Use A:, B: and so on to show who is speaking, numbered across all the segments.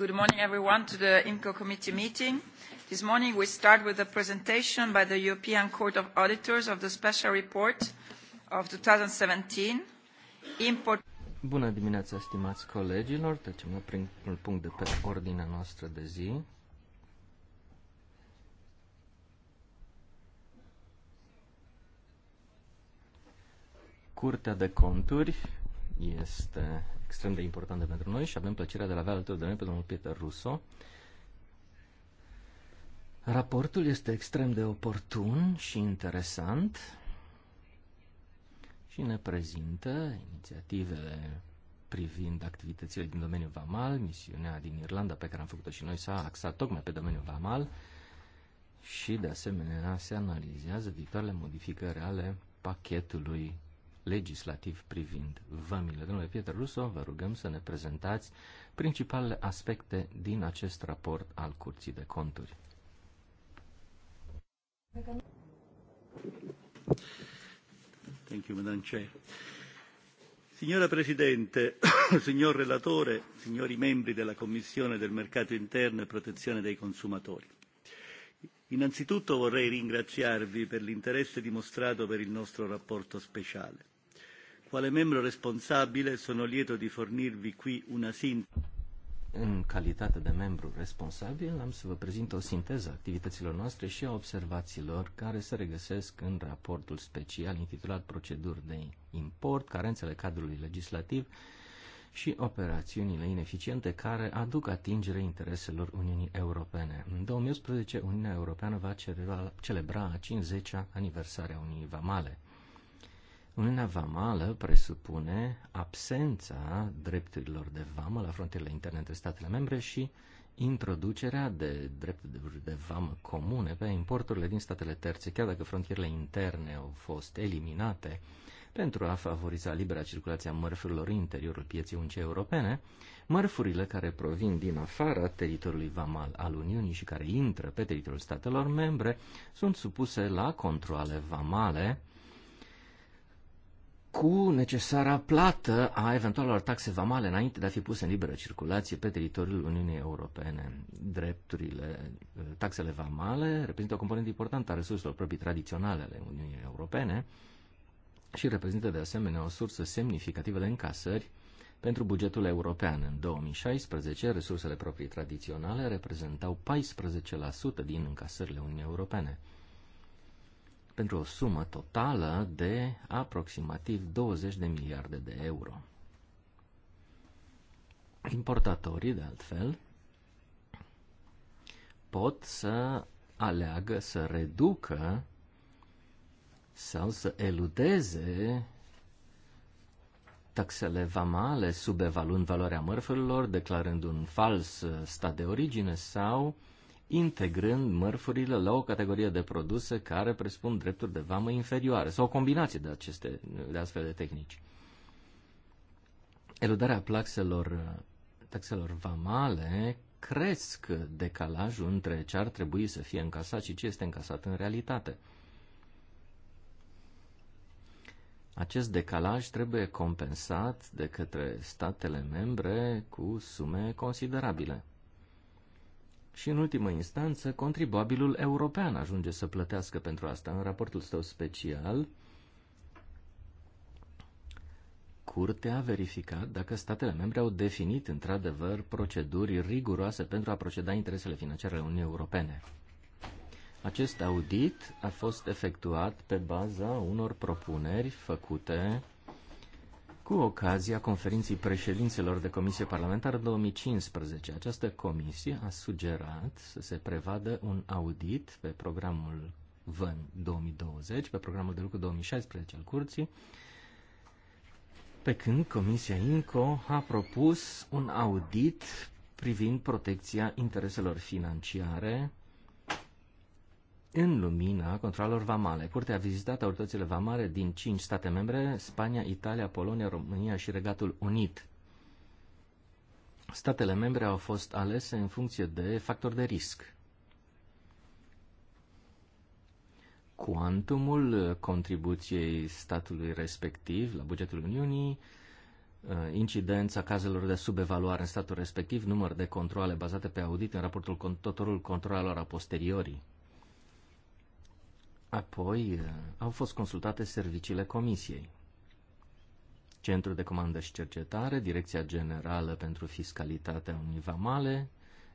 A: Good morning, everyone, to the IMCO committee meeting. This morning we start with a presentation by the European Court of Auditors of the Special Report of 2017. Import
B: Bună dimineața, stimați colegilor. Trecem la primul punct de pe ordinea noastră de zi. Curtea de conturi este extrem de importantă pentru noi și avem plăcerea de a avea alături de noi pe domnul Peter Russo. Raportul este extrem de oportun și interesant și ne prezintă inițiativele privind activitățile din domeniul VAMAL, misiunea din Irlanda pe care am făcut-o și noi s-a axat tocmai pe domeniul VAMAL și de asemenea se analizează viitoarele modificări ale pachetului legislativ privind vămile. Domnule Pieter Russo, vă rugăm să ne prezentați principalele aspecte din acest raport al Curții de Conturi.
A: Thank you, Madam Chair.
B: Signora Presidente, signor Relatore, signori membri della Commissione del Mercato Interno e Protezione dei Consumatori, Innanzitutto vorrei ringraziarvi per l'interesse dimostrato per il nostro rapporto speciale. Quale membro responsabile sono lieto di fornirvi qui una sintesi. În calitate de membru responsabil am să vă prezint o sinteză a activităților noastre și a observațiilor care se regăsesc în raportul special intitulat Proceduri de import, carențele cadrului legislativ și operațiunile ineficiente care aduc atingere intereselor Uniunii Europene. În 2011, Uniunea Europeană va celebra 50-a aniversare a Uniunii Vamale. Uniunea Vamală presupune absența drepturilor de vamă la frontierele interne între statele membre și introducerea de drepturi de vamă comune pe importurile din statele terțe, chiar dacă frontierele interne au fost eliminate pentru a favoriza libera circulație a mărfurilor în interiorul pieței unice europene, mărfurile care provin din afara teritoriului vamal al Uniunii și care intră pe teritoriul statelor membre sunt supuse la controle vamale cu necesara plată a eventualelor taxe vamale înainte de a fi puse în liberă circulație pe teritoriul Uniunii Europene. Drepturile, eh, taxele vamale reprezintă o componentă importantă a resurselor proprii tradiționale ale Uniunii Europene, și reprezintă de asemenea o sursă semnificativă de încasări pentru bugetul european. În 2016, resursele proprii tradiționale reprezentau 14% din încasările Uniunii Europene, pentru o sumă totală de aproximativ 20 de miliarde de euro. Importatorii, de altfel, pot să aleagă să reducă sau să eludeze taxele vamale, subevaluând valoarea mărfurilor, declarând un fals uh, stat de origine sau integrând mărfurile la o categorie de produse care presupun drepturi de vamă inferioare sau o combinație de, aceste, de astfel de tehnici. Eludarea plaxelor, uh, taxelor vamale cresc decalajul între ce ar trebui să fie încasat și ce este încasat în realitate – Acest decalaj trebuie compensat de către statele membre cu sume considerabile. Și în ultimă instanță, contribuabilul european ajunge să plătească pentru asta. În raportul său special, Curtea a verificat dacă statele membre au definit într-adevăr proceduri riguroase pentru a proceda interesele financiare ale Uniunii Europene. Acest audit a fost efectuat pe baza unor propuneri făcute cu ocazia conferinței președinților de comisie parlamentară 2015. Această comisie a sugerat să se prevadă un audit pe programul VAN 2020, pe programul de lucru 2016 al curții, pe când Comisia INCO a propus un audit privind protecția intereselor financiare în lumina controlor vamale. Curtea a vizitat autoritățile vamale din cinci state membre, Spania, Italia, Polonia, România și Regatul Unit. Statele membre au fost alese în funcție de factori de risc. Cuantumul contribuției statului respectiv la bugetul Uniunii, uh, incidența cazelor de subevaluare în statul respectiv, număr de controle bazate pe audit în raportul tuturor controlelor a posteriorii. Apoi uh, au fost consultate serviciile Comisiei. Centrul de Comandă și Cercetare, Direcția Generală pentru Fiscalitatea Unii Vamale,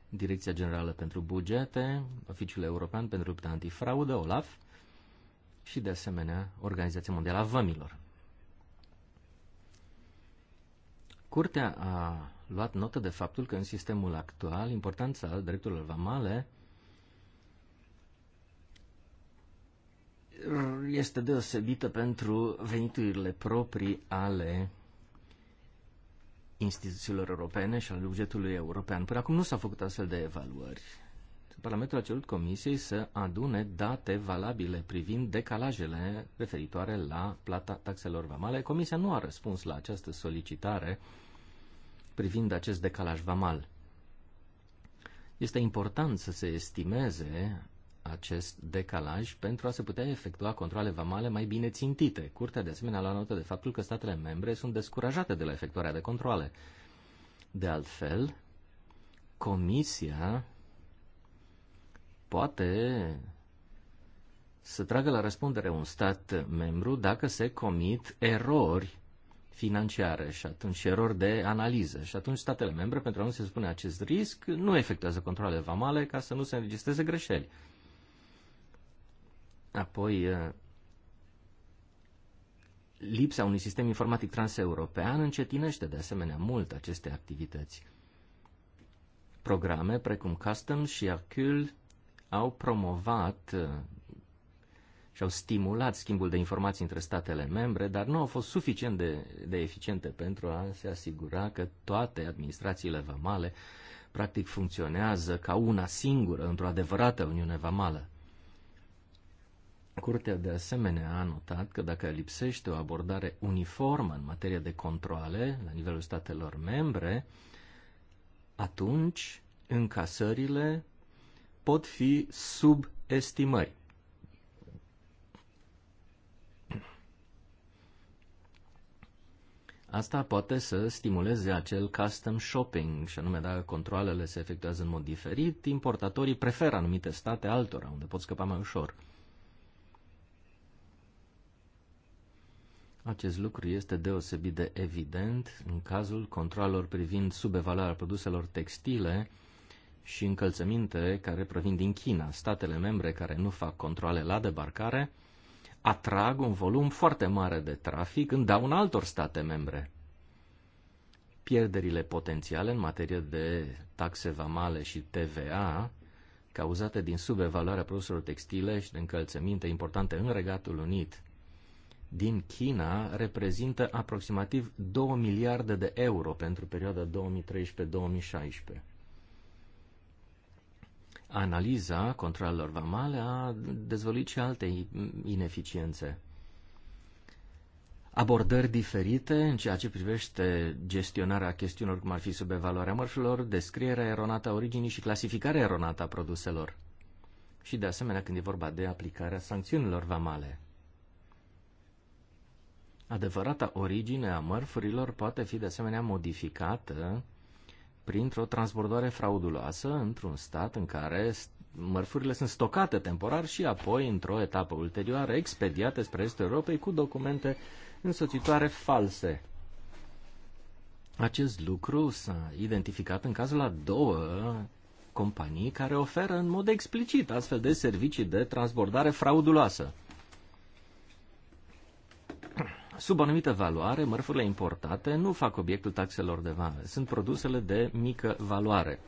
B: Direcția Generală pentru Bugete, Oficiul European pentru Lupta Antifraudă, OLAF, și de asemenea Organizația Mondială a Vămilor. Curtea a luat notă de faptul că în sistemul actual importanța drepturilor vamale este deosebită pentru veniturile proprii ale instituțiilor europene și al bugetului european. Până acum nu s-au făcut astfel de evaluări. Parlamentul a cerut Comisiei să adune date valabile privind decalajele referitoare la plata taxelor vamale. Comisia nu a răspuns la această solicitare privind acest decalaj vamal. Este important să se estimeze acest decalaj pentru a se putea efectua controle vamale mai bine țintite. Curtea de asemenea la notă de faptul că statele membre sunt descurajate de la efectuarea de controle. De altfel, Comisia poate să tragă la răspundere un stat membru dacă se comit erori financiare și atunci erori de analiză. Și atunci statele membre, pentru a nu se spune acest risc, nu efectuează controle vamale ca să nu se înregistreze greșeli. Apoi, uh, lipsa unui sistem informatic transeuropean încetinește de asemenea mult aceste activități. Programe precum Customs și Acul au promovat uh, și au stimulat schimbul de informații între statele membre, dar nu au fost suficient de, de eficiente pentru a se asigura că toate administrațiile vamale practic funcționează ca una singură într-o adevărată Uniune Vamală. Curtea de asemenea a notat că dacă lipsește o abordare uniformă în materie de controle la nivelul statelor membre, atunci încasările pot fi estimări. Asta poate să stimuleze acel custom shopping, și anume dacă controlele se efectuează în mod diferit, importatorii preferă anumite state altora, unde pot scăpa mai ușor. Acest lucru este deosebit de evident în cazul controlelor privind subevaluarea produselor textile și încălțăminte care provin din China. Statele membre care nu fac controle la debarcare atrag un volum foarte mare de trafic în daun altor state membre. Pierderile potențiale în materie de taxe vamale și TVA cauzate din subevaluarea produselor textile și de încălțăminte importante în Regatul Unit din China reprezintă aproximativ 2 miliarde de euro pentru perioada 2013-2016. Analiza controlelor vamale a dezvăluit și alte ineficiențe. Abordări diferite în ceea ce privește gestionarea chestiunilor cum ar fi subevaluarea mărfilor, descrierea eronată a originii și clasificarea eronată a produselor. Și de asemenea când e vorba de aplicarea sancțiunilor vamale. Adevărata origine a mărfurilor poate fi de asemenea modificată printr-o transbordare frauduloasă într-un stat în care mărfurile sunt stocate temporar și apoi, într-o etapă ulterioară, expediate spre estul Europei cu documente însoțitoare false. Acest lucru s-a identificat în cazul a două companii care oferă în mod explicit astfel de servicii de transbordare frauduloasă. Sub anumită valoare, mărfurile importate nu fac obiectul taxelor de vame. Sunt produsele de mică valoare.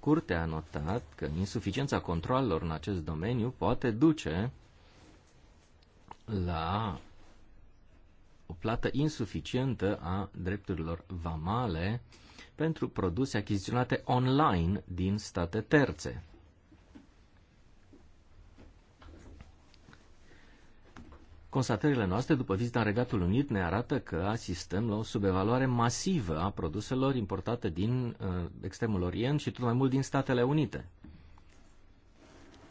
B: Curtea a notat că insuficiența controlelor în acest domeniu poate duce la o plată insuficientă a drepturilor vamale pentru produse achiziționate online din state terțe. Constatările noastre după vizita în Regatul Unit ne arată că asistăm la o subevaluare masivă a produselor importate din uh, extremul Orient și tot mai mult din Statele Unite.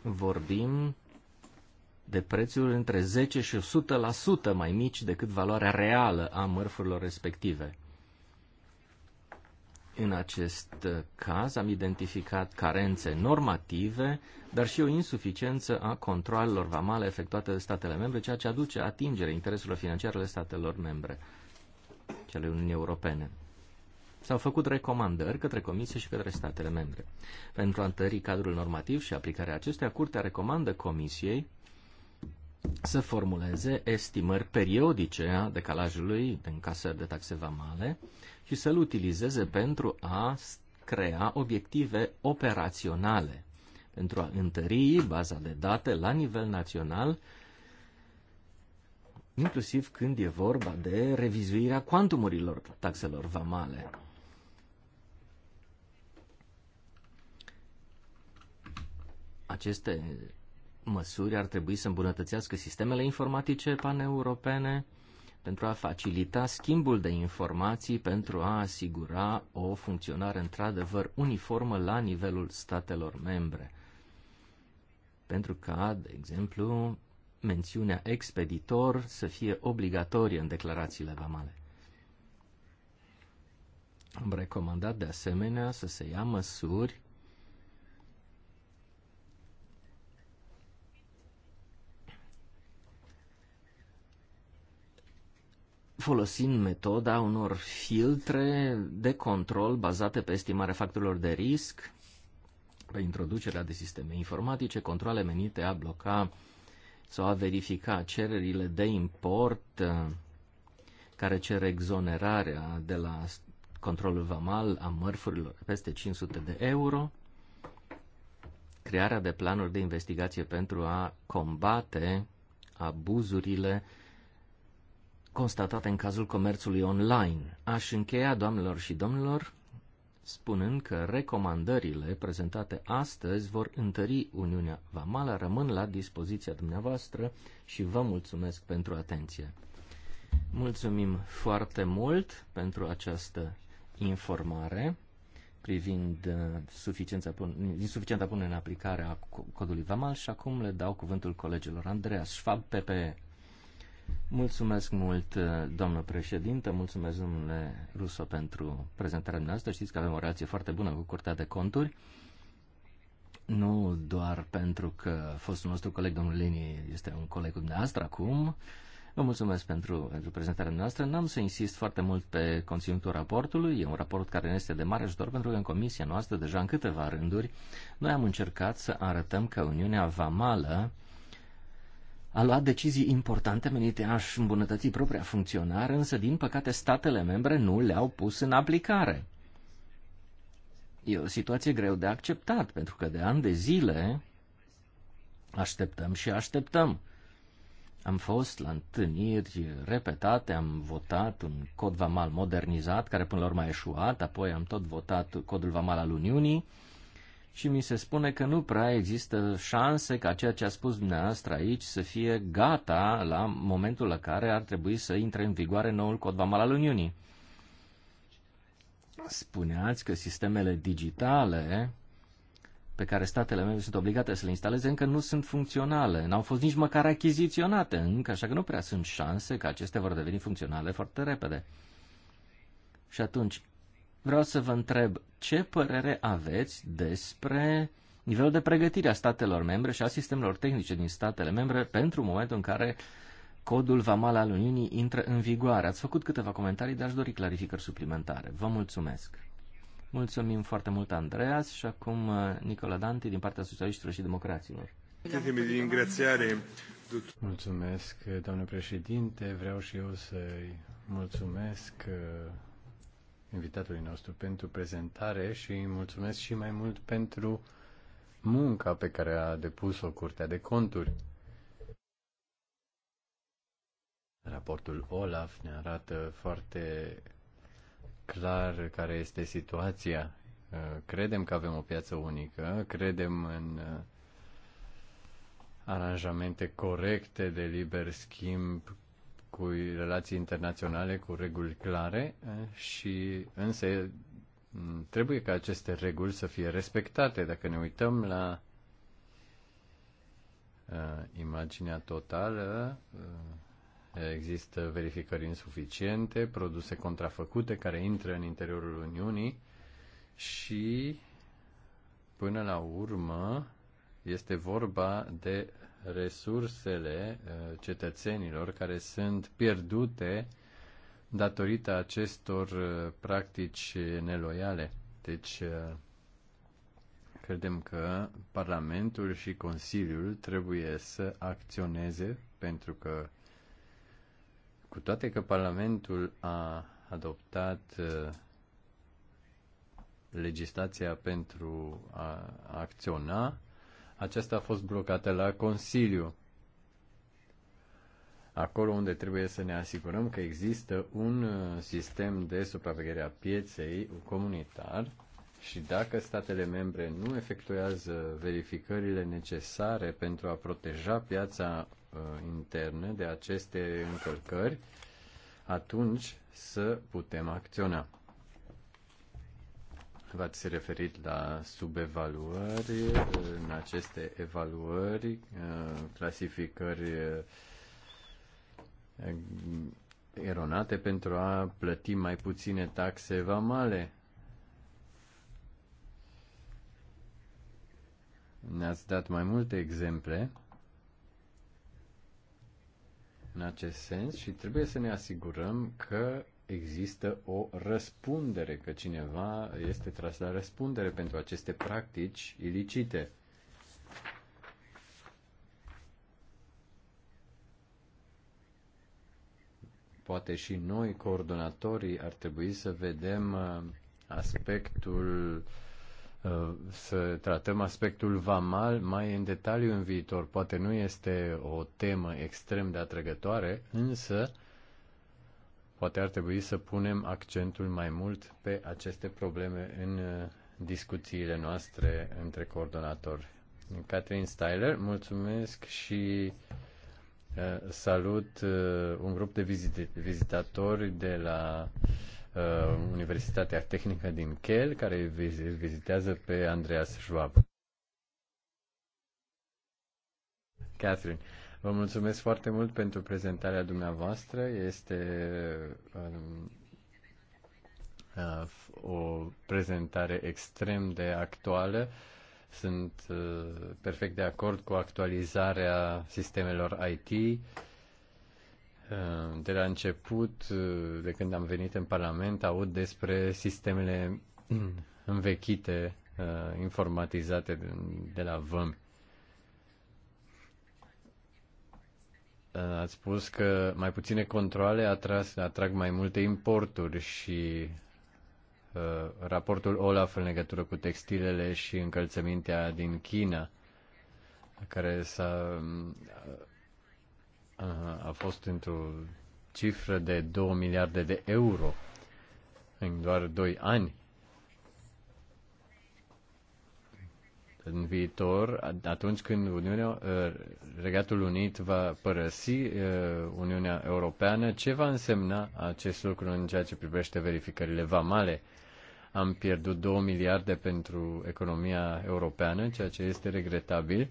B: Vorbim de prețuri între 10 și 100% mai mici decât valoarea reală a mărfurilor respective. În acest uh, caz am identificat carențe normative dar și o insuficiență a controlelor vamale efectuate de statele membre, ceea ce aduce atingere intereselor financiare ale statelor membre, cele Uniunii Europene. S-au făcut recomandări către Comisie și către statele membre. Pentru a întări cadrul normativ și aplicarea acestuia, Curtea recomandă Comisiei să formuleze estimări periodice a decalajului în casări de taxe vamale și să-l utilizeze pentru a crea obiective operaționale pentru a întări baza de date la nivel național, inclusiv când e vorba de revizuirea cuantumurilor taxelor vamale. Aceste măsuri ar trebui să îmbunătățească sistemele informatice paneuropene pentru a facilita schimbul de informații pentru a asigura o funcționare într-adevăr uniformă la nivelul statelor membre pentru ca, de exemplu, mențiunea expeditor să fie obligatorie în declarațiile vamale. Am recomandat de asemenea să se ia măsuri folosind metoda unor filtre de control bazate pe estimarea factorilor de risc, pe introducerea de sisteme informatice, controle menite a bloca sau a verifica cererile de import uh, care cer exonerarea de la controlul vamal a mărfurilor peste 500 de euro, crearea de planuri de investigație pentru a combate abuzurile constatate în cazul comerțului online. Aș încheia, doamnelor și domnilor, spunând că recomandările prezentate astăzi vor întări Uniunea Vamală. Rămân la dispoziția dumneavoastră și vă mulțumesc pentru atenție. Mulțumim foarte mult pentru această informare privind insuficiența uh, insuficienta pune în aplicare a codului VAMAL și acum le dau cuvântul colegilor Andreas Schwab, PPE. Mulțumesc mult, uh, doamnă președintă, mulțumesc, domnule Ruso, pentru prezentarea noastră. Știți că avem o relație foarte bună cu Curtea de Conturi. Nu doar pentru că fostul nostru coleg, domnul Lini, este un coleg cu dumneavoastră acum. Vă mulțumesc pentru, pentru prezentarea noastră. N-am să insist foarte mult pe conținutul raportului. E un raport care ne este de mare ajutor pentru că în comisia noastră, deja în câteva rânduri, noi am încercat să arătăm că Uniunea Vamală a luat decizii importante menite a-și îmbunătăți propria funcționare, însă, din păcate, statele membre nu le-au pus în aplicare. E o situație greu de acceptat, pentru că de ani de zile așteptăm și așteptăm. Am fost la întâlniri repetate, am votat un cod vamal modernizat, care până la urmă a eșuat, apoi am tot votat codul vamal al Uniunii, și mi se spune că nu prea există șanse ca ceea ce a spus dumneavoastră aici să fie gata la momentul la care ar trebui să intre în vigoare noul cod vamal al Uniunii. Spuneați că sistemele digitale pe care statele membre sunt obligate să le instaleze încă nu sunt funcționale, n-au fost nici măcar achiziționate încă, așa că nu prea sunt șanse că acestea vor deveni funcționale foarte repede. Și atunci, vreau să vă întreb, ce părere aveți despre nivelul de pregătire a statelor membre și a sistemelor tehnice din statele membre pentru momentul în care codul vamal al Uniunii intră în vigoare. Ați făcut câteva comentarii, dar aș dori clarificări suplimentare. Vă mulțumesc! Mulțumim foarte mult, Andreas, și acum uh, Nicola Danti din partea Socialiștilor și Democraților.
C: Mulțumesc, doamnă președinte. Vreau și eu să-i mulțumesc uh, invitatului nostru pentru prezentare și îi mulțumesc și mai mult pentru munca pe care a depus-o Curtea de Conturi. Raportul Olaf ne arată foarte clar care este situația. Credem că avem o piață unică, credem în aranjamente corecte de liber schimb cu relații internaționale cu reguli clare și însă trebuie ca aceste reguli să fie respectate. Dacă ne uităm la uh, imaginea totală, uh, există verificări insuficiente, produse contrafăcute care intră în interiorul Uniunii și până la urmă este vorba de resursele uh, cetățenilor care sunt pierdute datorită acestor uh, practici neloiale. Deci, uh, credem că Parlamentul și Consiliul trebuie să acționeze pentru că, cu toate că Parlamentul a adoptat legislația pentru a acționa, aceasta a fost blocată la Consiliu. Acolo unde trebuie să ne asigurăm că există un uh, sistem de supraveghere a pieței comunitar și dacă statele membre nu efectuează verificările necesare pentru a proteja piața uh, internă de aceste încălcări, atunci să putem acționa v-ați referit la subevaluări, în aceste evaluări, uh, clasificări uh, eronate pentru a plăti mai puține taxe vamale. Ne-ați dat mai multe exemple în acest sens și trebuie să ne asigurăm că există o răspundere, că cineva este tras la răspundere pentru aceste practici ilicite. Poate și noi, coordonatorii, ar trebui să vedem uh, aspectul uh, să tratăm aspectul vamal mai în detaliu în viitor. Poate nu este o temă extrem de atrăgătoare, însă Poate ar trebui să punem accentul mai mult pe aceste probleme în uh, discuțiile noastre între coordonatori. Catherine Styler, mulțumesc și uh, salut uh, un grup de vizit- vizitatori de la Universitatea Tehnică din Kiel, care vizitează pe Andreas Schwab. Catherine, Vă mulțumesc foarte mult pentru prezentarea dumneavoastră. Este um, uh, o prezentare extrem de actuală. Sunt uh, perfect de acord cu actualizarea sistemelor IT. Uh, de la început, uh, de când am venit în Parlament, aud despre sistemele învechite, informatizate de la VAM. Eh, ați spus că mai puține controle atras, atrag mai multe importuri și uh, raportul Olaf în legătură cu textilele și încălțămintea din China, care s-a, uh, a fost într-o cifră de 2 miliarde de euro în doar 2 ani. în viitor, atunci când Uniunea, uh, Regatul Unit va părăsi uh, Uniunea Europeană, ce va însemna acest lucru în ceea ce privește verificările vamale? Am pierdut 2 miliarde pentru economia europeană, ceea ce este regretabil.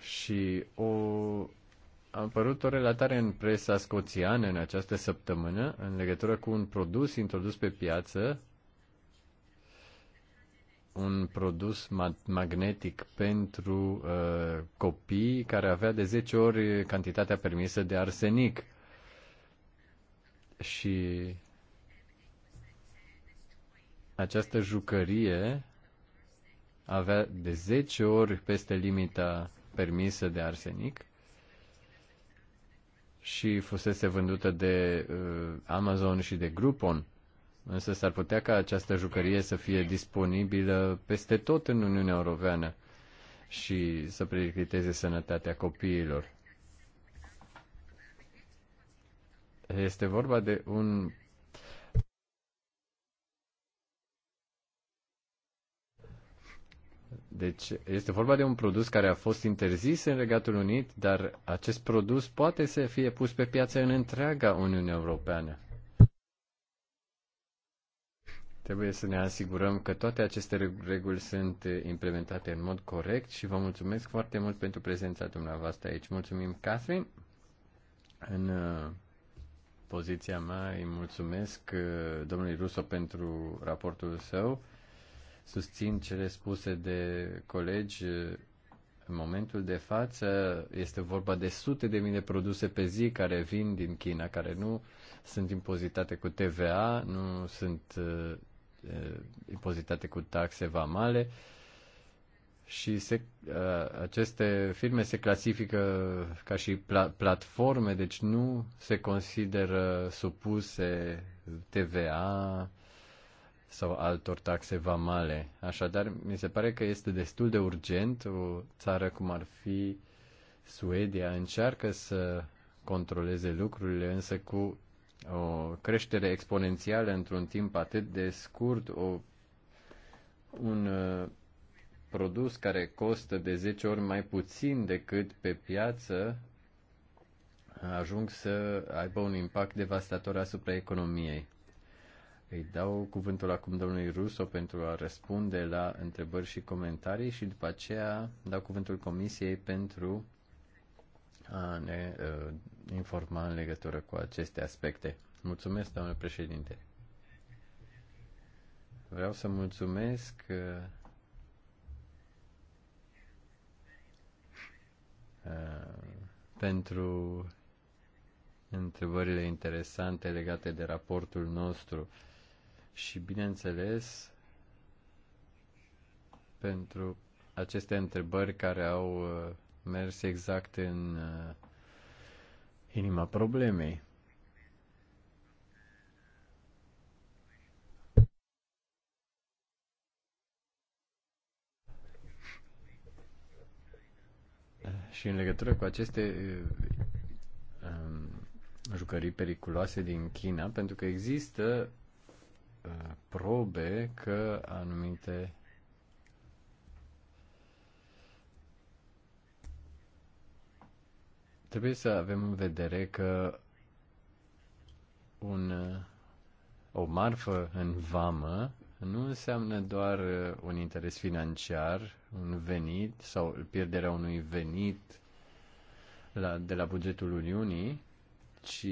C: Și o, a apărut o relatare în presa scoțiană în această săptămână în legătură cu un produs introdus pe piață un produs magnetic pentru uh, copii care avea de 10 ori cantitatea permisă de arsenic. Și această jucărie avea de 10 ori peste limita permisă de arsenic și fusese vândută de uh, Amazon și de Groupon. Însă s-ar putea ca această jucărie să fie disponibilă peste tot în Uniunea Europeană și să pericliteze sănătatea copiilor. Este vorba de un Deci este vorba de un produs care a fost interzis în Regatul Unit, dar acest produs poate să fie pus pe piață în întreaga Uniunea Europeană. Trebuie să ne asigurăm că toate aceste reguli sunt implementate în mod corect și vă mulțumesc foarte mult pentru prezența dumneavoastră aici. Mulțumim, Catherine. În uh, poziția mea îi mulțumesc uh, domnului Russo pentru raportul său. Susțin cele spuse de colegi uh, în momentul de față este vorba de sute de mii de produse pe zi care vin din China, care nu sunt impozitate cu TVA, nu sunt Eh, impozitate cu taxe vamale și se, eh, aceste firme se clasifică ca și pla- platforme, deci nu se consideră supuse TVA sau altor taxe vamale. Așadar, mi se pare că este destul de urgent o țară cum ar fi Suedia încearcă să controleze lucrurile, însă cu o creștere exponențială într-un timp atât de scurt, o, un uh, produs care costă de 10 ori mai puțin decât pe piață, ajung să aibă un impact devastator asupra economiei. Îi dau cuvântul acum domnului Ruso pentru a răspunde la întrebări și comentarii și după aceea dau cuvântul Comisiei pentru a ne uh, informa în legătură cu aceste aspecte. Mulțumesc, domnule președinte. Vreau să mulțumesc uh, uh, pentru întrebările interesante legate de raportul nostru și, bineînțeles, pentru aceste întrebări care au uh, mers exact în uh, inima problemei. Și în legătură cu aceste uh, um, jucării periculoase din China, pentru că există uh, probe că anumite Trebuie să avem în vedere că un, o marfă în vamă nu înseamnă doar un interes financiar, un venit sau pierderea unui venit la, de la bugetul Uniunii, ci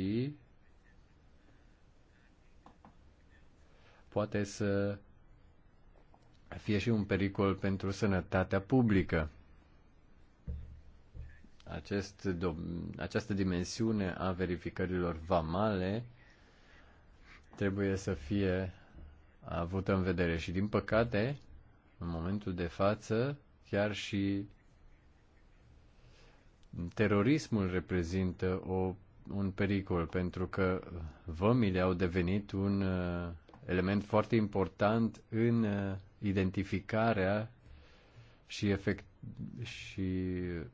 C: poate să fie și un pericol pentru sănătatea publică acest, această dimensiune a verificărilor vamale trebuie să fie avută în vedere și din păcate, în momentul de față, chiar și terorismul reprezintă o, un pericol pentru că vămile au devenit un uh, element foarte important în uh, identificarea și efect, și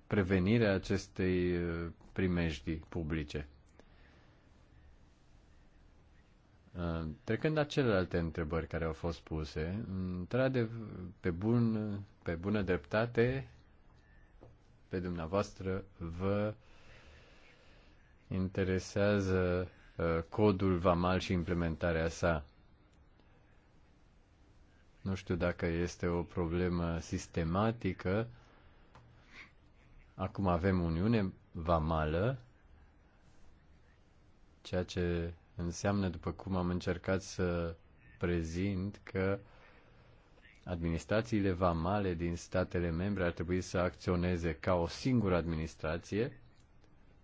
C: prevenirea acestei uh, primejdii publice. Uh, trecând la celelalte întrebări care au fost puse, într-adevăr, pe, bun, pe bună dreptate, pe dumneavoastră vă interesează uh, codul VAMAL și implementarea sa. Nu știu dacă este o problemă sistematică. Acum avem Uniune Vamală, ceea ce înseamnă, după cum am încercat să prezint, că administrațiile vamale din statele membre ar trebui să acționeze ca o singură administrație,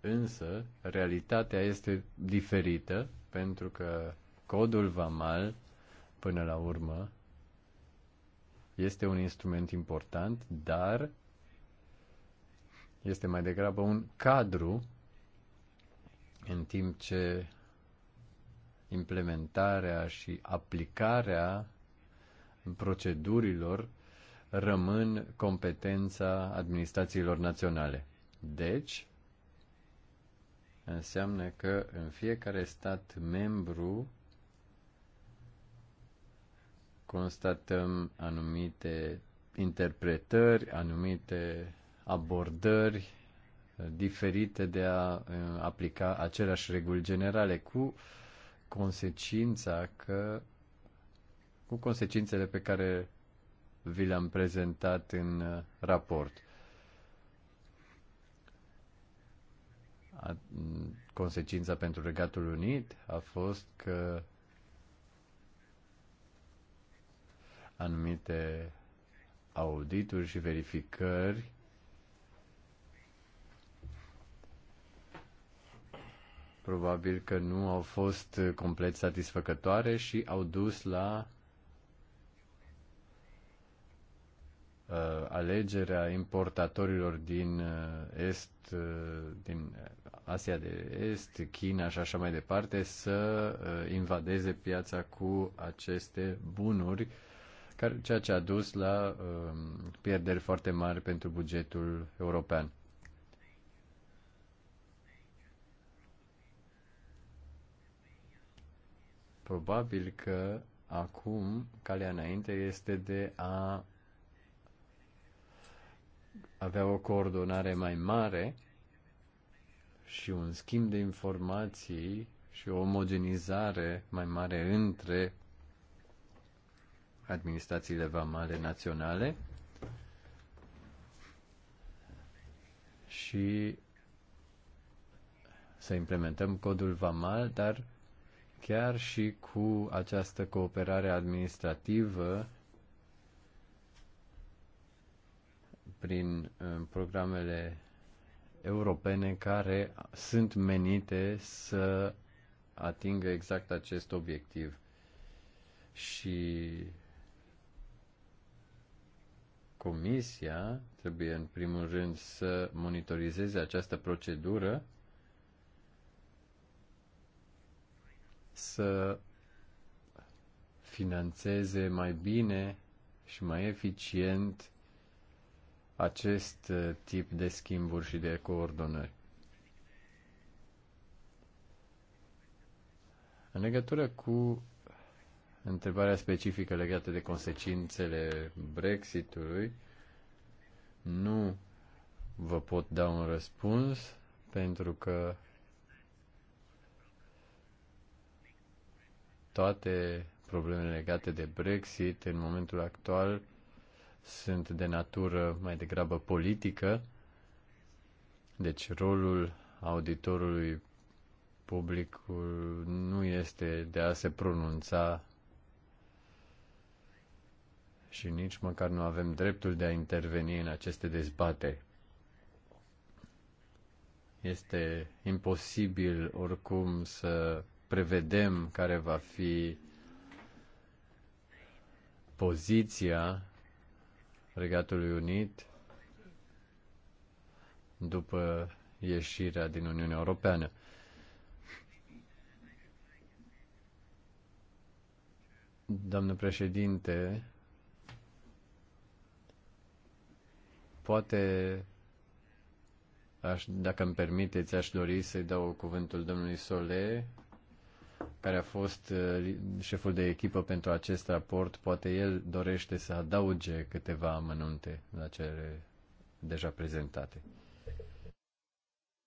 C: însă realitatea este diferită pentru că codul vamal, până la urmă, este un instrument important, dar este mai degrabă un cadru în timp ce implementarea și aplicarea procedurilor rămân competența administrațiilor naționale. Deci, înseamnă că în fiecare stat membru constatăm anumite interpretări, anumite abordări eh, diferite de a eh, aplica aceleași reguli generale cu consecința că cu consecințele pe care vi le-am prezentat în eh, raport. Mm, consecința pentru Regatul Unit a fost că anumite audituri și verificări probabil că nu au fost complet satisfăcătoare și au dus la uh, alegerea importatorilor din uh, Est, uh, din Asia de Est, China și așa mai departe, să uh, invadeze piața cu aceste bunuri ceea ce a dus la um, pierderi foarte mari pentru bugetul european. Probabil că acum calea înainte este de a avea o coordonare mai mare și un schimb de informații și o omogenizare mai mare între administrațiile vamale naționale și să implementăm codul vamal, dar chiar și cu această cooperare administrativă prin uh, programele europene care sunt menite să atingă exact acest obiectiv. Și Comisia trebuie în primul rând să monitorizeze această procedură, să financeze mai bine și mai eficient acest uh, tip de schimburi și de coordonări. În legătură cu Întrebarea specifică legată de consecințele Brexitului. Nu vă pot da un răspuns pentru că toate problemele legate de Brexit în momentul actual sunt de natură mai degrabă politică, deci rolul auditorului public nu este de a se pronunța și nici măcar nu avem dreptul de a interveni în aceste dezbateri. Este imposibil oricum să prevedem care va fi poziția Regatului Unit după ieșirea din Uniunea Europeană. Doamnă președinte, Poate, aș, dacă îmi permiteți, aș dori să-i dau cuvântul domnului Sole, care a fost uh, șeful de echipă pentru acest raport. Poate el dorește să adauge câteva amănunte la cele deja prezentate.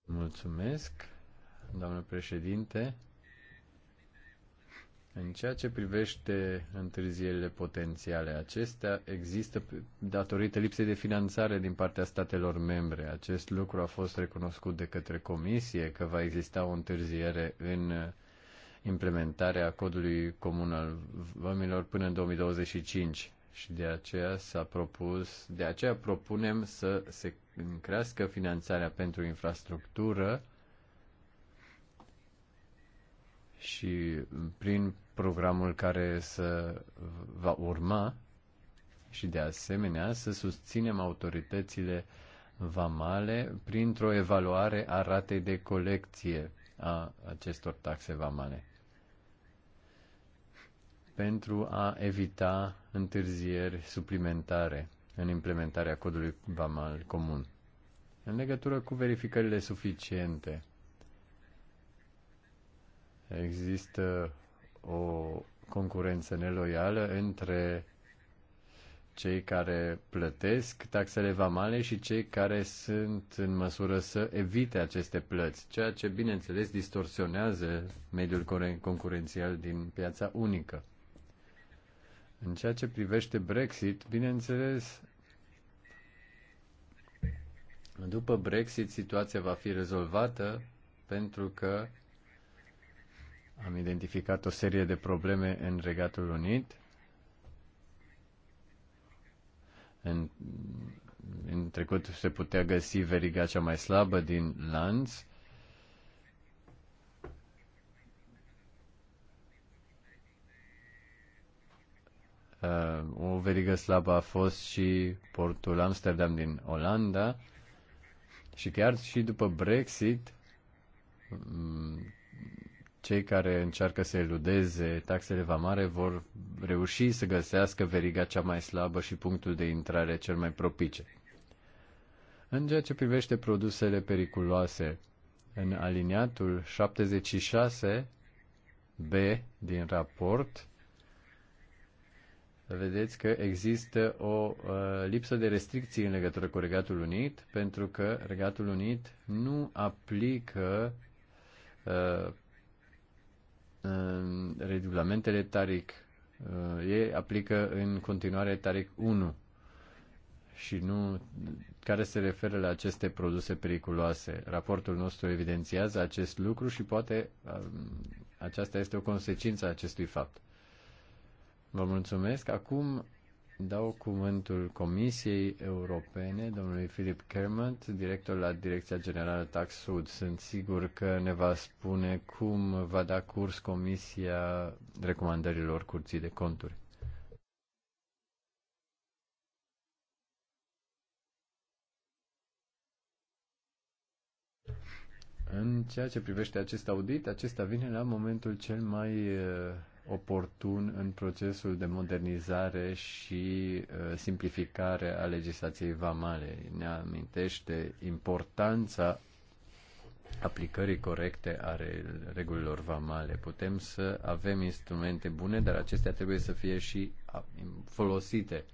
C: Mulțumesc, doamnă președinte. În ceea ce privește întârzierile potențiale, acestea există datorită lipsei de finanțare din partea statelor membre. Acest lucru a fost recunoscut de către Comisie că va exista o întârziere în implementarea codului comun al vămilor până în 2025 și de aceea s-a propus, de aceea propunem să se crească finanțarea pentru infrastructură și prin programul care să va urma și de asemenea să susținem autoritățile vamale printr-o evaluare a ratei de colecție a acestor taxe vamale pentru a evita întârzieri suplimentare în implementarea codului vamal comun. În legătură cu verificările suficiente, există o concurență neloială între cei care plătesc taxele vamale și cei care sunt în măsură să evite aceste plăți, ceea ce, bineînțeles, distorsionează mediul concurențial din piața unică. În ceea ce privește Brexit, bineînțeles, după Brexit situația va fi rezolvată pentru că am identificat o serie de probleme în Regatul Unit, în, în trecut se putea găsi veriga cea mai slabă din lanț. Uh, o verigă slabă a fost și portul Amsterdam din Olanda și chiar și după Brexit mm, cei care încearcă să eludeze taxele vamare vor reuși să găsească veriga cea mai slabă și punctul de intrare cel mai propice. În ceea ce privește produsele periculoase, în aliniatul 76b din raport, vedeți că există o uh, lipsă de restricții în legătură cu Regatul Unit, pentru că Regatul Unit nu aplică uh, Ehm, regulamentele TARIC ei eh, aplică în continuare TARIC 1 și nu care se referă la aceste produse periculoase. Raportul nostru evidențiază acest lucru și poate ehm, aceasta este o consecință a acestui fapt. Vă mulțumesc. Acum Dau cuvântul Comisiei Europene, domnului Philip Kermont, director la Direcția Generală Tax Sud. Sunt sigur că ne va spune cum va da curs Comisia recomandărilor Curții de Conturi. În ceea ce privește acest audit, acesta vine la momentul cel mai uh, oportun în procesul de modernizare și uh, simplificare a legislației vamale. Ne amintește importanța aplicării corecte a regulilor vamale. Putem să avem instrumente bune, dar acestea trebuie să fie și folosite.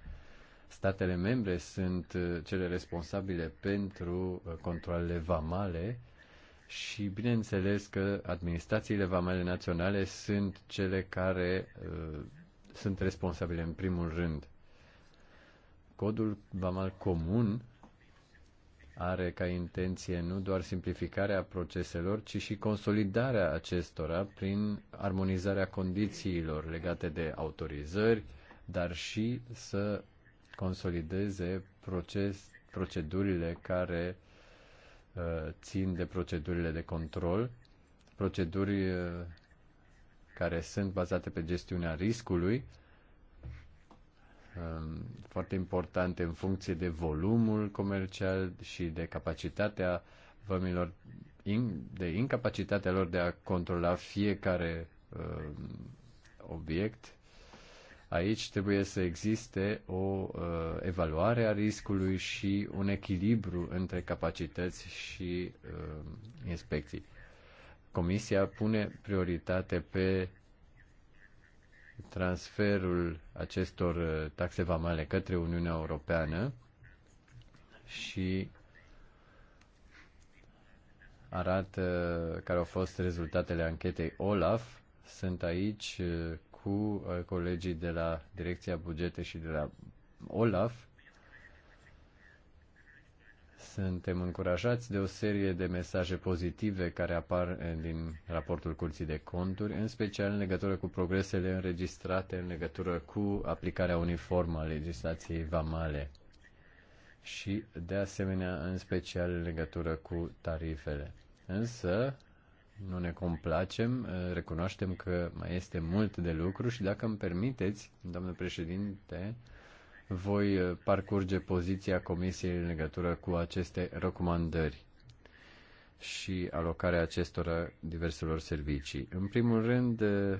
C: Statele membre sunt uh, cele responsabile pentru uh, controlele vamale și bineînțeles că administrațiile vamale naționale sunt cele care uh, sunt responsabile în primul rând. Codul vamal comun are ca intenție nu doar simplificarea proceselor, ci și consolidarea acestora prin armonizarea condițiilor legate de autorizări, dar și să consolideze proces, procedurile care Uh, țin de procedurile de control, proceduri uh, care sunt bazate pe gestiunea riscului, um, foarte importante în funcție de volumul comercial și de capacitatea vămilor, de incapacitatea lor de a controla fiecare um, obiect Aici trebuie să existe o uh, evaluare a riscului și un echilibru între capacități și uh, inspecții. Comisia pune prioritate pe transferul acestor uh, taxe vamale către Uniunea Europeană și arată care au fost rezultatele anchetei OLAF. Sunt aici uh, cu uh, colegii de la Direcția Bugete și de la OLAF. Suntem încurajați de o serie de mesaje pozitive care apar eh, din raportul Curții de Conturi, în special în legătură cu progresele înregistrate în legătură cu aplicarea uniformă a legislației vamale și, de asemenea, în special în legătură cu tarifele. Însă, nu ne complacem, ă, recunoaștem că mai este mult de lucru și dacă îmi permiteți, domnule președinte, voi ă, parcurge poziția Comisiei în legătură cu aceste recomandări și alocarea acestor diverselor servicii. În primul rând, ă,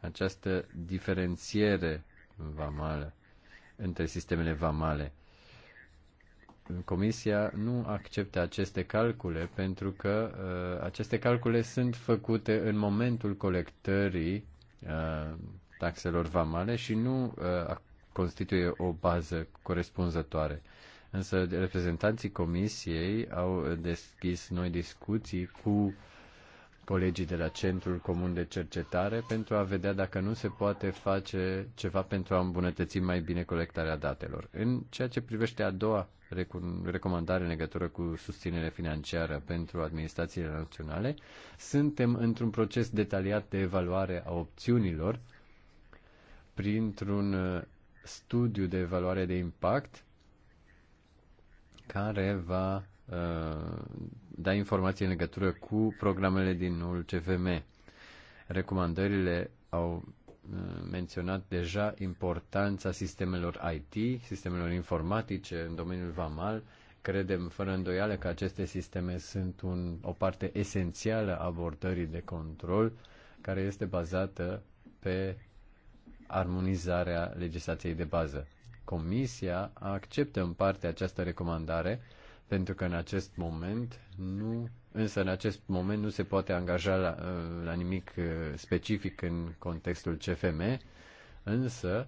C: această diferențiere vamală între sistemele vamale. Comisia nu accepte aceste calcule pentru că uh, aceste calcule sunt făcute în momentul colectării uh, taxelor vamale și nu uh, constituie o bază corespunzătoare. Însă reprezentanții Comisiei au deschis noi discuții cu colegii de la Centrul Comun de Cercetare pentru a vedea dacă nu se poate face ceva pentru a îmbunătăți mai bine colectarea datelor. În ceea ce privește a doua recomandare în legătură cu susținere financiară pentru administrațiile naționale, suntem într-un proces detaliat de evaluare a opțiunilor printr-un uh, studiu de evaluare de impact care va uh, da informații în legătură cu programele din noul CVM. Recomandările au uh, menționat deja importanța sistemelor IT, sistemelor informatice în domeniul VAMAL. Credem fără îndoială că aceste sisteme sunt un, o parte esențială a abordării de control care este bazată pe armonizarea legislației de bază. Comisia acceptă în parte această recomandare pentru că în acest moment nu, însă în acest moment nu se poate angaja la, uh, la nimic uh, specific în contextul CFM, însă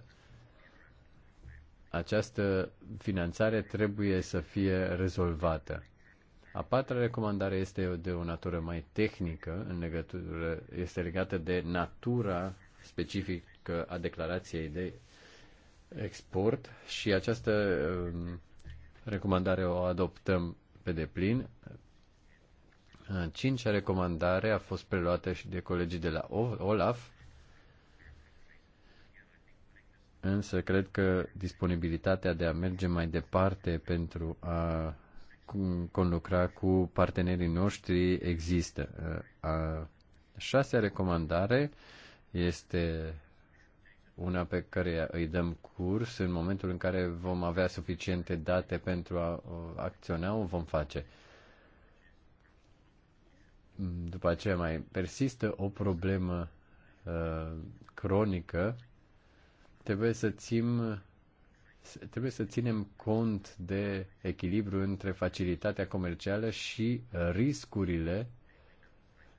C: această finanțare trebuie să fie rezolvată. A patra recomandare este de o natură mai tehnică, în legătură, este legată de natura specifică a declarației de export și această um, Recomandare o adoptăm pe deplin. cincea recomandare a fost preluată și de colegii de la OLAF, însă cred că disponibilitatea de a merge mai departe pentru a conlucra cu partenerii noștri există. A șasea recomandare este una pe care îi dăm curs în momentul în care vom avea suficiente date pentru a acționa, o vom face. După aceea mai persistă o problemă uh, cronică. Trebuie să, țim, trebuie să ținem cont de echilibru între facilitatea comercială și uh, riscurile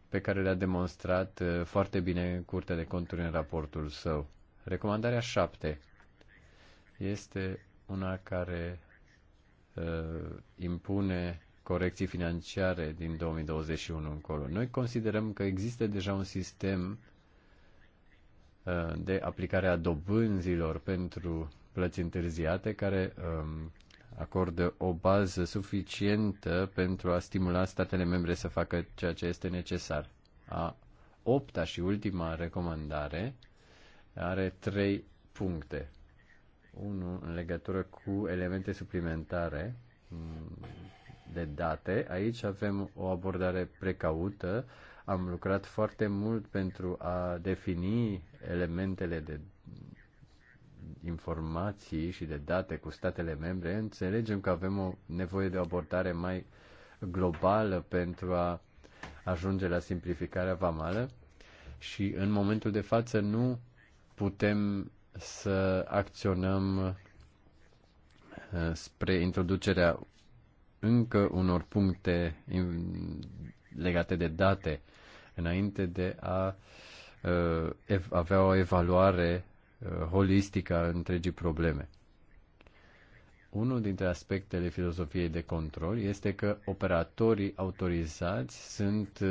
C: pe care le-a demonstrat uh, foarte bine Curtea de Conturi în raportul său. Recomandarea 7 este una care uh, impune corecții financiare din 2021 încolo. Noi considerăm că există deja un sistem uh, de aplicare a dobânzilor pentru plăți întârziate care um, acordă o bază suficientă pentru a stimula statele membre să facă ceea ce este necesar. A opta și ultima recomandare uh, are trei puncte. Unul în legătură cu elemente suplimentare mm, de date. Aici avem o abordare precaută. Am lucrat foarte mult pentru a defini elementele de informații și de date cu statele membre. Înțelegem că avem o nevoie de o abordare mai globală pentru a ajunge la simplificarea vamală și în momentul de față nu putem să acționăm uh, spre introducerea încă unor puncte legate de date înainte de a uh, avea o evaluare uh, holistică a întregii probleme. Unul dintre aspectele filozofiei de control este că operatorii autorizați sunt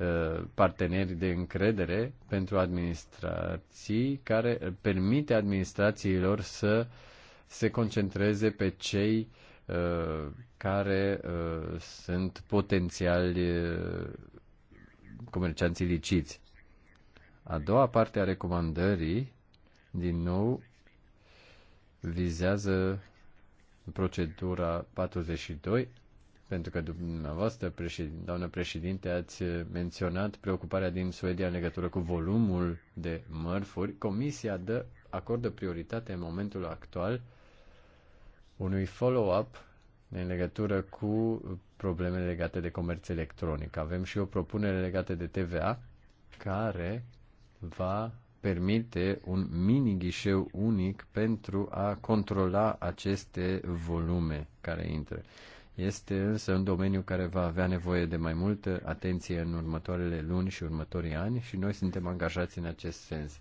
C: Uh, parteneri de încredere pentru administrații care uh, permite administrațiilor să se concentreze pe cei uh, care sunt potențiali comercianți liciți. A doua parte a recomandării, din nou, vizează procedura 42 pentru că dumneavoastră, președin, doamnă președinte, ați menționat preocuparea din Suedia în legătură cu volumul de mărfuri. Comisia dă, acordă prioritate în momentul actual unui follow-up în legătură cu problemele legate de comerț electronic. Avem și o propunere legată de TVA care va permite un mini ghișeu unic pentru a controla aceste volume care intră. Este însă un domeniu care va avea nevoie de mai multă atenție în următoarele luni și următorii ani și noi suntem angajați în acest sens.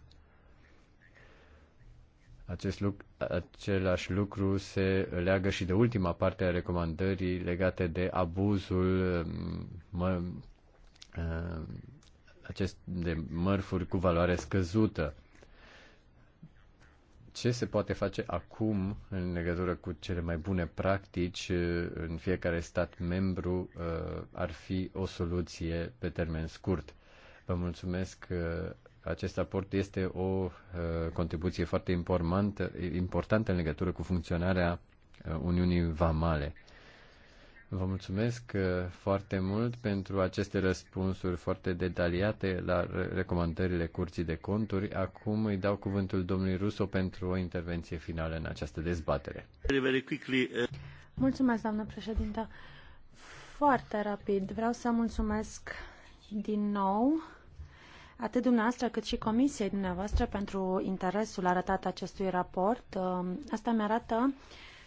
C: Acest lucru, același lucru se leagă și de ultima parte a recomandării legate de abuzul mă, ă, acest, de mărfuri cu valoare scăzută ce se poate face acum în legătură cu cele mai bune practici uh, în fiecare stat membru uh, ar fi o soluție pe termen scurt. Vă mulțumesc. că uh, Acest aport este o contribuție foarte importantă, importantă în legătură cu funcționarea Uniunii Vamale. Vă mulțumesc uh, foarte mult pentru aceste răspunsuri foarte detaliate la recomandările Curții de Conturi. Acum îi dau cuvântul domnului Ruso pentru o intervenție finală în această dezbatere.
B: Uh,
D: mulțumesc, doamnă președintă. Foarte rapid. Vreau să mulțumesc din nou atât dumneavoastră cât și comisiei dumneavoastră pentru interesul arătat acestui raport. Uh, asta mi arată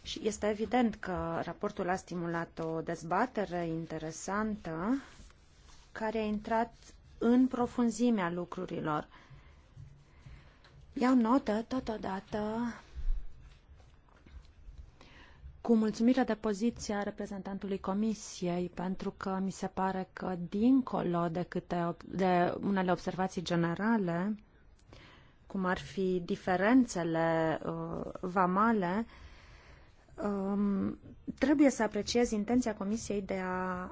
D: și este evident că raportul a stimulat o dezbatere interesantă care a intrat în profunzimea lucrurilor. Iau notă totodată cu mulțumire de poziția reprezentantului Comisiei, pentru că mi se pare că, dincolo de, câte, de unele observații generale, cum ar fi diferențele uh, vamale, uh, um, trebuie să apreciez intenția Comisiei de a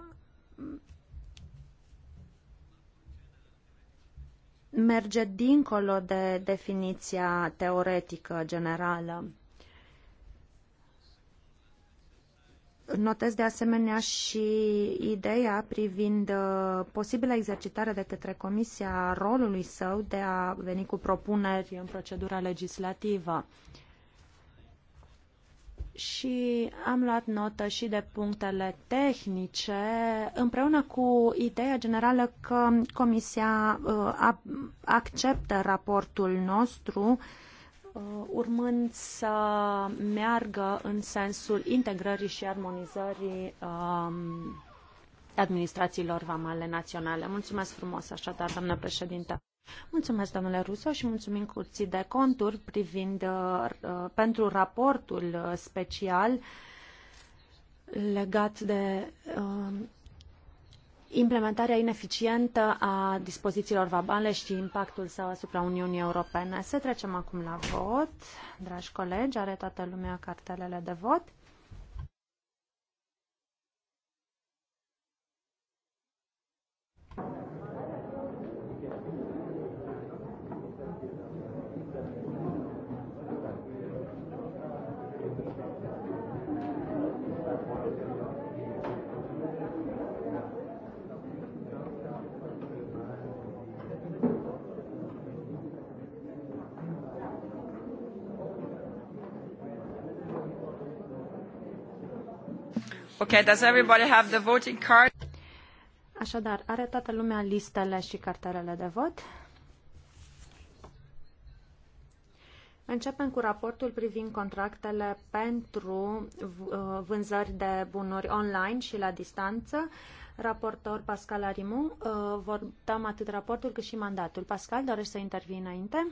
D: merge dincolo de definiția teoretică generală. Notez de asemenea și ideea privind uh, posibilă exercitare de către Comisia rolului său de a veni cu propuneri în procedura legislativă. Uh, și am luat notă și de punctele tehnice, împreună cu ideea generală că Comisia uh, acceptă raportul nostru, uh, urmând să meargă în sensul integrării și armonizării um, administrațiilor vamale naționale. Mulțumesc frumos, așadar, doamnă președintă. Mulțumesc, domnule Ruso, și mulțumim Curții de Conturi privind uh, uh pentru raportul uh, special legat de uh, implementarea ineficientă a dispozițiilor vabale și impactul său asupra Uniunii Europene. Să trecem acum la vot. Dragi colegi, are toată lumea cartelele de vot.
A: Okay, does everybody have the voting card?
D: Așadar, are toată lumea listele și cartelele de vot? Începem cu raportul privind contractele pentru uh, vânzări de bunuri online și la distanță. Raportor Pascal Arimu, uh, votăm atât raportul cât și mandatul. Pascal, dorești să intervii înainte?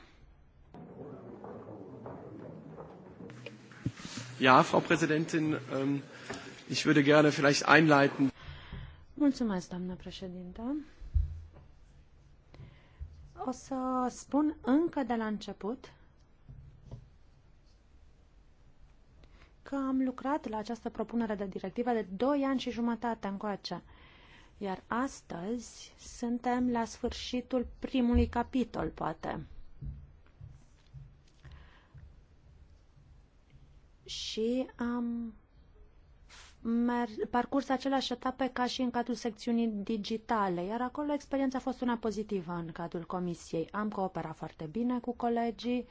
E: Ja,
C: Frau Präsidentin, ähm, Ich würde gerne vielleicht einleiten.
D: Mulțumesc, doamnă președintă. O să spun încă de la început că am lucrat la această propunere de directivă de 2 ani și jumătate încoace. Iar astăzi suntem la sfârșitul primului capitol, poate. Și am parcurs aceleași etape ca și în cadrul secțiunii digitale, iar acolo experiența a fost una pozitivă în cadrul comisiei. Am cooperat foarte bine cu colegii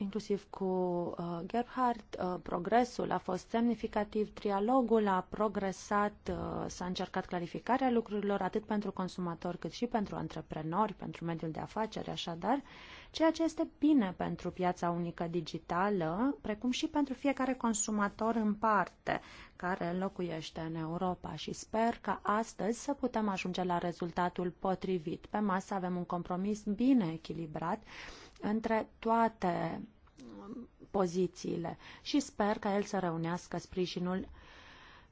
D: inclusiv cu uh, Gerhard, uh, progresul a fost semnificativ, trialogul a progresat, uh, s-a încercat clarificarea lucrurilor atât pentru consumatori cât și pentru antreprenori, pentru mediul de afaceri, așadar, ceea ce este bine pentru piața unică digitală, precum și pentru fiecare consumator în parte care locuiește în Europa și sper că astăzi să putem ajunge la rezultatul potrivit. Pe masă avem un compromis bine echilibrat, între toate pozițiile și sper ca el să reunească sprijinul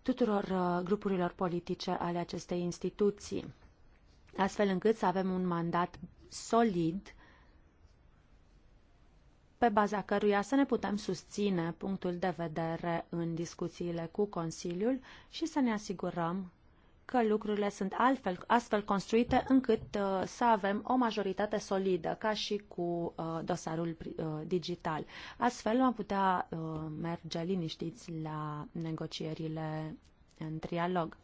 D: tuturor uh, grupurilor politice ale acestei instituții, astfel încât să avem un mandat solid pe baza căruia să ne putem susține punctul de vedere în discuțiile cu Consiliul și să ne asigurăm că lucrurile sunt altfel, astfel construite încât uh, să avem o majoritate solidă, ca și cu uh, dosarul uh, digital. Astfel am putea uh, merge liniștiți la negocierile în trialog.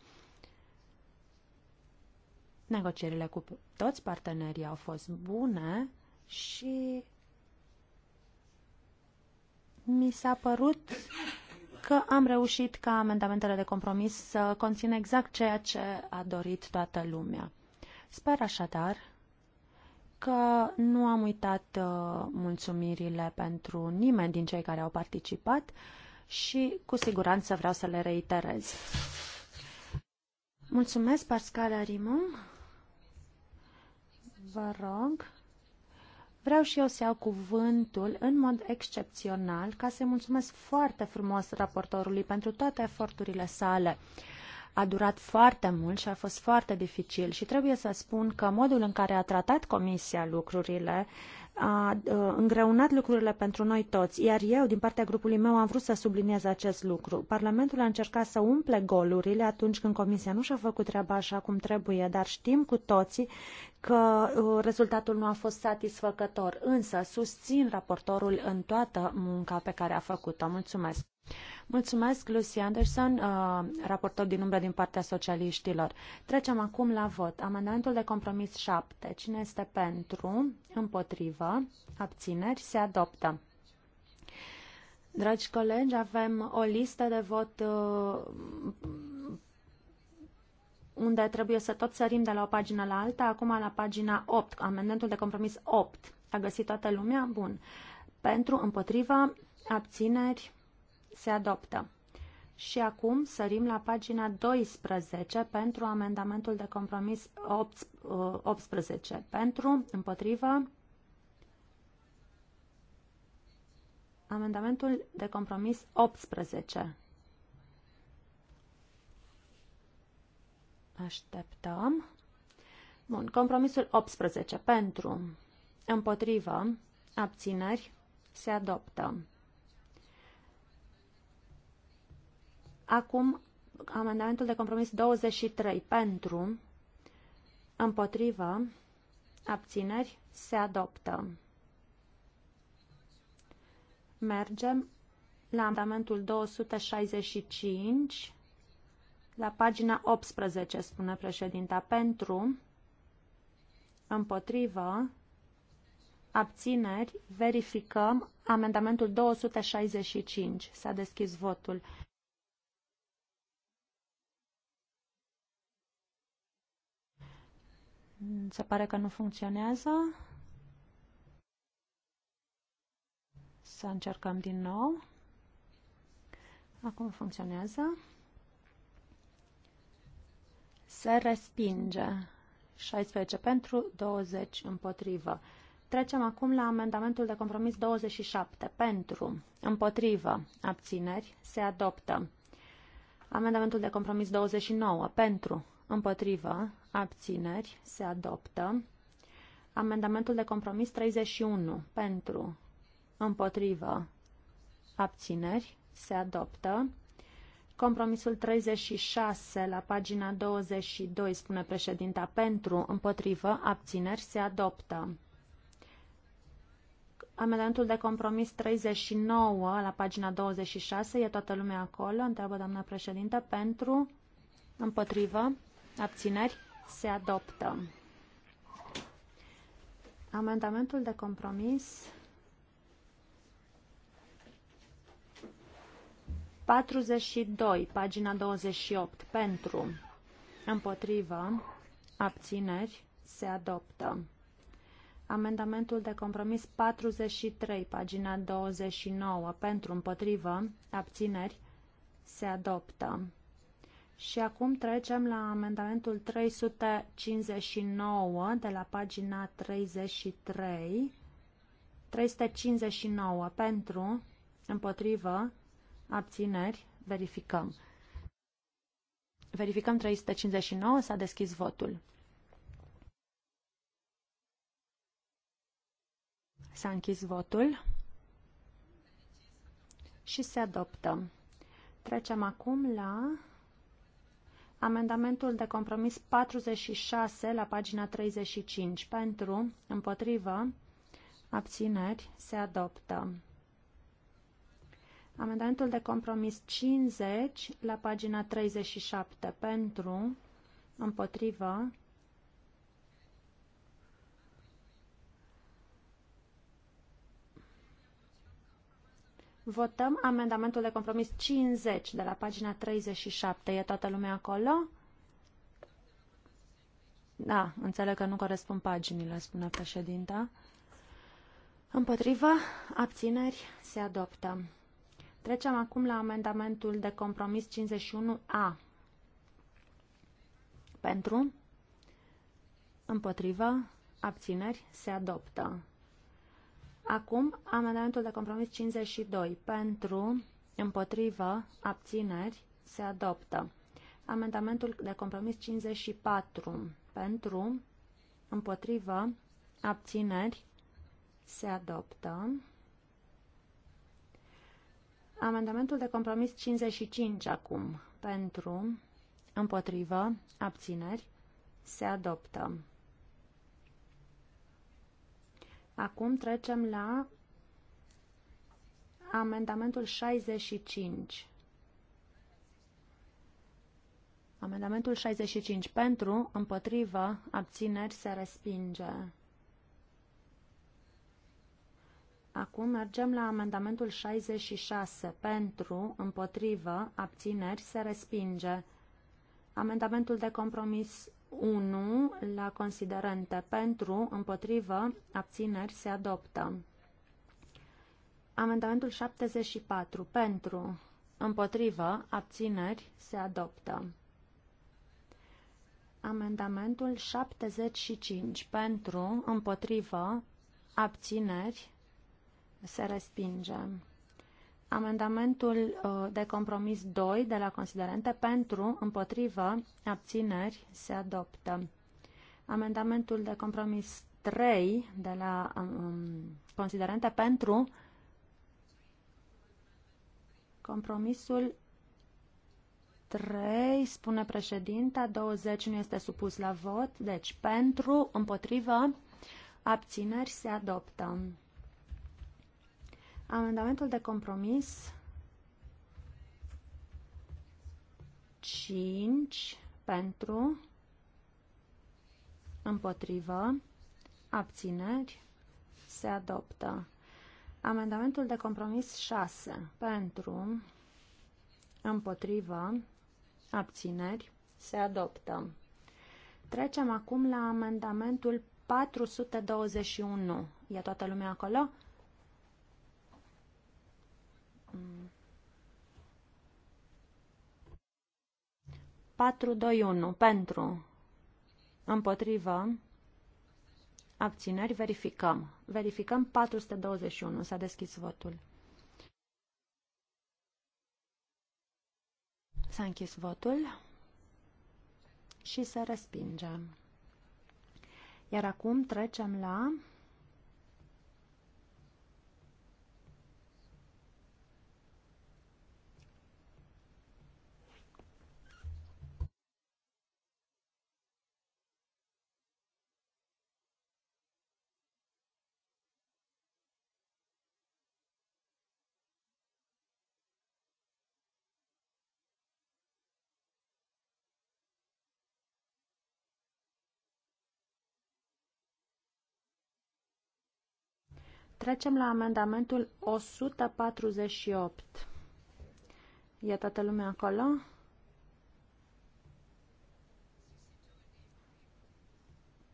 D: Negocierile cu toți partenerii au fost bune și mi s-a părut că am reușit ca amendamentele de compromis să conțină exact ceea ce a dorit toată lumea. Sper așadar că nu am uitat uh, mulțumirile pentru nimeni din cei care au participat și cu siguranță vreau să le reiterez. Mulțumesc, Pascal Arimon. Vă rog. Vreau și eu să iau cuvântul în mod excepțional ca să-i mulțumesc foarte frumos raportorului pentru toate eforturile sale. A durat foarte mult și a fost foarte dificil și trebuie să spun că modul în care a tratat Comisia lucrurile a îngreunat lucrurile pentru noi toți, iar eu, din partea grupului meu, am vrut să subliniez acest lucru. Parlamentul a încercat să umple golurile atunci când Comisia nu și-a făcut treaba așa cum trebuie, dar știm cu toții că uh, rezultatul nu a fost satisfăcător. Însă susțin raportorul în toată munca pe care a făcut-o. Mulțumesc! Mulțumesc, Lucy Anderson, uh, raportor din umbră din partea socialiștilor. Trecem acum la vot. Amendamentul de compromis 7. Cine este pentru? Împotrivă? Abțineri? Se adoptă. Dragi colegi, avem o listă de vot uh, unde trebuie să tot sărim de la o pagină la alta, acum la pagina 8, amendamentul de compromis 8. A găsit toată lumea? Bun. Pentru, împotrivă, abțineri, se adoptă. Și acum sărim la pagina 12 pentru amendamentul de compromis 8, 18. Uh, pentru, împotrivă, amendamentul de compromis 18. Așteptăm. Bun, compromisul 18. Pentru, împotrivă, abțineri, se adoptă. Acum, amendamentul de compromis 23 pentru, împotrivă, abțineri, se adoptă. Mergem la amendamentul 265, la pagina 18, spune președinta, pentru, împotrivă, abțineri, verificăm amendamentul 265. S-a deschis votul. Se pare că nu funcționează. Să încercăm din nou. Acum funcționează. Se respinge. 16 pentru, 20 împotrivă. Trecem acum la amendamentul de compromis 27. Pentru, împotrivă, abțineri, se adoptă. Amendamentul de compromis 29. Pentru, împotrivă, abțineri, se adoptă. Amendamentul de compromis 31, pentru, împotrivă, abțineri, se adoptă. Compromisul 36 la pagina 22 spune președinta pentru, împotrivă, abțineri se adoptă. Amendamentul de compromis 39 la pagina 26, e toată lumea acolo, întreabă doamna președintă, pentru, împotrivă, abțineri se adoptă. Amendamentul de compromis 42, pagina 28, pentru, împotrivă, abțineri, se adoptă. Amendamentul de compromis 43, pagina 29, pentru, împotrivă, abțineri, se adoptă. Și acum trecem la amendamentul 359 de la pagina 33. 359 pentru, împotrivă, abțineri, verificăm. Verificăm 359, s-a deschis votul. S-a închis votul și se adoptă. Trecem acum la Amendamentul de compromis 46 la pagina 35 pentru, împotrivă, abțineri se adoptă. Amendamentul de compromis 50 la pagina 37 pentru, împotrivă, Votăm amendamentul de compromis 50 de la pagina 37. E toată lumea acolo? Da, înțeleg că nu corespund paginile, spune președinta. Împotrivă, abțineri, se adoptă. Trecem acum la amendamentul de compromis 51A. Pentru, împotrivă, abțineri, se adoptă. Acum, amendamentul de compromis 52. Pentru, împotrivă, abțineri, se adoptă. Amendamentul de compromis 54. Pentru, împotrivă, abțineri, se adoptă. Amendamentul de compromis 55 acum. Pentru, împotrivă, abțineri, se adoptă. Acum trecem la amendamentul 65. Amendamentul 65 pentru, împotrivă, abțineri se respinge. Acum mergem la amendamentul 66 pentru, împotrivă, abțineri se respinge. Amendamentul de compromis 1 la considerente pentru, împotrivă, abțineri se adoptă. Amendamentul 74 pentru, împotrivă, abțineri se adoptă. Amendamentul 75 pentru, împotrivă, abțineri se respinge. Amendamentul uh, de compromis 2 de la considerente pentru, împotrivă, abțineri se adoptă. Amendamentul de compromis 3 de la um, um, considerente pentru compromisul 3, spune președinta, 20 nu este supus la vot, deci pentru, împotrivă, abțineri se adoptă. Amendamentul de compromis 5 pentru, împotrivă, abțineri, se adoptă. Amendamentul de compromis 6 pentru, împotrivă, abțineri, se adoptă. Trecem acum la amendamentul 421. E toată lumea acolo? 421 pentru, împotrivă, abțineri, verificăm. Verificăm 421, s-a deschis votul. S-a închis votul și se respinge. Iar acum trecem la Trecem la amendamentul 148. E toată lumea acolo?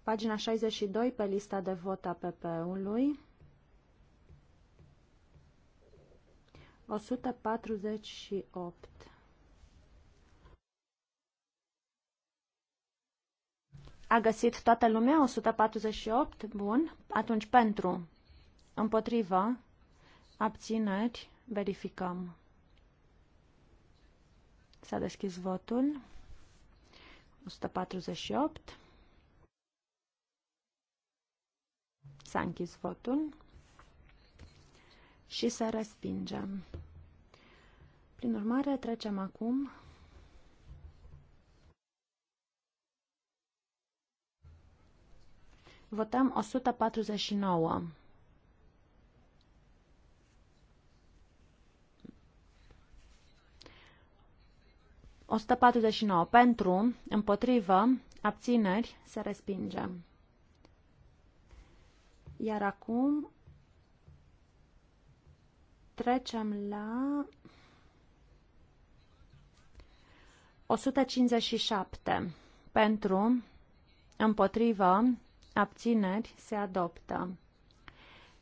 D: Pagina 62 pe lista de vot a PP-ului. 148. A găsit toată lumea 148? Bun. Atunci pentru Împotrivă. Abțineri. Verificăm. S-a deschis votul. 148. S-a închis votul și să respingem. Prin urmare, trecem acum Votăm 149. 149 pentru, împotrivă, abțineri, se respinge. Iar acum trecem la 157 pentru, împotrivă, abțineri, se adoptă.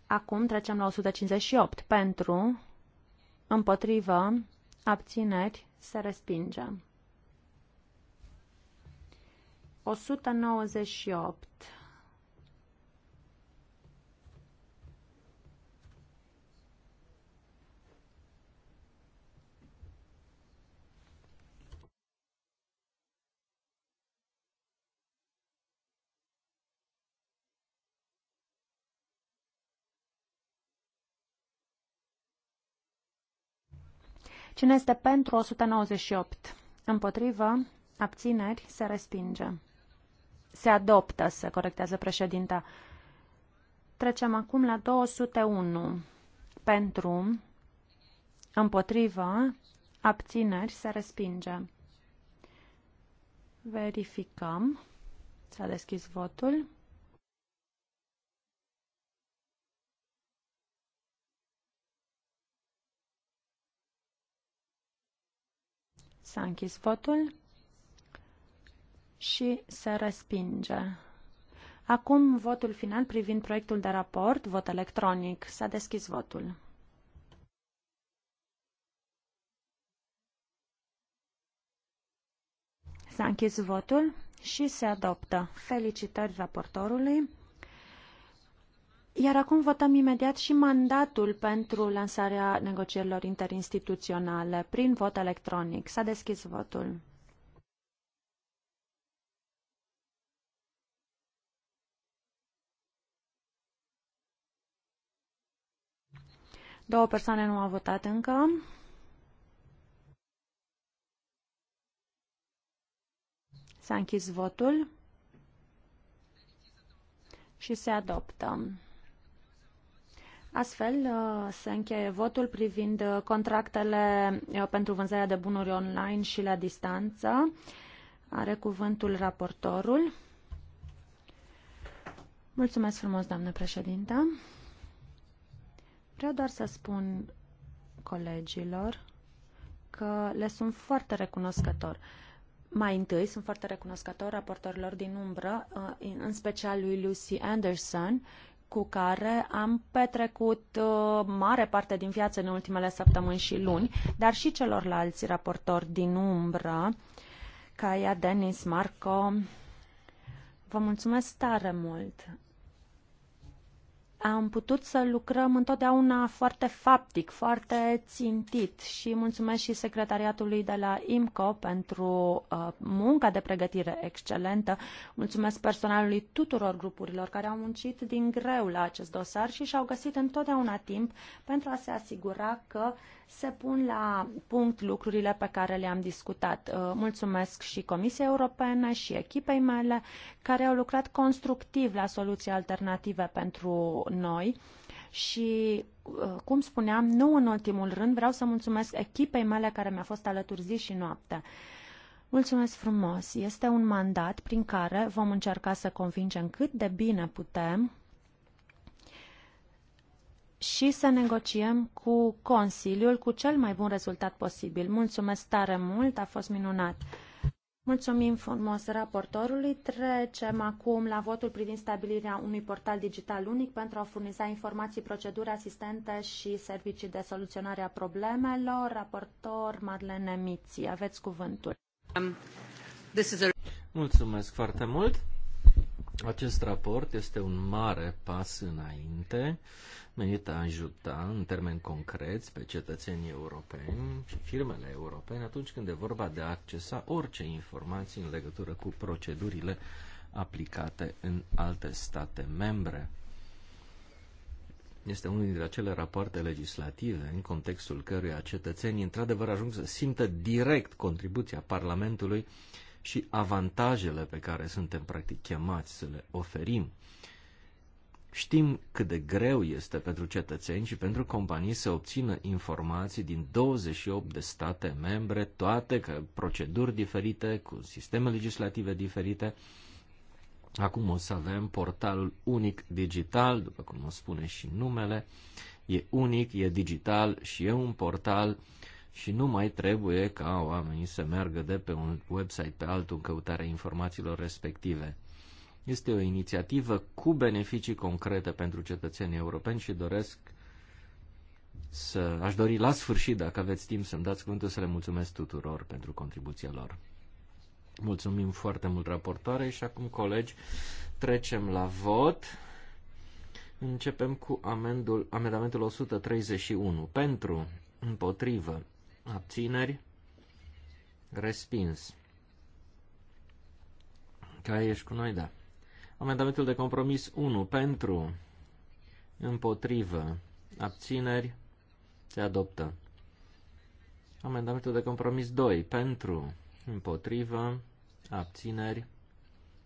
D: Acum trecem la 158 pentru, împotrivă, abțineri, se respinge. 198 Cine este pentru 198? Împotrivă? Abțineri? Se respinge. Se adoptă, se corectează președinta. Trecem acum la 201. Pentru, împotrivă, abțineri, se respinge. Verificăm. S-a deschis votul. S-a închis votul și se respinge. Acum votul final privind proiectul de raport, vot electronic. S-a deschis votul. S-a închis votul și se adoptă. Felicitări raportorului. Iar acum votăm imediat și mandatul pentru lansarea negocierilor interinstituționale prin vot electronic. S-a deschis votul. Două persoane nu au votat încă. S-a închis votul și se adoptă. Astfel uh, se încheie votul privind uh, contractele uh, pentru vânzarea de bunuri online și la distanță. Are cuvântul raportorul. Mulțumesc frumos, doamnă președintă. Vreau doar să spun colegilor că le sunt foarte recunoscător. Mai întâi sunt foarte recunoscător raportorilor din umbră, în special lui Lucy Anderson cu care am petrecut uh, mare parte din viață în ultimele săptămâni și luni, dar și celorlalți raportori din umbră, Caia, Denis, Marco. Vă mulțumesc tare mult! am putut să lucrăm întotdeauna foarte faptic, foarte țintit și mulțumesc și secretariatului de la IMCO pentru uh, munca de pregătire excelentă. Mulțumesc personalului tuturor grupurilor care au muncit din greu la acest dosar și și-au găsit întotdeauna timp pentru a se asigura că uh, să pun la punct lucrurile pe care le-am discutat. Uh, mulțumesc și Comisiei Europene și echipei mele care au lucrat constructiv la soluții alternative pentru noi și, uh, cum spuneam, nu în ultimul rând, vreau să mulțumesc echipei mele care mi-a fost alături zi și noapte. Mulțumesc frumos! Este un mandat prin care vom încerca să convingem cât de bine putem și să negociem cu Consiliul cu cel mai bun rezultat posibil. Mulțumesc tare mult, a fost minunat. Mulțumim frumos raportorului. Trecem acum la votul privind stabilirea unui portal digital unic pentru a furniza informații, proceduri, asistente și servicii de soluționare a problemelor. Raportor Madlene Miții, aveți cuvântul.
E: Um,
B: Mulțumesc foarte mult. Acest raport este un mare pas înainte, menit a ajuta în termeni concreți pe cetățenii europeni și firmele europene atunci când e vorba de a accesa orice informații în legătură cu procedurile aplicate în alte state membre. Este unul dintre acele rapoarte legislative în contextul căruia cetățenii într-adevăr ajung să simtă direct contribuția Parlamentului uh, și avantajele pe care suntem practic chemați să le oferim. Știm cât de greu este pentru cetățeni și pentru companii să obțină informații din 28 de state membre, toate cu proceduri diferite, cu sisteme legislative diferite. Acum o să avem portalul unic digital, după cum o spune și numele. E unic, e digital și e un portal uh, și nu mai trebuie ca oamenii să meargă de pe un website pe altul în căutarea informațiilor respective. Este o inițiativă cu beneficii concrete pentru cetățenii europeni și doresc să aș dori la sfârșit, dacă aveți timp să-mi dați cuvântul, să le mulțumesc tuturor pentru contribuția lor. Mulțumim foarte mult raportoare și acum, colegi, trecem la vot. Începem cu amendul, amendamentul 131. Pentru, împotrivă, abțineri, respins. Ca ești cu noi, da. Amendamentul de compromis 1 pentru, împotrivă, abțineri, se adoptă. Amendamentul de compromis 2 pentru, împotrivă, abțineri,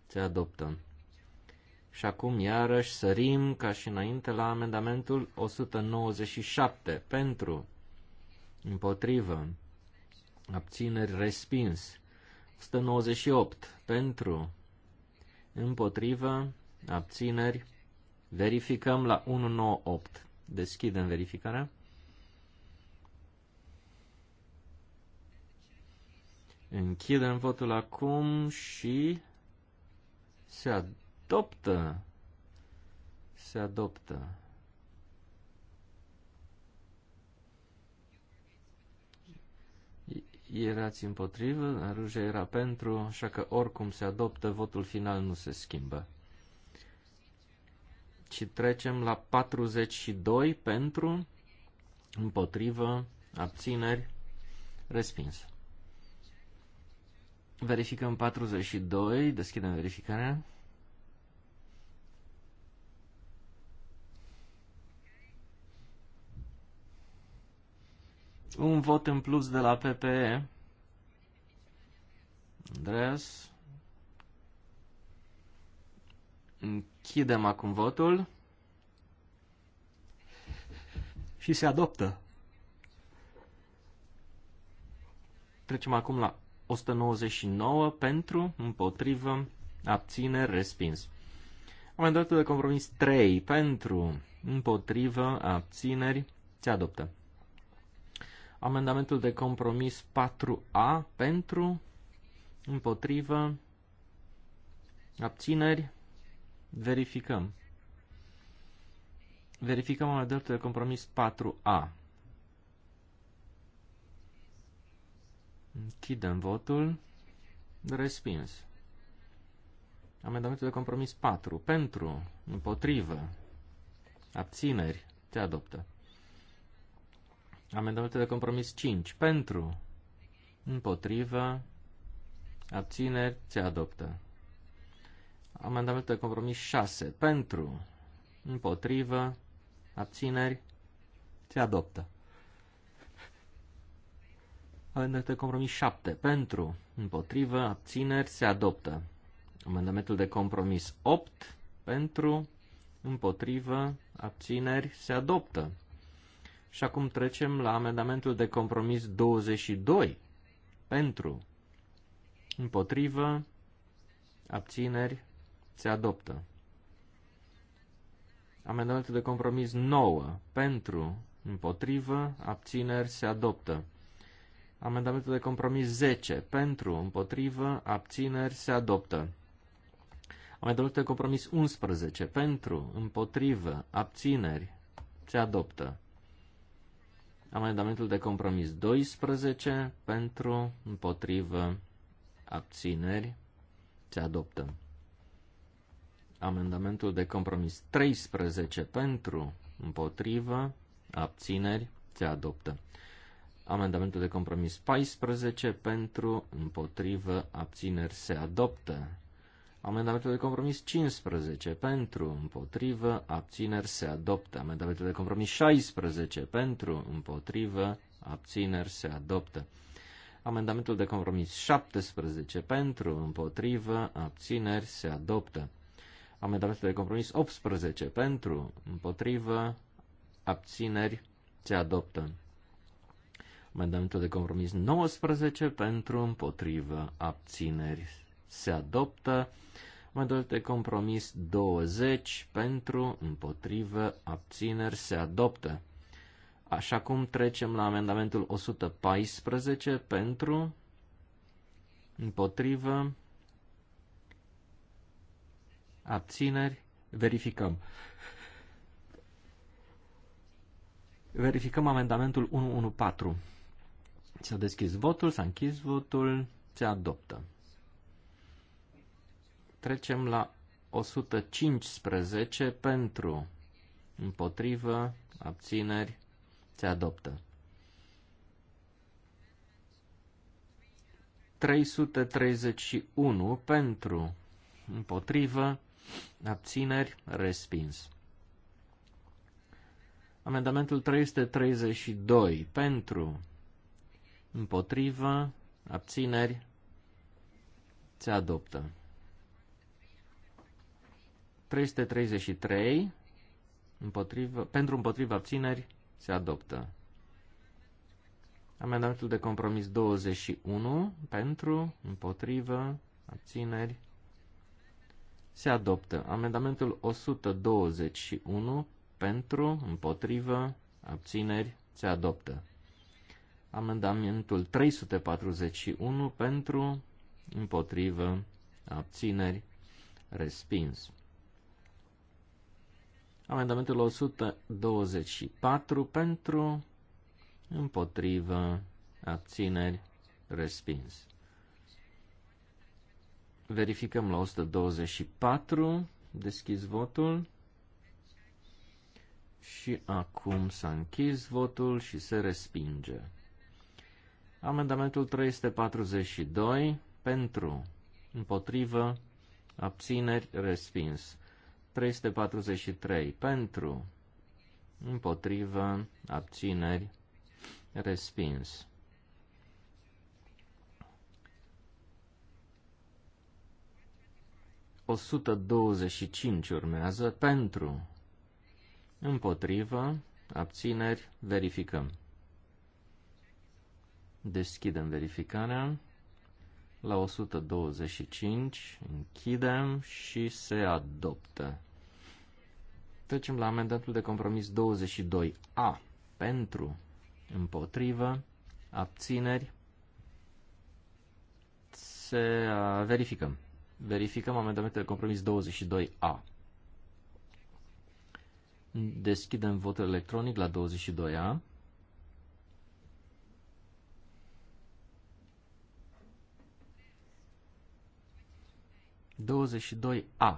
B: se adoptă. Și acum iarăși sărim ca și înainte la amendamentul 197 pentru împotrivă, abțineri respins, 198 pentru, împotrivă, abțineri, verificăm la 198. Deschidem verificarea. Închidem votul acum și se adoptă. Se adoptă. erați împotrivă, Ruja era pentru, așa că oricum se adoptă, votul final nu se schimbă. Și trecem la 42 pentru, împotrivă, abțineri, respins. Verificăm 42, deschidem verificarea. Un vot în plus de la PPE. Andreas. Închidem acum votul. Și se adoptă. Trecem acum la 199 pentru, împotrivă, abține, respins. Amendatul de compromis 3 pentru, împotrivă, abțineri, se adoptă. Amendamentul de compromis 4A pentru, împotrivă, abțineri, verificăm. Verificăm amendamentul de compromis 4A. Închidem votul. Respins. Amendamentul de compromis 4. Pentru, împotrivă, abțineri, se adoptă. Amendamente de compromis 5. Pentru. Împotrivă. Abțineri. Se adoptă. Amendamente de compromis 6. Pentru. Împotrivă. Abțineri. Se adoptă. Amendamentul de compromis 7. Pentru. Împotrivă. Abțineri. Se adoptă. Amendamentul de compromis 8. Pentru. Împotrivă. Abțineri. Se adoptă. Și acum trecem la amendamentul de compromis 22. Pentru, împotrivă, abțineri, se adoptă. Amendamentul de compromis 9. Pentru, împotrivă, abțineri, se adoptă. Amendamentul de compromis 10. Pentru, împotrivă, abțineri, se adoptă. Amendamentul de compromis 11. Pentru, împotrivă, abțineri, se adoptă. Amendamentul de compromis 12 pentru, împotrivă, abțineri se adoptă. Amendamentul de compromis 13 pentru, împotrivă, abțineri se adoptă. Amendamentul de compromis 14 pentru, împotrivă, abțineri se adoptă. Amendamentul de compromis 15 pentru, împotrivă, abțineri se adoptă. Amendamentul de compromis 16 pentru, împotrivă, abțineri se adoptă. Amendamentul de compromis 17 pentru, împotrivă, abțineri se adoptă. Amendamentul de compromis 18 pentru, împotrivă, abțineri se adoptă. Amendamentul de compromis 19 pentru, împotrivă, abțineri se adoptă. Amendamentul de compromis 20 pentru, împotrivă, abțineri se adoptă. Așa cum trecem la amendamentul 114 pentru, împotrivă, abțineri, verificăm. Verificăm amendamentul 114. S-a deschis votul, s-a închis votul, se adoptă. Trecem la 115 pentru, împotrivă, abțineri, se adoptă. 331 pentru, împotrivă, abțineri, respins. Amendamentul 332 pentru, împotrivă, abțineri, se adoptă. 333 împotriva, pentru împotriva abțineri se adoptă. Amendamentul de compromis 21 pentru împotrivă abțineri se adoptă. Amendamentul 121 pentru împotrivă abțineri se adoptă. Amendamentul 341 pentru împotrivă abțineri respins. Amendamentul 124 pentru, împotrivă, abțineri, respins. Verificăm la 124, deschis votul și acum s-a închis votul și se respinge. Amendamentul 342 pentru, împotrivă, abțineri, respins. 343 pentru, împotrivă, abțineri, respins. O sută douăzeci și cinci urmează pentru, împotrivă, abțineri, verificăm. Deschidem verificarea. La 125 închidem și se adoptă. Trecem la amendatul de compromis 22A. Pentru, împotrivă, abțineri, se verificăm. Verificăm amendamentul de compromis 22A. Deschidem votul electronic la 22A. 22A.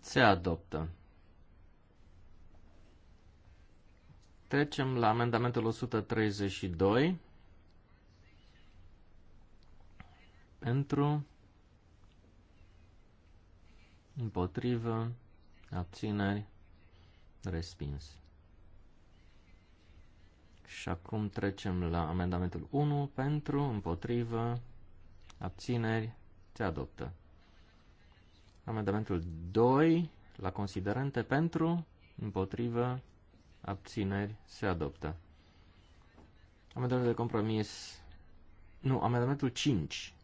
B: Se adoptă. Trecem la amendamentul 132. Pentru, împotrivă, abțineri, respins. Și acum trecem la amendamentul 1 pentru, împotrivă, abțineri, se adoptă. Amendamentul 2 la considerente pentru, împotrivă, abțineri, se adoptă. Amendamentul de compromis, nu, amendamentul 5.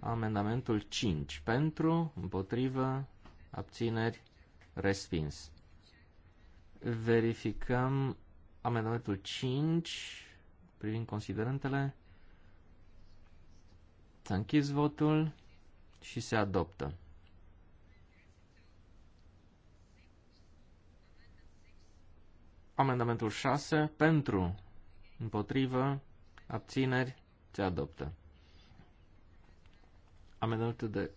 B: Amendamentul 5 pentru, împotrivă, abțineri, respins. Verificăm Amendamentul 5, privind considerentele, s-a închis votul și se adoptă. Amendamentul 6, pentru, împotrivă, abțineri, se adoptă. Amendamentul de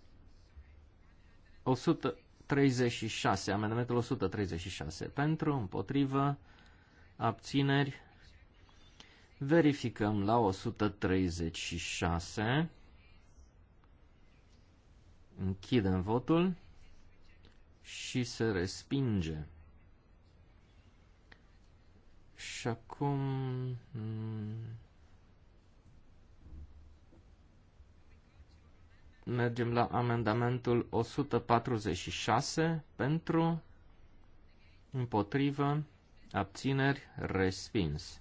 B: 136, amendamentul 136, pentru, împotrivă, abțineri. Verificăm la 136. Închidem votul și se respinge. Și acum... Mm, mergem la amendamentul 146 pentru, împotrivă, abțineri, respins.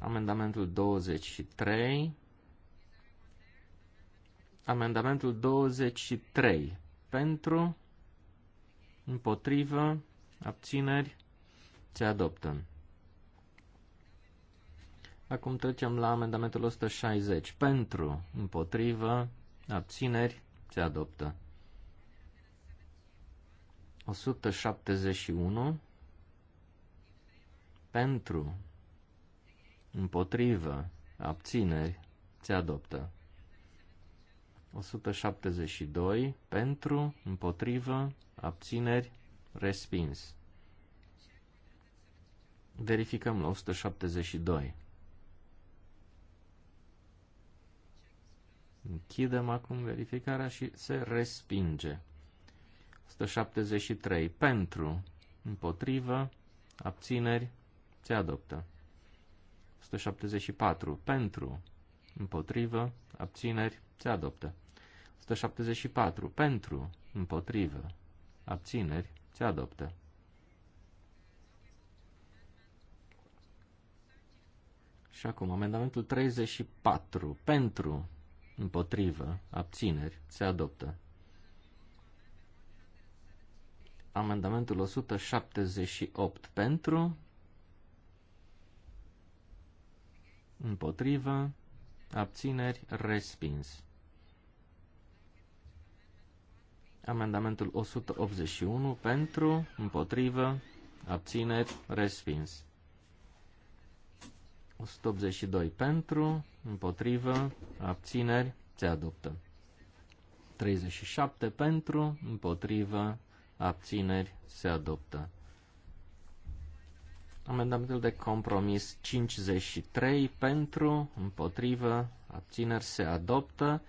B: Amendamentul 23. Amendamentul 23. Pentru, împotrivă, abțineri, se adoptă. Acum trecem la amendamentul 160. Pentru, împotrivă, abțineri, se adoptă. 171 pentru, împotrivă, abțineri, se adoptă. 172. Pentru, împotrivă, abțineri, respins. Verificăm la 172. Închidem acum verificarea și se respinge. 173. Pentru, împotrivă, abțineri, se adoptă. 174. Pentru. Împotrivă. Abțineri. Se adoptă. 174. Pentru. Împotrivă. Abțineri. Se adoptă. Și acum, amendamentul 34. Pentru. Împotrivă. Abțineri. Se adoptă. Amendamentul 178. Pentru. împotrivă, abțineri, respins. Amendamentul 181 pentru, împotrivă, abțineri, respins. 182 pentru, împotrivă, abțineri, se adoptă. 37 pentru, împotrivă, abțineri, se adoptă. Amendamentul de compromis 53 pentru, împotrivă, abțineri se adoptă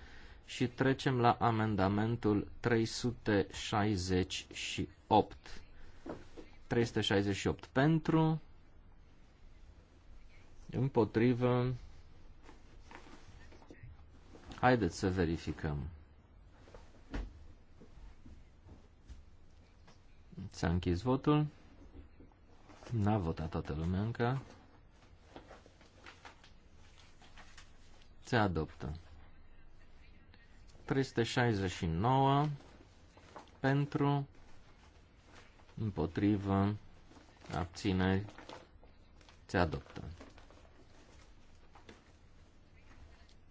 B: și trecem la amendamentul 368. 368 pentru, împotrivă. Haideți să verificăm. S-a închis votul. N-a votat toată lumea încă. Se adoptă. 369 pentru, împotrivă, abțineri, se adoptă.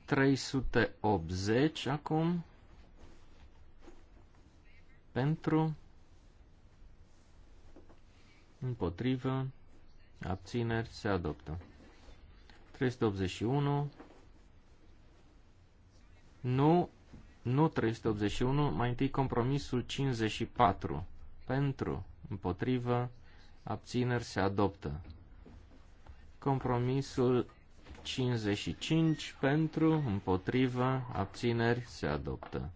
B: 380 acum pentru împotrivă, abțineri, se adoptă. 381, nu, nu 381, mai întâi compromisul 54, pentru, împotrivă, abțineri, se adoptă. Compromisul 55 pentru, împotrivă, abțineri se adoptă.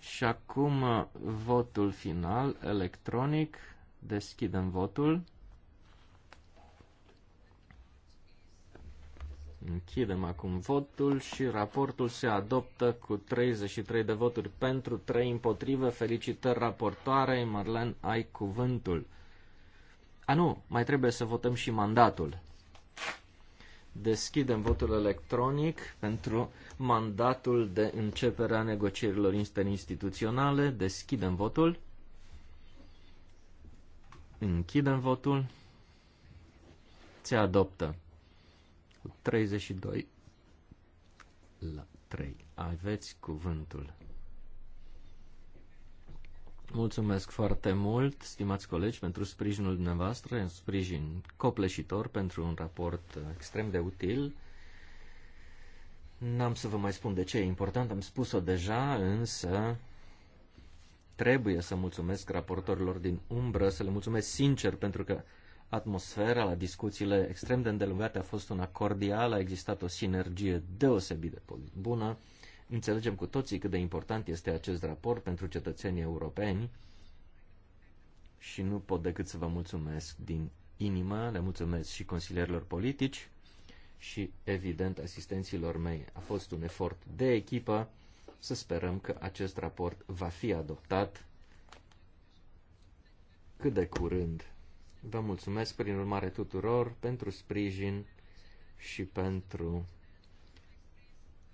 B: Și acum uh, votul final electronic. Deschidem votul. Închidem acum votul și raportul se adoptă cu 33 de voturi pentru, 3 împotrivă. Felicitări raportoare, Marlen, ai cuvântul. A, nu, mai trebuie să votăm și mandatul. Deschidem votul electronic pentru mandatul de începere a negocierilor interinstituționale. Deschidem votul. Închidem votul. Se adoptă cu 32 la 3. Aveți cuvântul. Mulțumesc foarte mult, stimați colegi, pentru sprijinul dumneavoastră, un sprijin copleșitor pentru un raport extrem de util. N-am să vă mai spun de ce e important, am spus-o deja, însă trebuie să mulțumesc raportorilor din umbră, să le mulțumesc sincer pentru că atmosfera la discuțiile extrem de îndelungate a fost una cordială, a existat o sinergie deosebit de bună. Înțelegem cu toții cât de important este acest raport pentru cetățenii europeni și nu pot decât să vă mulțumesc din inimă, le mulțumesc și consilierilor politici și, evident, asistenților mei. A fost un efort de echipă să sperăm că acest raport va fi adoptat cât de curând. Vă mulțumesc prin urmare tuturor pentru sprijin și pentru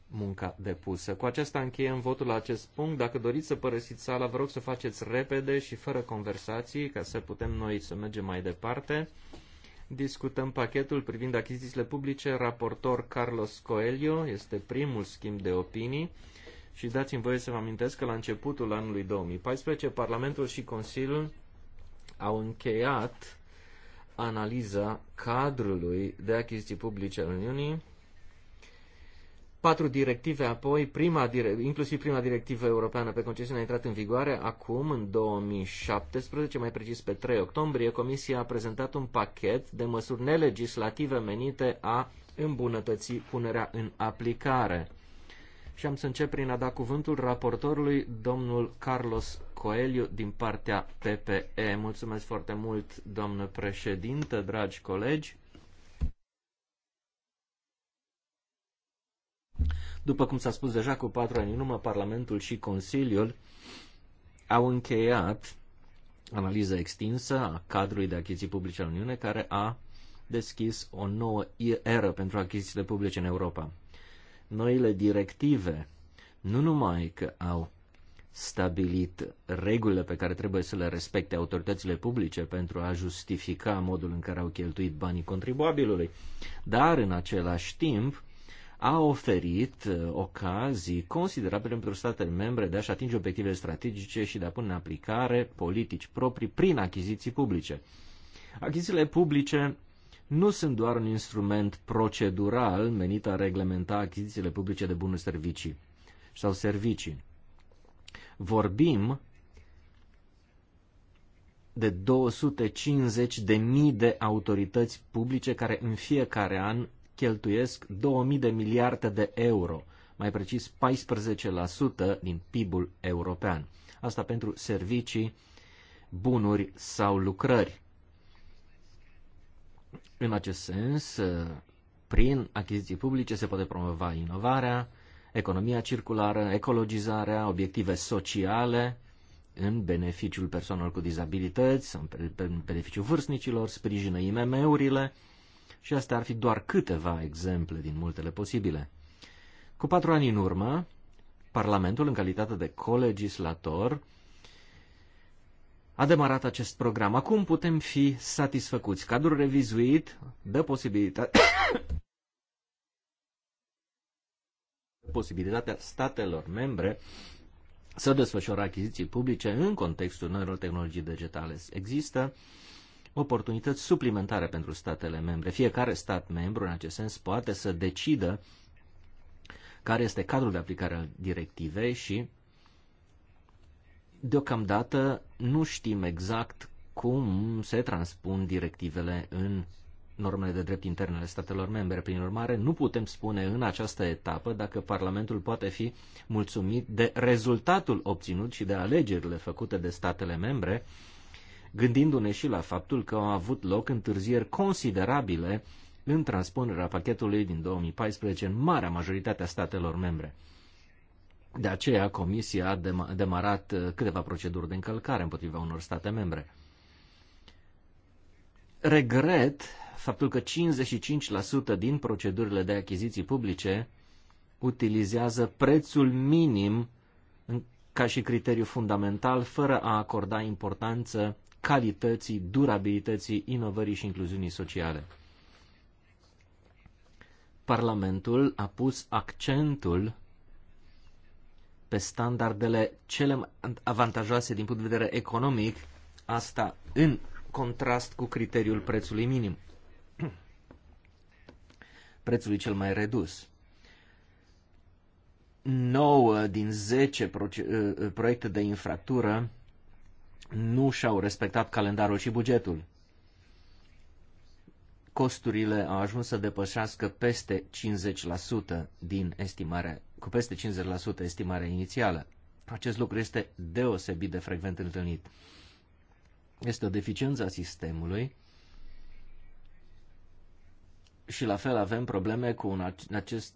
B: munca depusă. Cu acesta încheiem votul la acest punct. Dacă doriți să părăsiți sala, vă rog să faceți repede și fără conversații, ca să putem noi să mergem mai departe. Discutăm pachetul privind achizițiile publice. Raportor Carlos Coelho este primul schimb de opinii și dați-mi voie să vă amintesc că la începutul anului 2014 Parlamentul și Consiliul au încheiat analiza cadrului de achiziții publice al Uniunii patru directive, apoi prima, inclusiv prima directivă europeană pe concesiune a intrat în vigoare acum, în 2017, mai precis pe 3 octombrie, Comisia a prezentat un pachet de măsuri nelegislative menite a îmbunătăți punerea în aplicare și am să încep prin a da cuvântul raportorului, domnul Carlos Coelho, din partea PPE. Mulțumesc foarte mult, doamnă președintă, dragi colegi. După cum s-a spus deja, cu patru ani în urmă, Parlamentul și Consiliul au încheiat analiza extinsă a cadrului de achiziții publice al Uniunii, care a deschis o nouă eră pentru achizițiile publice în Europa noile directive nu numai că au stabilit regulile pe care trebuie să le respecte autoritățile publice pentru a justifica modul în care au cheltuit banii contribuabilului, dar în același timp a oferit uh, ocazii considerabile pentru statele membre de a-și atinge obiective strategice și de a pune în aplicare politici proprii prin achiziții publice. Achizițiile publice nu sunt doar un instrument procedural menit a reglementa achizițiile publice de bunuri servicii sau servicii. Vorbim de 250 de mii de autorități publice care în fiecare an cheltuiesc 2000 de miliarde de euro, mai precis 14% din PIB-ul european. Asta pentru servicii, bunuri sau lucrări. În acest sens, prin achiziții publice se poate promova inovarea, economia circulară, ecologizarea, obiective sociale în beneficiul persoanelor cu dizabilități, în beneficiul vârstnicilor, sprijină IMM-urile și astea ar fi doar câteva exemple din multele posibile. Cu patru ani în urmă, Parlamentul, în calitate de colegislator, a demarat acest program. Acum putem fi satisfăcuți. Cadrul revizuit dă posibilitatea posibilitatea statelor membre să desfășoare achiziții publice în contextul noilor tehnologii digitale. Există oportunități suplimentare pentru statele membre. Fiecare stat membru, în acest sens, poate să decidă care este cadrul de aplicare al directivei și Deocamdată nu știm exact cum se transpun directivele în normele de drept interne ale statelor membre. Prin urmare, nu putem spune în această etapă dacă Parlamentul poate fi mulțumit de rezultatul obținut și de alegerile făcute de statele membre, gândindu-ne și la faptul că au avut loc întârzieri considerabile în transpunerea pachetului din 2014 în marea majoritate a statelor membre. De aceea, Comisia a demarat uh, câteva proceduri de încălcare împotriva unor state membre. Regret faptul că 55% din procedurile de achiziții publice utilizează prețul minim ca și criteriu fundamental, fără a acorda importanță calității, durabilității, inovării și incluziunii sociale. Parlamentul a pus accentul pe standardele cele avantajoase din punct de vedere economic, asta în contrast cu criteriul prețului minim, prețului cel mai redus. 9 din 10 ă, ă, proiecte de infractură nu și-au respectat calendarul și bugetul. Costurile au ajuns să depășească peste 50% din estimarea cu peste 50% estimarea inițială. Acest lucru este deosebit de frecvent întâlnit. Este o deficiență a sistemului și la fel avem probleme cu un acest,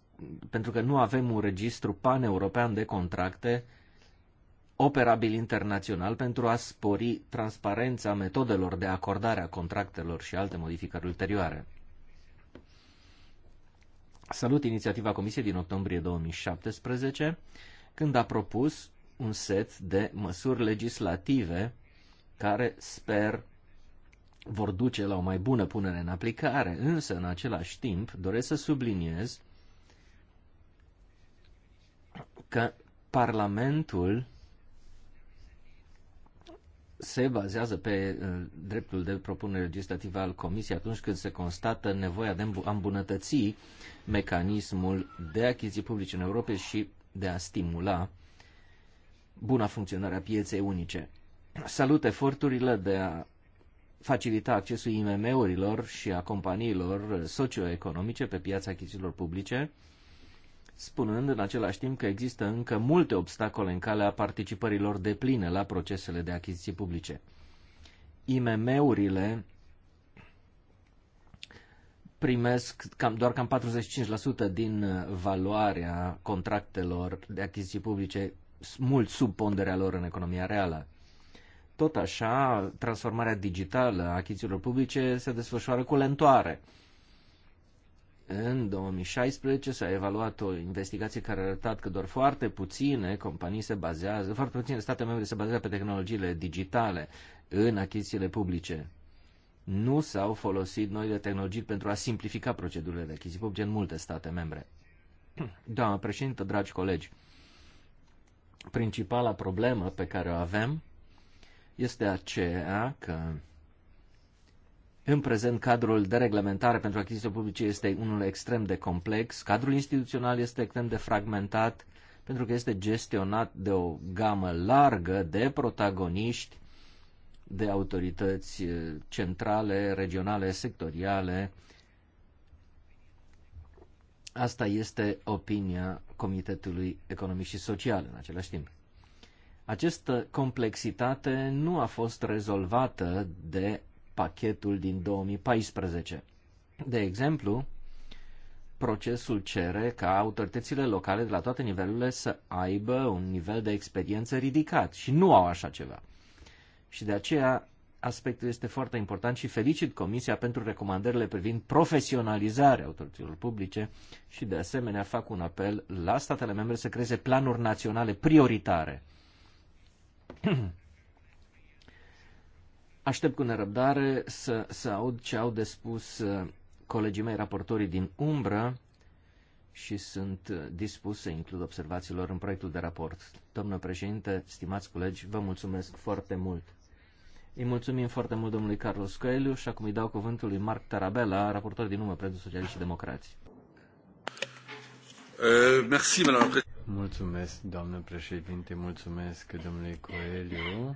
B: pentru că nu avem un registru paneuropean de contracte operabil internațional pentru a spori transparența metodelor de acordare a contractelor și alte modificări ulterioare. Salut inițiativa Comisiei din octombrie 2017, când a propus un set de măsuri legislative care sper vor duce la o mai bună punere în aplicare, însă în același timp doresc să subliniez că Parlamentul se bazează pe uh, dreptul de propunere legislativă al Comisiei atunci când se constată nevoia de a îmbunătăți mecanismul de achiziții publice în Europa și de a stimula buna funcționare a pieței unice. Salut eforturile de a facilita accesul IMM-urilor și a companiilor socioeconomice pe piața achizițiilor publice, spunând în același timp că există încă multe obstacole în calea participărilor de pline la procesele de achiziții publice. IMM-urile primesc cam, doar cam 45% din uh, valoarea contractelor de achiziții publice, mult sub ponderea lor în economia reală. Tot așa, transformarea digitală a achizițiilor publice se desfășoară cu lentoare. În 2016 s-a evaluat o investigație care a arătat că doar foarte puține companii se bazează, foarte puține state membre se bazează pe tehnologiile digitale în achizițiile publice. Nu s-au folosit noile tehnologii pentru a simplifica procedurile de achiziții publice în multe state membre. Doamna președintă, dragi colegi, principala problemă pe care o avem este aceea că în prezent, cadrul de reglementare pentru achiziții publice este unul extrem de complex, cadrul instituțional este extrem de fragmentat, pentru că este gestionat de o gamă largă de protagoniști, de autorități eh, centrale, regionale, sectoriale. Asta este opinia Comitetului Economic și Social în același timp. Această complexitate nu a fost rezolvată de pachetul din 2014. De exemplu, procesul cere ca autoritățile locale de la toate nivelurile să aibă un nivel de experiență ridicat și nu au așa ceva. Și de aceea aspectul este foarte important și felicit Comisia pentru recomandările privind profesionalizarea autorităților publice și de asemenea fac un apel la statele membre să creeze planuri naționale prioritare Aștept cu nerăbdare să, să aud ce au de spus uh, colegii mei raportorii din umbră și sunt uh, dispus să includ observațiilor în proiectul de raport. Domnule președinte, stimați colegi, vă mulțumesc foarte mult. Îi mulțumim foarte mult domnului Carlos Coelho și acum îi dau cuvântul lui Marc Tarabella, raportor din umbră pentru Socialiști și Democrați.
C: Uh, mulțumesc, doamnă președinte, mulțumesc domnului Coelho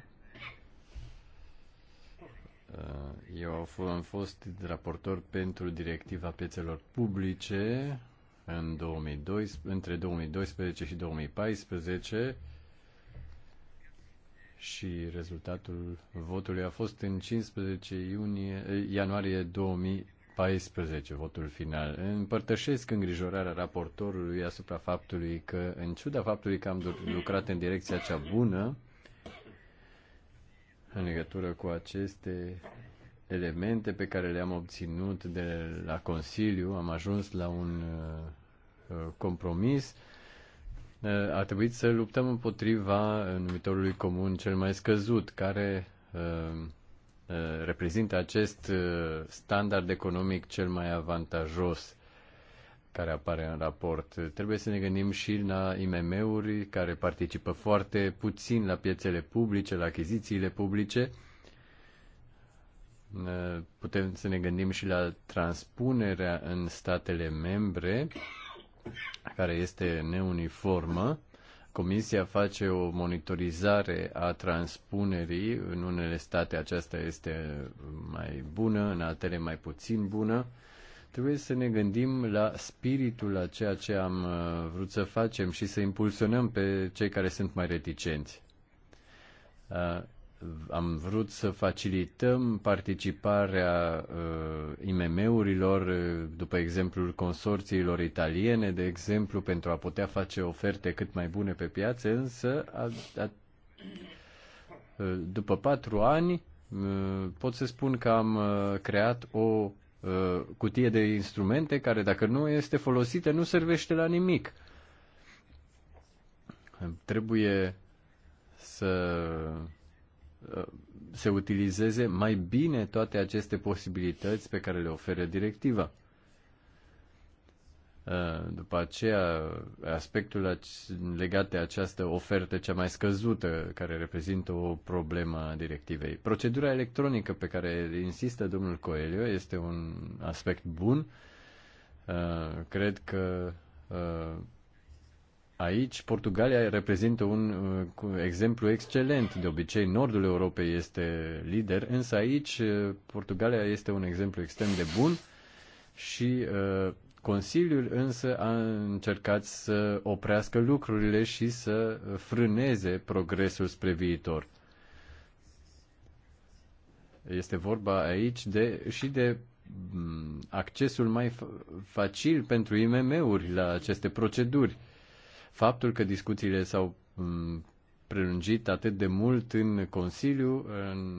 C: Uh, eu am fost raportor pentru directiva piețelor publice în 2012, între 2012 și 2014 și rezultatul votului a fost în 15 iunie, eh, ianuarie 2014, votul final. Împărtășesc îngrijorarea raportorului asupra faptului că, în ciuda faptului că am lucrat în direcția cea bună, în legătură cu aceste elemente pe care le-am obținut de la Consiliu. Am ajuns la un uh, compromis. Uh, a trebuit să luptăm împotriva numitorului comun cel mai scăzut, care uh, reprezintă acest standard economic cel mai avantajos care apare în raport. Trebuie să ne gândim și la IMM-uri care participă foarte puțin la piețele publice, la achizițiile publice. Putem să ne gândim și la transpunerea în statele membre, care este neuniformă. Comisia face o monitorizare a transpunerii. În unele state aceasta este mai bună, în altele mai puțin bună. Uh, Trebuie să ne gândim la spiritul la ceea ce am uh, vrut să facem și să impulsionăm pe cei care sunt mai reticenți. Uh, am vrut să facilităm participarea uh, IMM-urilor, după exemplul consorțiilor italiene, de exemplu, pentru a putea face oferte cât mai bune pe piață, însă a, a, după patru ani pot să spun că am creat o Uh, cutie de instrumente care, dacă nu este folosită, nu servește la nimic. Trebuie să uh, se utilizeze mai bine toate aceste posibilități pe care le oferă directiva. Uh, după aceea, aspectul legat de această ofertă cea mai scăzută, care reprezintă o problemă a directivei. Procedura electronică pe care insistă domnul Coelho este un aspect bun. Uh, cred că uh, aici Portugalia reprezintă un exemplu excelent. De obicei, nordul Europei este lider, însă aici Portugalia este un exemplu extrem de bun și Consiliul însă a încercat să oprească lucrurile și să frâneze progresul spre viitor. Este vorba aici de, și de mm, accesul mai facil pentru IMM-uri la aceste proceduri. Faptul că discuțiile s-au mm, prelungit atât de mult în Consiliu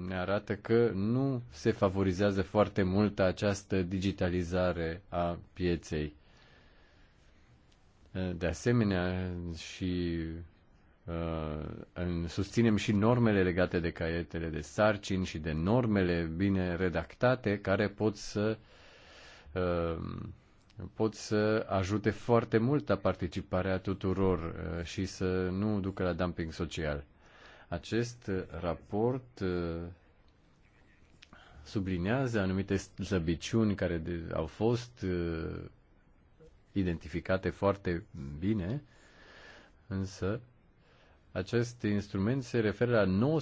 C: ne arată că nu se favorizează foarte mult această digitalizare a pieței. De asemenea, și uh, susținem și normele legate de caietele de sarcini și de normele bine redactate care pot să uh, pot să ajute foarte mult la participarea tuturor uh, și să nu ducă la dumping social. Acest uh, raport uh, sublinează anumite slăbiciuni care au fost identificate foarte bine, însă acest instrument se referă la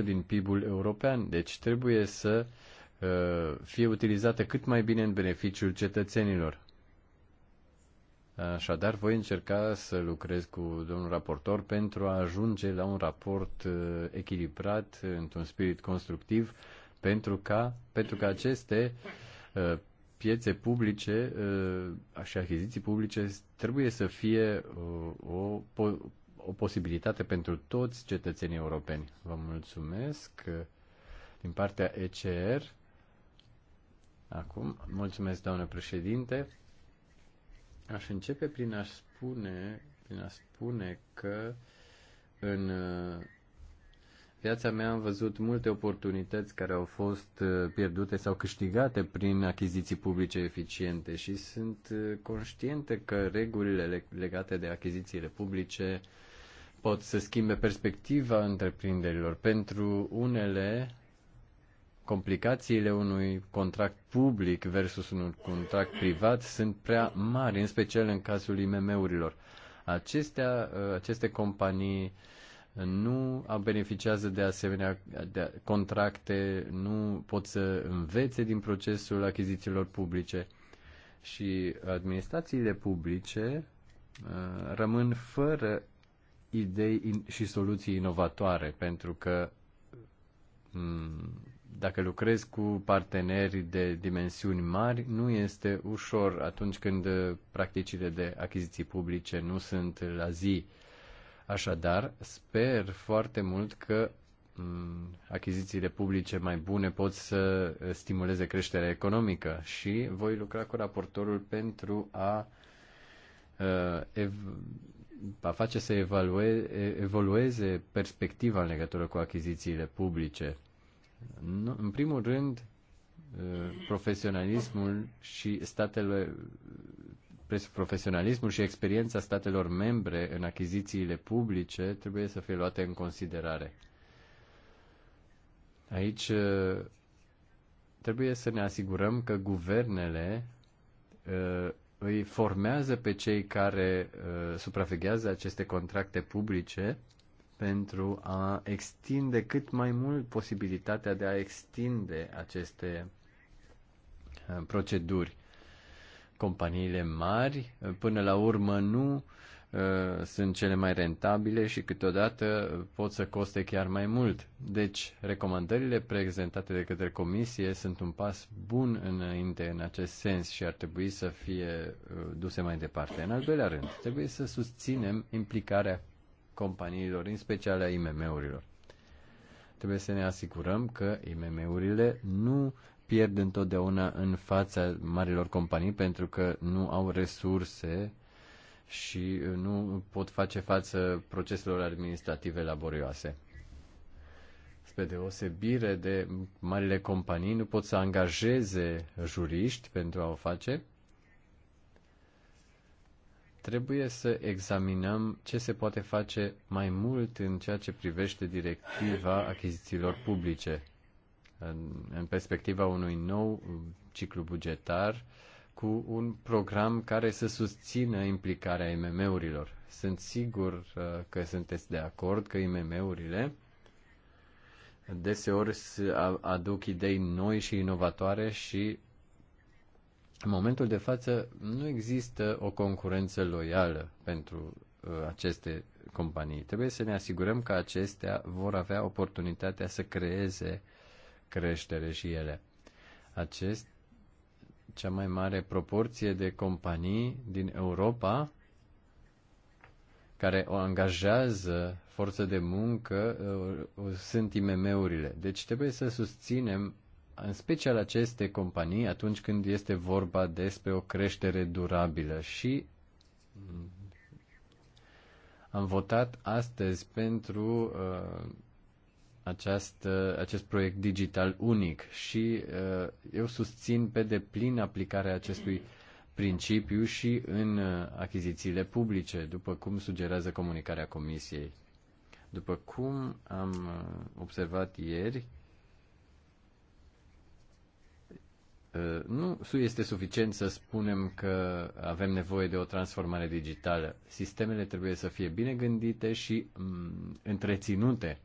C: 19% din PIB-ul european, deci trebuie să uh, Uh, fie utilizată cât mai bine în beneficiul cetățenilor. Așadar, voi încerca să lucrez cu domnul raportor pentru a ajunge la un raport uh, echilibrat, uh, într-un spirit constructiv, pentru ca, pentru ca aceste piețe publice și achiziții publice trebuie să fie o, o, o posibilitate pentru toți cetățenii europeni. Vă mulțumesc din partea ECR. Acum, mulțumesc, doamnă președinte. Aș începe prin a spune, prin a spune că în uh, viața mea am văzut multe oportunități care au fost uh, pierdute sau câștigate prin achiziții publice eficiente și sunt uh, conștientă că regulile legate de achizițiile publice pot să schimbe perspectiva întreprinderilor. Pentru unele, complicațiile unui contract public versus unui contract privat sunt prea mari, în special în cazul IMM-urilor. Acestea, aceste companii nu beneficiază de asemenea de contracte, nu pot să învețe din procesul achizițiilor publice și administrațiile publice uh, rămân fără idei și soluții inovatoare pentru că mm, dacă lucrezi cu parteneri de dimensiuni mari, nu este ușor atunci când uh, practicile de achiziții publice nu sunt la zi. Așadar, sper foarte mult că mm, achizițiile publice mai bune pot să uh, stimuleze creșterea economică și voi lucra cu raportorul pentru a, uh, a face să evalue, evolueze perspectiva în legătură cu achizițiile publice nu, în primul rând, uh, profesionalismul și statele profesionalismul și experiența statelor membre în achizițiile publice trebuie să fie luate în considerare. Aici uh, trebuie să ne asigurăm că guvernele uh, îi formează pe cei care supraveghează aceste contracte publice pentru a extinde cât mai mult posibilitatea de a extinde aceste uh, proceduri. Companiile mari, uh, până la urmă, nu uh, sunt cele mai rentabile și câteodată pot să coste chiar mai mult. Deci, recomandările prezentate de către comisie sunt un pas bun înainte în acest sens și ar trebui să fie duse mai departe. În al doilea rând, trebuie să susținem implicarea companiilor, în special a IMM-urilor. Trebuie să ne asigurăm că IMM-urile nu pierd întotdeauna în fața marilor companii pentru că nu au resurse și uh, nu pot face față proceselor administrative laborioase. Spre deosebire de marile companii, nu pot să angajeze juriști pentru a o face Trebuie să examinăm ce se poate face mai mult în ceea ce privește directiva achizițiilor publice în, în perspectiva unui nou ciclu bugetar cu un program care să susțină implicarea IMM-urilor. Sunt sigur uh, că sunteți de acord că IMM-urile deseori aduc idei noi și inovatoare și în momentul de față nu există o concurență loială pentru uh, aceste companii. Trebuie să ne asigurăm că acestea vor avea oportunitatea să creeze creștere și ele. Acest, cea mai mare proporție de companii din Europa care o angajează forță de muncă uh, sunt IMM-urile. Deci trebuie să susținem în special aceste companii atunci când este vorba despre o creștere durabilă și am votat astăzi pentru uh, această, acest proiect digital unic și uh, eu susțin pe deplin aplicarea acestui principiu și în uh, achizițiile publice, după cum sugerează comunicarea Comisiei. După cum am uh, observat ieri, Uh, nu este suficient să spunem că avem nevoie de o transformare digitală. Sistemele trebuie să fie bine gândite și mm, întreținute.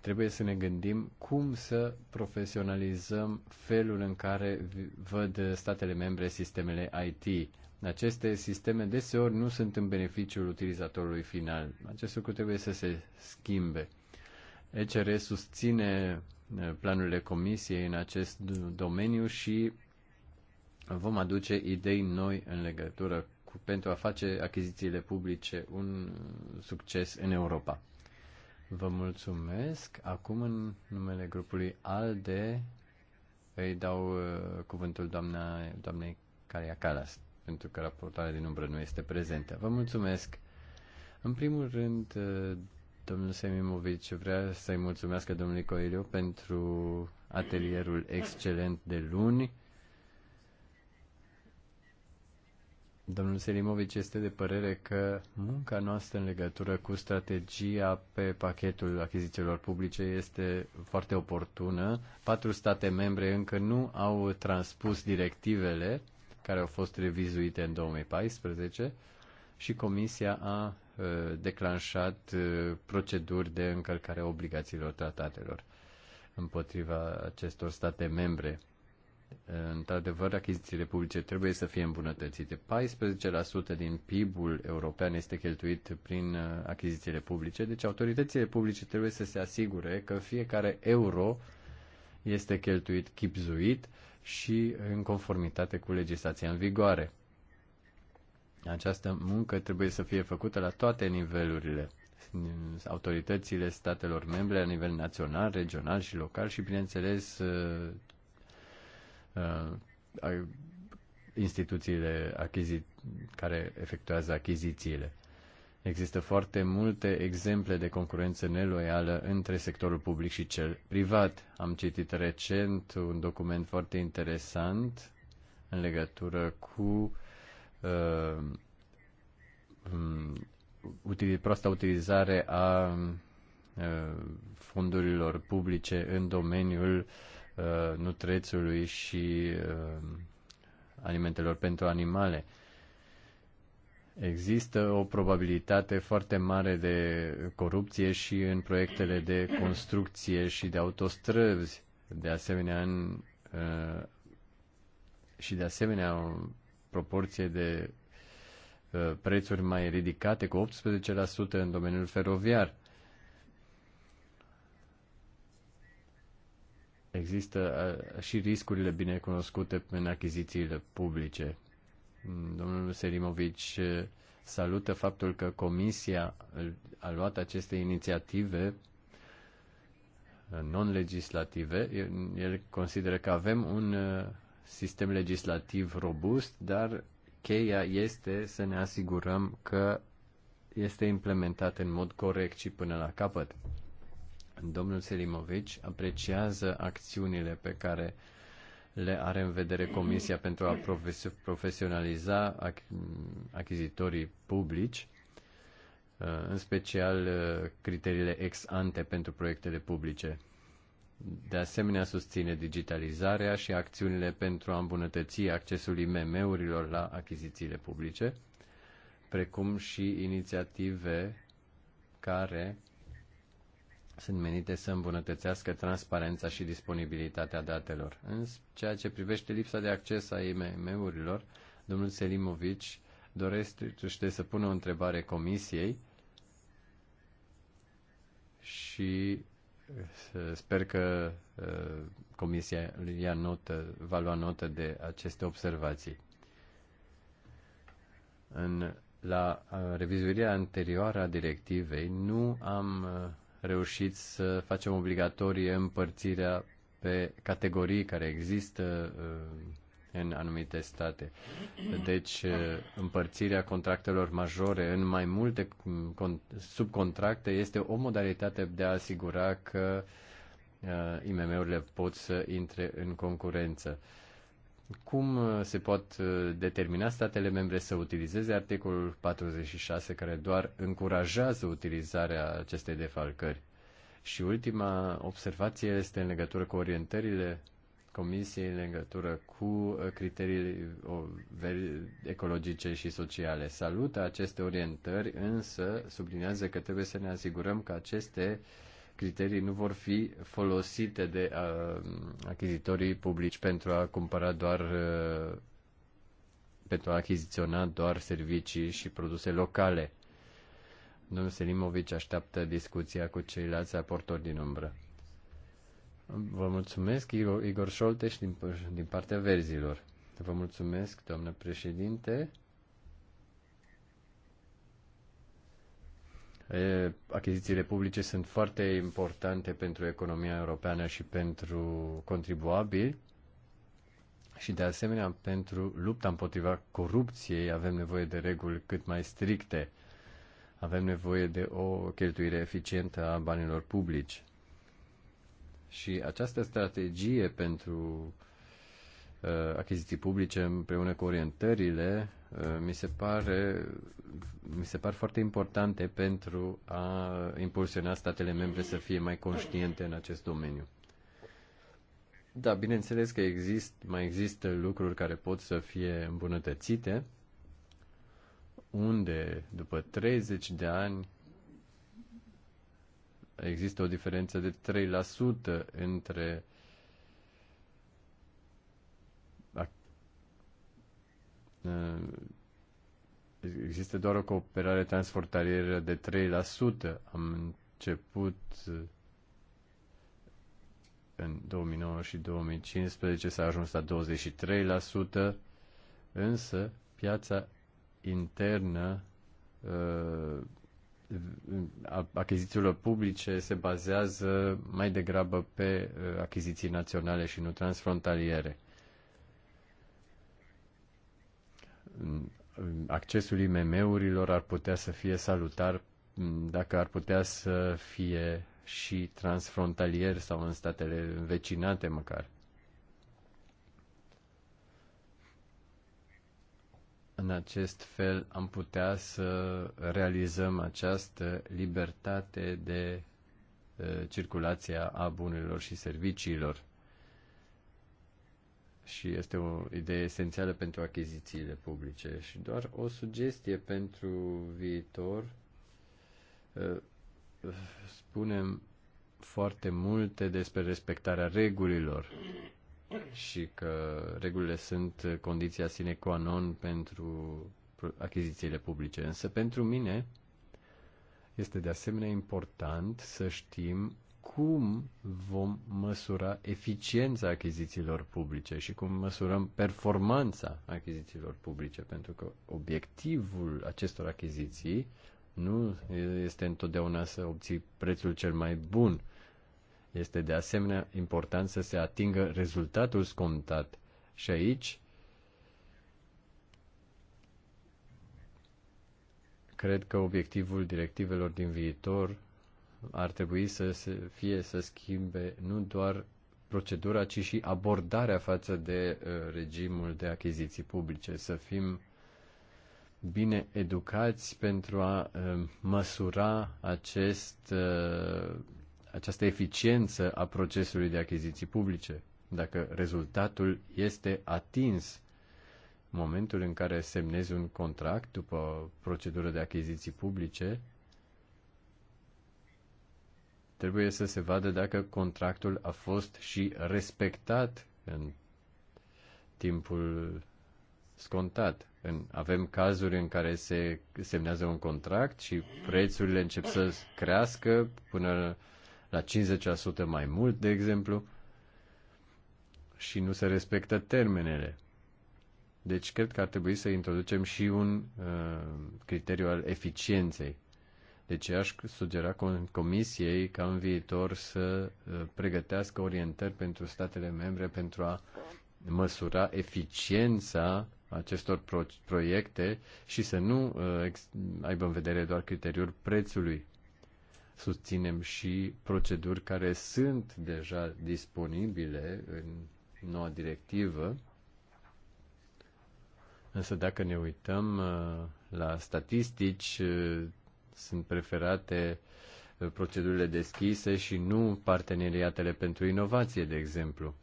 C: Trebuie să ne gândim cum să profesionalizăm felul în care văd statele membre sistemele IT. Aceste sisteme deseori nu sunt în beneficiul utilizatorului final. Acest lucru trebuie să se schimbe. ECR susține Eh, planurile comisiei în acest domeniu și vom aduce idei noi în legătură cu, pentru a face achizițiile publice un succes în Europa. Vă mulțumesc. Acum, în numele grupului ALDE, îi dau uh, cuvântul doamna, doamnei Caria Calas, pentru că raportarea din umbră nu este prezentă. Vă mulțumesc. În primul rând, eh, Domnul Semimovici vrea să-i mulțumească domnului Coelho pentru atelierul excelent de luni. Domnul Selimovic este de părere că munca noastră în legătură cu strategia pe pachetul achizițiilor publice este foarte oportună. Patru state membre încă nu au transpus directivele care au fost revizuite în 2014 și Comisia a Uh, declanșat uh, proceduri de încălcare a obligațiilor tratatelor împotriva acestor state membre. Uh, într-adevăr, achizițiile publice trebuie să fie îmbunătățite. 14% din PIB-ul european este cheltuit prin achizițiile publice, deci autoritățile publice trebuie să se asigure că fiecare euro este cheltuit chipzuit și în conformitate cu legislația în vigoare. Această muncă trebuie să fie făcută la toate nivelurile, autoritățile statelor membre, la nivel național, regional și local și, bineînțeles, uh, uh, instituțiile achizi- care efectuează achizițiile. Există foarte multe exemple de concurență neloială între sectorul public și cel privat. Am citit recent un document foarte interesant în legătură cu uh, um, proasta utilizare a uh, fondurilor publice în domeniul uh, nutrețului și uh, alimentelor pentru animale. Există o probabilitate foarte mare de corupție și în proiectele de construcție și de autostrăzi. De asemenea, în, uh, și de asemenea, proporție de uh, prețuri mai ridicate, cu 18% în domeniul feroviar. Există uh, și riscurile binecunoscute în achizițiile publice. Domnul Serimovic uh, salută faptul că Comisia a luat aceste inițiative non-legislative. El consideră că avem un sistem legislativ robust, dar cheia este să ne asigurăm că este implementat în mod corect și până la capăt. Domnul Selimovici apreciază acțiunile pe care le are în vedere Comisia pentru a profesionaliza achizitorii publici, uh, în special uh, criteriile ex ante pentru proiectele publice. De asemenea, susține digitalizarea și acțiunile pentru a îmbunătăți accesul IMM-urilor la achizițiile publice, precum și inițiative care sunt menite să îmbunătățească transparența și disponibilitatea datelor. În ceea ce privește lipsa de acces a IMM-urilor, domnul Selimovici dorește să pună o întrebare comisiei și Sper că uh, comisia ia notă, va lua notă de aceste observații. În, la uh, revizuirea anterioară a directivei nu am uh, reușit să facem obligatorie împărțirea pe categorii care există în anumite state. Deci, eh, împărțirea contractelor majore în mai multe subcontracte este o modalitate de a asigura că eh, IMM-urile pot să intre în concurență. Cum eh, se pot determina statele membre să utilizeze articolul 46, care doar încurajează utilizarea acestei defalcări? Și ultima observație este în legătură cu orientările Comisiei în legătură cu uh, criteriile ecologice și sociale. Salută aceste orientări, însă sublinează că trebuie să ne asigurăm că aceste criterii nu vor fi folosite de uh, achizitorii publici pentru a cumpăra doar uh, pentru a achiziționa doar servicii și produse locale. Domnul Selimovici așteaptă discuția cu ceilalți aportori din umbră. Vă mulțumesc, Igor Șolteș, din, din partea verzilor. Vă mulțumesc, doamnă președinte. Achizițiile publice sunt foarte importante pentru economia europeană și pentru contribuabili și de asemenea pentru lupta împotriva corupției avem nevoie de reguli cât mai stricte. Avem nevoie de o cheltuire eficientă a banilor publici. Și această strategie pentru uh, achiziții publice împreună cu orientările uh, mi, se pare, mi se par foarte importante pentru a impulsiona statele membre să fie mai conștiente în acest domeniu. Da, bineînțeles că exist, mai există lucruri care pot să fie îmbunătățite, unde după 30 de ani există o diferență de 3% între uh, există doar o cooperare transfrontalieră de 3%. Am început uh, în 2009 și 2015 s-a ajuns la 23%, însă piața internă uh, achizițiilor publice se bazează mai degrabă pe uh, achiziții naționale și nu transfrontaliere. Accesul IMM-urilor ar putea să fie salutar dacă ar putea să fie și transfrontalier sau în statele învecinate măcar. În acest fel am putea să realizăm această libertate de circulația a bunurilor și serviciilor. Și este o idee esențială pentru achizițiile publice. Și doar o sugestie pentru viitor. Spunem foarte multe despre respectarea regulilor și că regulile sunt condiția sine qua non pentru achizițiile publice. Însă pentru mine este de asemenea important să știm cum vom măsura eficiența achizițiilor publice și cum măsurăm performanța achizițiilor publice, pentru că obiectivul acestor achiziții nu este întotdeauna să obții prețul cel mai bun, este de asemenea important să se atingă rezultatul scontat. Și aici cred că obiectivul directivelor din viitor ar trebui să fie să schimbe nu doar procedura, ci și abordarea față de uh, regimul de achiziții publice, să fim bine educați pentru a uh, măsura acest uh, această eficiență a procesului de achiziții publice, dacă rezultatul este atins momentul în care semnezi un contract după procedură de achiziții publice, trebuie să se vadă dacă contractul a fost și respectat în timpul scontat. În, avem cazuri în care se semnează un contract și prețurile încep să crească până la 50% mai mult, de exemplu, și nu se respectă termenele. Deci cred că ar trebui să introducem și un uh, criteriu al eficienței. Deci aș sugera Comisiei ca în viitor să uh, pregătească orientări pentru statele membre pentru a măsura eficiența acestor pro- proiecte și să nu uh, aibă în vedere doar criteriul prețului susținem și proceduri care sunt deja disponibile în noua directivă. Însă dacă ne uităm uh, la statistici, uh, sunt preferate uh, procedurile deschise și nu parteneriatele pentru inovație, de exemplu.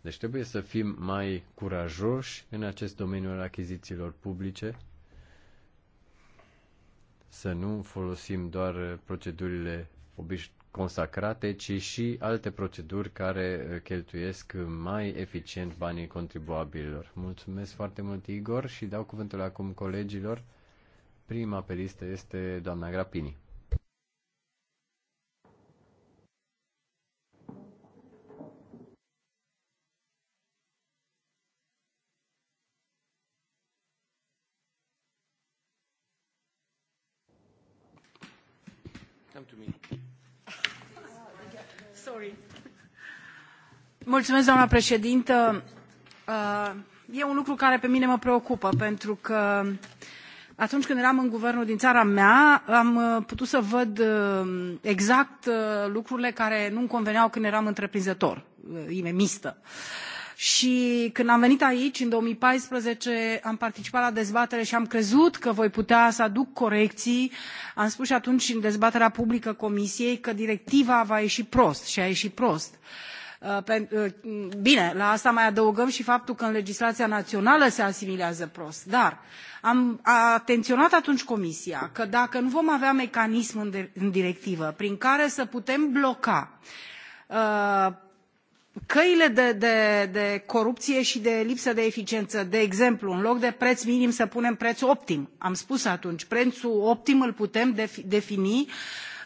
C: Deci trebuie să fim mai curajoși în acest domeniu al achizițiilor publice să nu folosim doar procedurile obișnuite, consacrate, ci și alte proceduri care uh, cheltuiesc mai eficient banii contribuabililor. Mulțumesc foarte mult, Igor, și dau cuvântul acum colegilor. Prima pe listă este doamna Grapini.
E: Come to me. Sorry.
A: Mulțumesc, doamna președintă. Uh, e un lucru care pe mine mă preocupă, pentru că atunci când eram în guvernul din țara mea, am uh, putut să văd uh, exact lucrurile care nu-mi conveneau când eram întreprinzător, imemistă. mistă și când am venit aici în două mii paisprezece am participat la dezbatere și am crezut că voi putea să aduc corecții am spus și atunci în dezbaterea publică comisiei că directiva va ieși prost și a ieșit prost. Uh, uh, bine la asta mai adăugăm și faptul că în legislația națională se asimilează prost dar am atenționat atunci comisia că dacă nu vom avea mecanism în directivă prin care să putem bloca uh, căile de, de, de corupție și de lipsă de eficiență de exemplu în loc de preț minim să punem preț optim am spus atunci prețul optim îl putem defini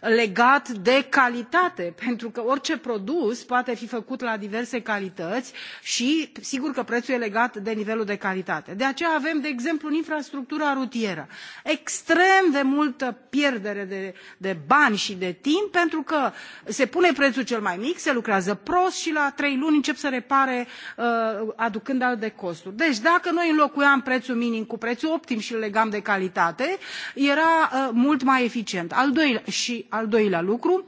A: legat de calitate pentru că orice produs poate fi făcut la diverse calități și sigur că prețul e legat de nivelul de calitate. de aceea avem de exemplu în infrastructura rutieră extrem de multă pierdere de, de bani și de timp pentru că se pune prețul cel mai mic se lucrează prost și la trei luni încep să repare uh, aducând alte costuri. deci dacă noi înlocuiam prețul minim cu prețul optim și îl legam de calitate era uh, mult mai eficient. al doilea și al doilea lucru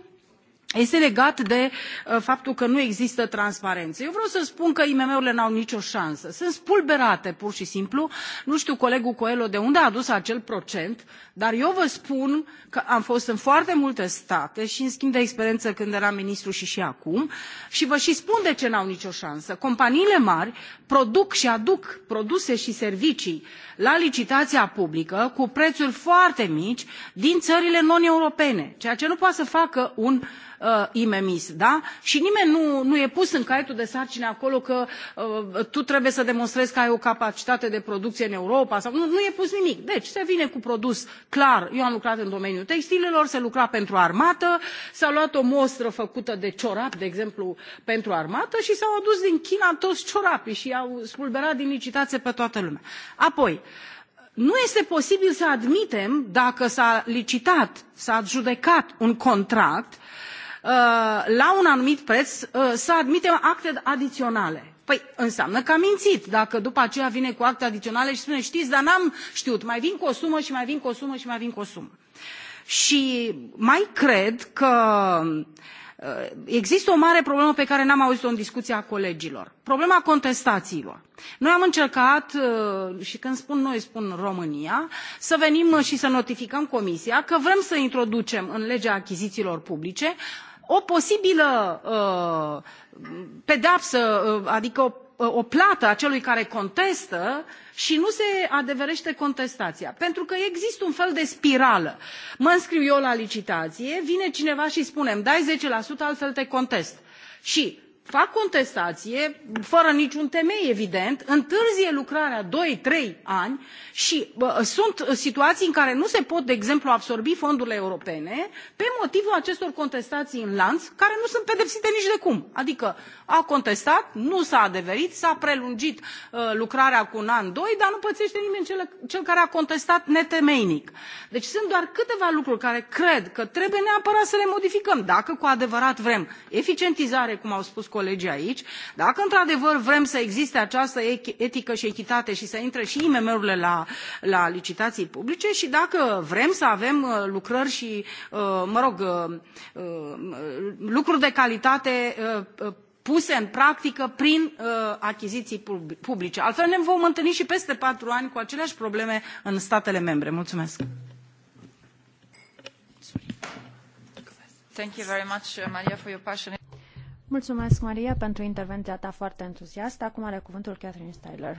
A: este legat de uh, faptul că nu există transparență. eu vreau să spun că imm urile nu au nicio șansă sunt spulberate pur și simplu nu știu colegul coelho de unde a adus acel procent dar eu vă spun că am fost în foarte multe state și în schimb de experiență când eram ministru și și acum și vă și spun de ce nu au nicio șansă companiile mari produc și aduc produse și servicii la licitația publică cu prețuri foarte mici din țările non europene ceea ce nu poate să facă un Uh, imms da? Și nimeni nu, nu e pus în caietul de sarcini acolo că uh, tu trebuie să demonstrezi că ai o capacitate de producție în Europa sau nu, nu e pus nimic. Deci se vine cu produs clar. Eu am lucrat în domeniul textilelor, se lucra pentru armată, s-a luat o mostră făcută de ciorap, de exemplu, pentru armată și s-au adus din China toți ciorapii și au spulberat din licitație pe toată lumea. Apoi, nu este posibil să admitem dacă s a licitat s a adjudecat un contract Uh, la un anumit preț uh, să admitem acte adiționale. Păi înseamnă că a mințit dacă după aceea vine cu acte adiționale și spune știți, dar n-am știut, mai vin cu o sumă și mai vin cu o sumă și mai vin cu o sumă. Și mai cred că uh, există o mare problemă pe care n am auzit o în discuția colegilor problema contestațiilor. noi am încercat și când spun noi spun românia să venim și să notificăm comisia că vrem să introducem în legea achizițiilor publice o posibilă uh, pedeapsă uh, adică o, uh, o plată a celui care contestă și nu se adeverește contestația pentru că există un fel de spirală mă înscriu eu la licitație vine cineva și spune îmi dai zece altfel te contest și fac contestație fără niciun temei evident întârzie lucrarea doi trei ani și sunt situații în care nu se pot de exemplu absorbi fondurile europene pe motivul acestor contestații în lanț care nu sunt pedepsite nici de cum adică a contestat nu s a adeverit s a prelungit uh, lucrarea cu un an doi dar nu pățește nimeni cel, cel care a contestat netemeinic. deci sunt doar câteva lucruri care cred că trebuie neapărat să le modificăm dacă cu adevărat vrem eficientizare cum au spus colegii aici dacă într adevăr vrem să existe această etică și echitate și să intre și imm urile la, la licitații publice și dacă vrem să avem uh, lucrări și uh, mă rog uh, lucruri de calitate puse în practică prin achiziții publice. Altfel ne vom întâlni și peste patru ani cu aceleași probleme în statele membre. Mulțumesc. Thank you very much, Maria, for your passion.
D: Mulțumesc, Maria, pentru intervenția ta foarte entuziastă. Acum are cuvântul Catherine Styler.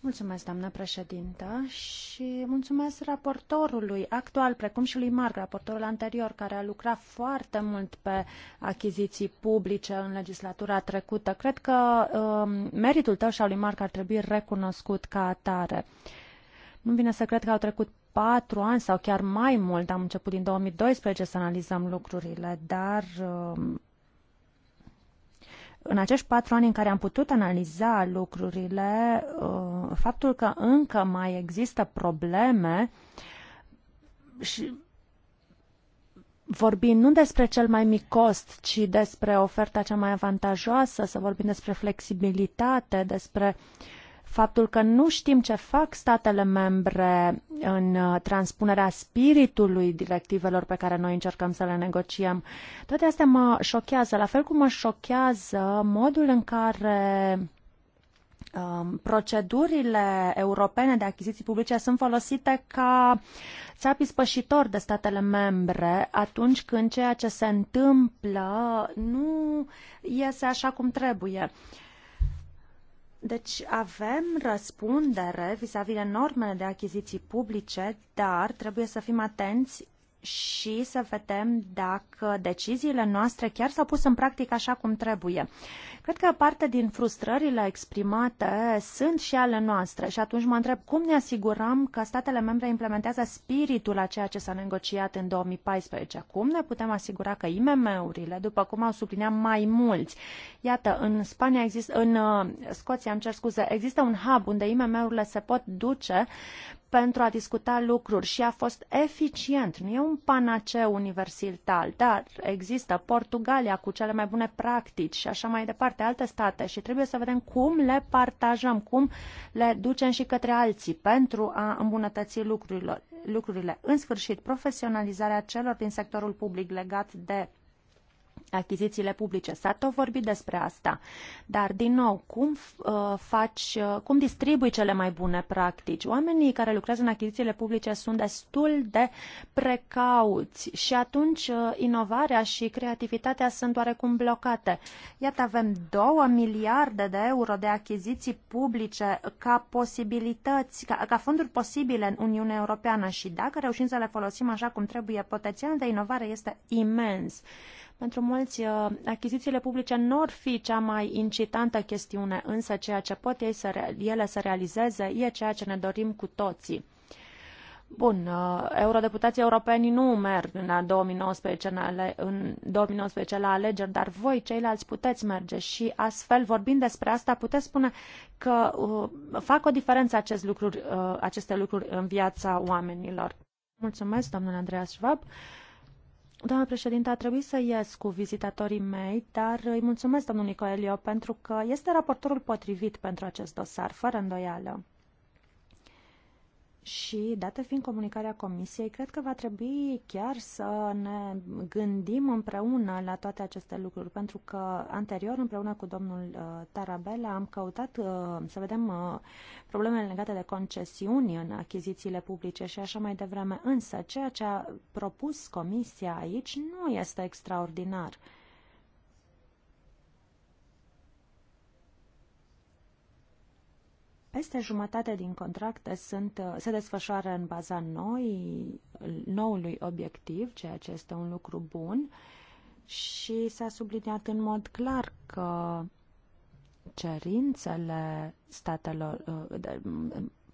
D: Mulțumesc, doamnă președintă, și mulțumesc raportorului actual, precum și lui Marc, raportorul anterior, care a lucrat foarte mult pe achiziții publice în legislatura trecută. Cred că um, meritul tău și al lui Marc ar trebui recunoscut ca atare. Nu vine să cred că au trecut patru ani sau chiar mai mult, am început din 2012 să analizăm lucrurile, dar um, în acești patru ani în care am putut analiza lucrurile, uh, faptul că încă mai există probleme și vorbim nu despre cel mai mic cost, ci despre oferta cea mai avantajoasă, să vorbim despre flexibilitate, despre uh, faptul că nu știm ce fac statele membre în uh, transpunerea spiritului directivelor pe care noi încercăm să le negociem. Toate astea mă șochează, la fel cum mă șochează modul în care um, procedurile europene de achiziții publice sunt folosite ca țapi spășitor de statele membre atunci când ceea ce se întâmplă nu iese așa cum trebuie. Uh, deci avem răspundere vis-a-vis de normele de achiziții publice, dar trebuie să fim atenți și să vedem dacă deciziile noastre chiar s-au pus în practică așa cum trebuie. Cred că parte din frustrările exprimate sunt și ale noastre și atunci mă întreb cum ne asigurăm că statele membre implementează spiritul a ceea ce s-a negociat în 2014. Cum ne putem asigura că IMM-urile, după cum au subliniat mai mulți, iată, în Spania există, în uh, Scoția, am cer scuze, există un hub unde IMM-urile se pot duce pentru a discuta lucruri și a fost eficient. Nu e un panaceu universal, dar există Portugalia cu cele mai bune practici și așa mai departe, alte state și trebuie să vedem cum le partajăm, cum le ducem și către alții pentru a îmbunătăți lucrurile. lucrurile. În sfârșit, profesionalizarea celor din sectorul public legat de achizițiile publice. S-a tot vorbit despre asta. Dar, din nou, cum uh, faci, uh, cum distribui cele mai bune practici? Oamenii care lucrează în achizițiile publice sunt destul de precauți și atunci uh, inovarea și creativitatea sunt oarecum blocate. Iată, avem 2 miliarde de euro de achiziții publice ca posibilități, ca, ca fonduri posibile în Uniunea Europeană și dacă reușim să le folosim așa cum trebuie, potențialul de inovare este imens. Uh, pentru mulți, uh, achizițiile publice nu ar fi cea mai incitantă chestiune, însă ceea ce pot ei să, ele să realizeze e ceea ce ne dorim cu toții. Bun, uh, eurodeputații europeni nu merg în 2019, în, ale, în 2019 la alegeri, dar voi ceilalți puteți merge și astfel, vorbind despre asta, puteți spune că uh, fac o diferență acest lucruri, uh, aceste lucruri în viața oamenilor. Mulțumesc, domnule Andreas Schwab. Doamna președinte, a trebuit să ies cu vizitatorii mei, dar îi mulțumesc domnului Coelio pentru că este raportorul potrivit pentru acest dosar, fără îndoială. Și, dată fiind comunicarea Comisiei, cred că va trebui chiar să ne gândim împreună la toate aceste lucruri, pentru că anterior, împreună cu domnul uh, Tarabella, am căutat uh, să vedem uh, problemele legate de concesiuni în achizițiile publice și așa mai devreme. Însă, ceea ce a propus Comisia aici nu este extraordinar. Uh, Peste jumătate din contracte sunt, uh, se desfășoară în baza noi, noului obiectiv, ceea ce este un lucru bun și s-a subliniat în mod clar că cerințele statelor, uh,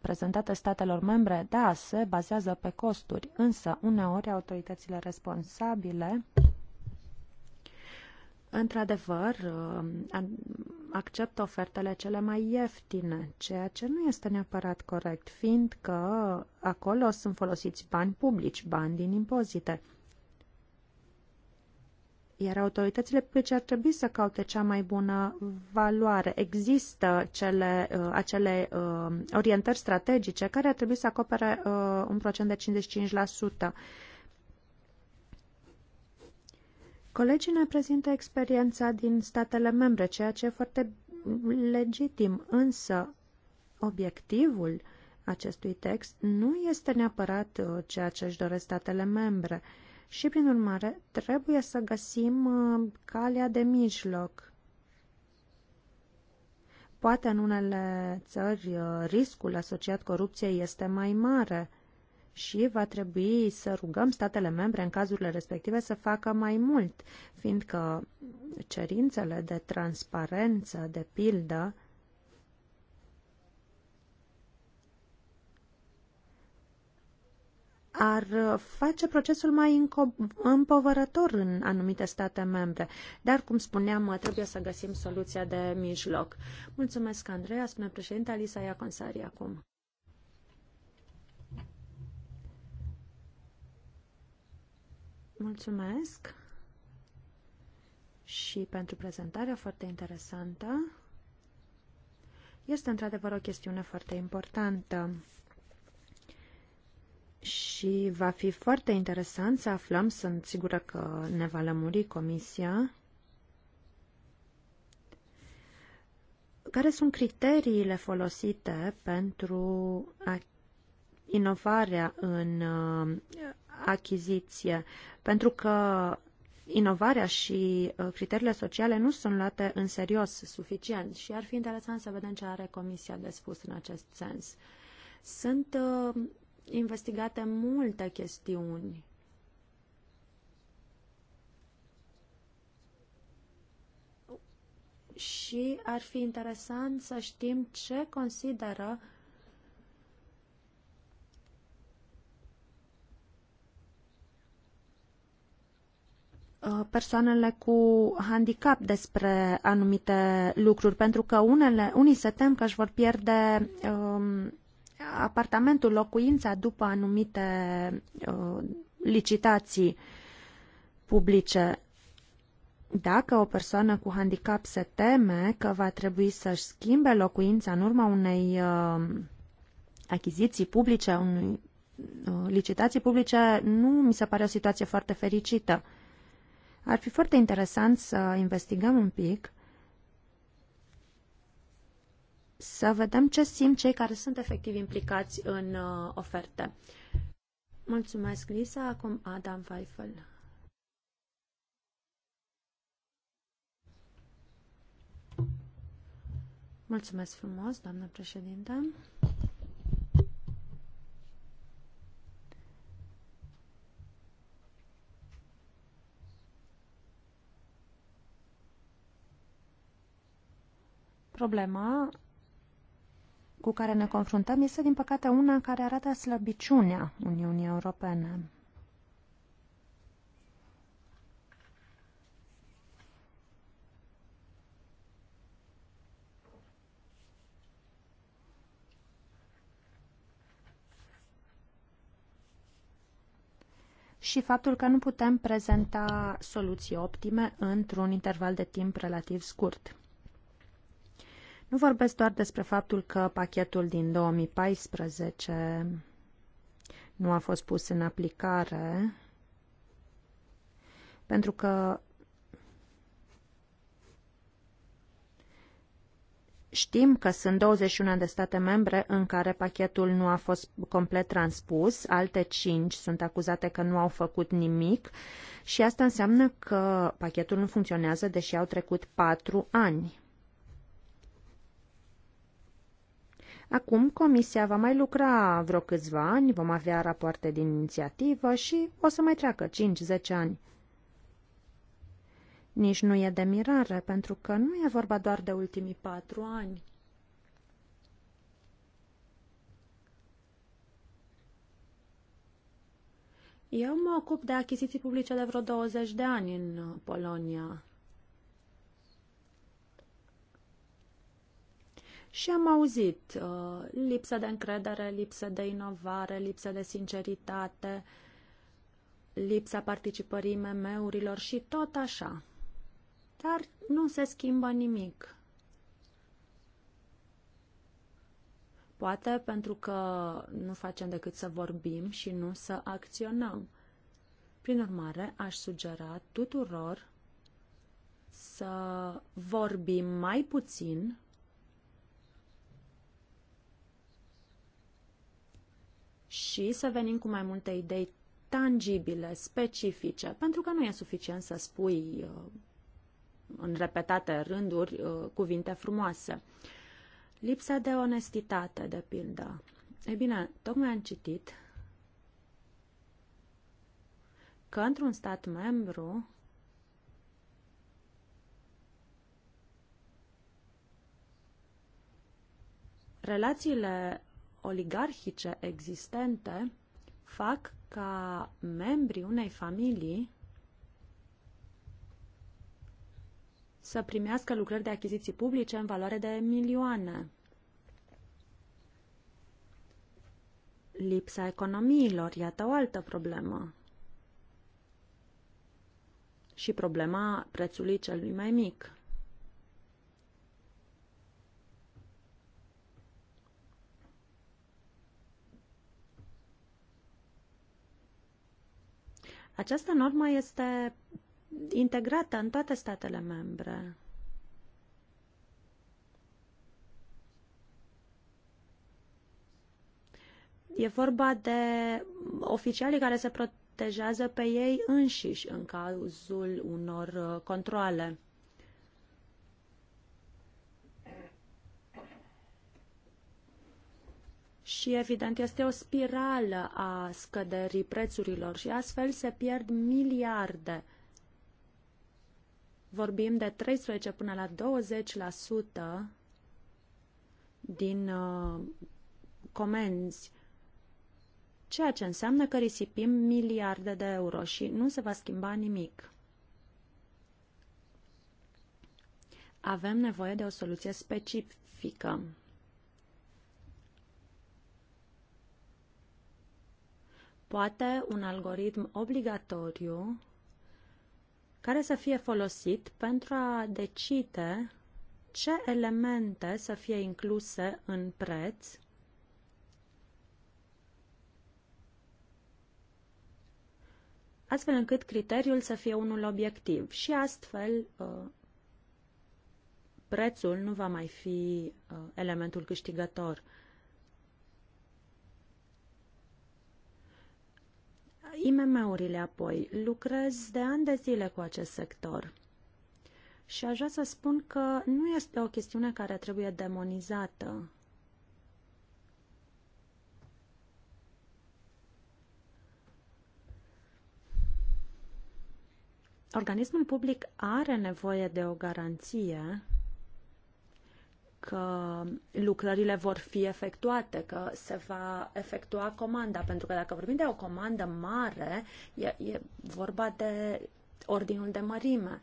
D: prezentate statelor membre, da, se bazează pe costuri, însă uneori autoritățile responsabile într-adevăr, uh, acceptă ofertele cele mai ieftine, ceea ce nu este neapărat corect, fiindcă acolo sunt folosiți bani publici, bani din impozite. Iar autoritățile publice ar trebui să caute cea mai bună valoare. Există cele, uh, acele uh, orientări strategice care ar trebui să acopere uh, un procent de 55%. Colegii ne prezintă experiența din statele membre, ceea ce e foarte legitim, însă obiectivul acestui text nu este neapărat uh, ceea ce își doresc statele membre și, prin urmare, trebuie să găsim uh, calea de mijloc. Poate în unele țări uh, riscul asociat corupției este mai mare, și va trebui să rugăm statele membre în cazurile respective să facă mai mult, fiindcă cerințele de transparență, de pildă, ar face procesul mai împovărător în anumite state membre. Dar, cum spuneam, trebuie să găsim soluția de mijloc. Mulțumesc, Andreea. Spune președinte Alisa Iaconsari acum. Mulțumesc și pentru prezentarea foarte interesantă. Este într-adevăr o chestiune foarte importantă și va fi foarte interesant să aflăm, sunt sigură că ne va lămuri comisia, care sunt criteriile folosite pentru inovarea în achiziție, pentru că inovarea și uh, criteriile sociale nu sunt luate în serios suficient și ar fi interesant să vedem ce are Comisia de spus în acest sens. Sunt uh, investigate multe chestiuni. Și ar fi interesant să știm ce consideră uh, Uh, persoanele cu handicap despre anumite lucruri, pentru că unele, unii se tem că își vor pierde um, apartamentul, locuința după anumite uh, licitații publice. Dacă o persoană cu handicap se teme că va trebui să-și schimbe locuința în urma unei uh, achiziții publice, unui uh, licitații publice, nu mi se pare o situație foarte fericită. Uh, ar fi foarte interesant să investigăm un pic, să vedem ce simt cei care sunt efectiv implicați în uh, oferte. Mulțumesc, Lisa. Acum Adam Weifel. Mulțumesc frumos, doamnă președinte. Problema cu care ne confruntăm este, din păcate, una care arată slăbiciunea Uniunii Europene. și faptul că nu putem prezenta soluții optime într-un interval de timp relativ scurt. Nu vorbesc doar despre faptul că pachetul din 2014 nu a fost pus în aplicare, pentru că Știm că sunt 21 de state membre în care pachetul nu a fost complet transpus, alte 5 sunt acuzate că nu au făcut nimic și asta înseamnă că pachetul nu funcționează deși au trecut 4 ani. Acum comisia va mai lucra vreo câțiva ani, vom avea rapoarte din inițiativă și o să mai treacă 5-10 ani. Nici nu e de mirare, pentru că nu e vorba doar de ultimii patru ani. Eu mă ocup de achiziții publice de vreo 20 de ani în Polonia. Și am auzit uh, lipsă de încredere, lipsă de inovare, lipsă de sinceritate, lipsa participării MM-urilor și tot așa. Dar nu se schimbă nimic. Poate pentru că nu facem decât să vorbim și nu să acționăm. Prin urmare, aș sugera tuturor să vorbim mai puțin și să venim cu mai multe idei tangibile, specifice, pentru că nu e suficient să spui uh, în repetate rânduri uh, cuvinte frumoase. Lipsa de onestitate, de pildă. Ei bine, tocmai am citit că într-un stat membru relațiile oligarhice existente fac ca membrii unei familii să primească lucrări de achiziții publice în valoare de milioane. Lipsa economiilor, iată o altă problemă. Și problema prețului celui mai mic. Această normă este integrată în toate statele membre. E vorba de oficialii care se protejează pe ei înșiși în cazul unor uh, controle. și, evident, este o spirală a scăderii prețurilor și astfel se pierd miliarde. Vorbim de 13 până la 20% din uh, comenzi, ceea ce înseamnă că risipim miliarde de euro și nu se va schimba nimic. Avem nevoie de o soluție specifică. poate un algoritm obligatoriu care să fie folosit pentru a decide ce elemente să fie incluse în preț astfel încât criteriul să fie unul obiectiv și astfel uh, prețul nu va mai fi uh, elementul câștigător. IMM-urile apoi. Lucrez de ani de zile cu acest sector. Și aș vrea să spun că nu este o chestiune care trebuie demonizată. Organismul public are nevoie de o garanție că lucrările vor fi efectuate, că se va efectua comanda, pentru că dacă vorbim de o comandă mare, e, e vorba de ordinul de mărime.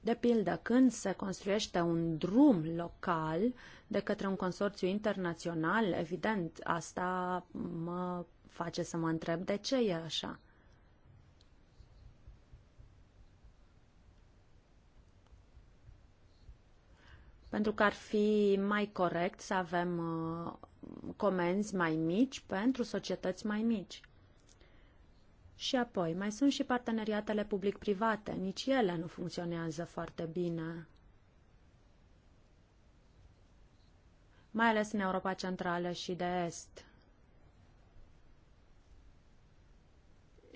D: De pildă, când se construiește un drum local de către un consorțiu internațional, evident, asta mă face să mă întreb de ce e așa. pentru că ar fi mai corect să avem uh, comenzi mai mici pentru societăți mai mici. Și apoi, mai sunt și parteneriatele public-private. Nici ele nu funcționează foarte bine. Mai ales în Europa Centrală și de Est.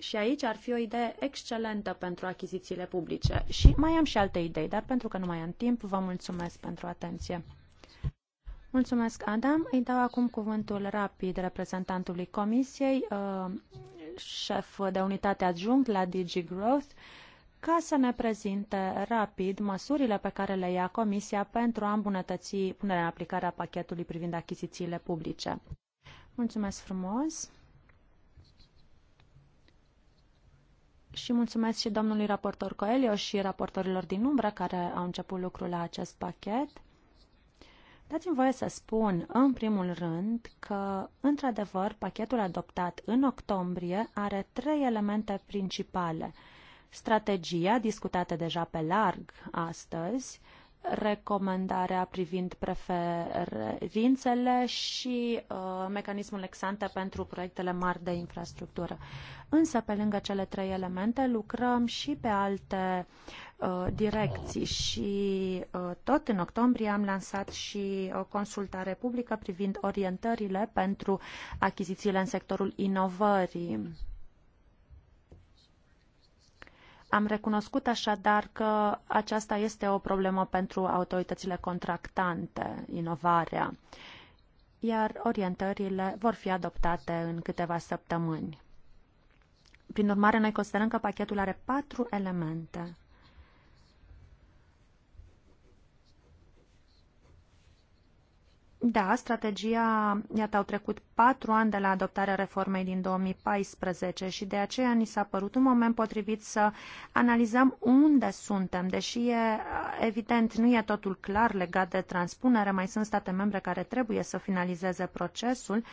D: Și aici ar fi o idee excelentă pentru achizițiile publice. Și mai am și alte idei, dar pentru că nu mai am timp, vă mulțumesc pentru atenție. Mulțumesc, Adam. Îi dau acum cuvântul rapid reprezentantului Comisiei, uh, șef de unitate adjunct la DG Growth, ca să ne prezinte rapid măsurile pe care le ia Comisia pentru a îmbunătăți punerea în aplicare a pachetului privind achizițiile publice. Mulțumesc frumos! și mulțumesc și domnului raportor Coelio și raportorilor din umbră care au început lucrul la acest pachet. Dați-mi voie să spun, în primul rând, că, într-adevăr, pachetul adoptat în octombrie are trei elemente principale. Strategia, discutată deja pe larg astăzi, uh, recomandarea privind preferințele și uh, mecanismul exante pentru proiectele mari de infrastructură. Însă, pe lângă cele trei elemente, lucrăm și pe alte uh, direcții și uh, tot în octombrie am lansat și o consultare publică privind orientările pentru achizițiile în sectorul inovării am recunoscut așadar că aceasta este o problemă pentru autoritățile contractante, inovarea, iar orientările vor fi adoptate în câteva săptămâni. Prin urmare, noi considerăm că pachetul are patru elemente. Da, strategia, iată, au trecut patru ani de la adoptarea reformei din 2014 și de aceea ni s-a părut un moment potrivit să analizăm unde suntem, deși e, evident nu e totul clar legat de transpunere, mai sunt state membre care trebuie să finalizeze procesul.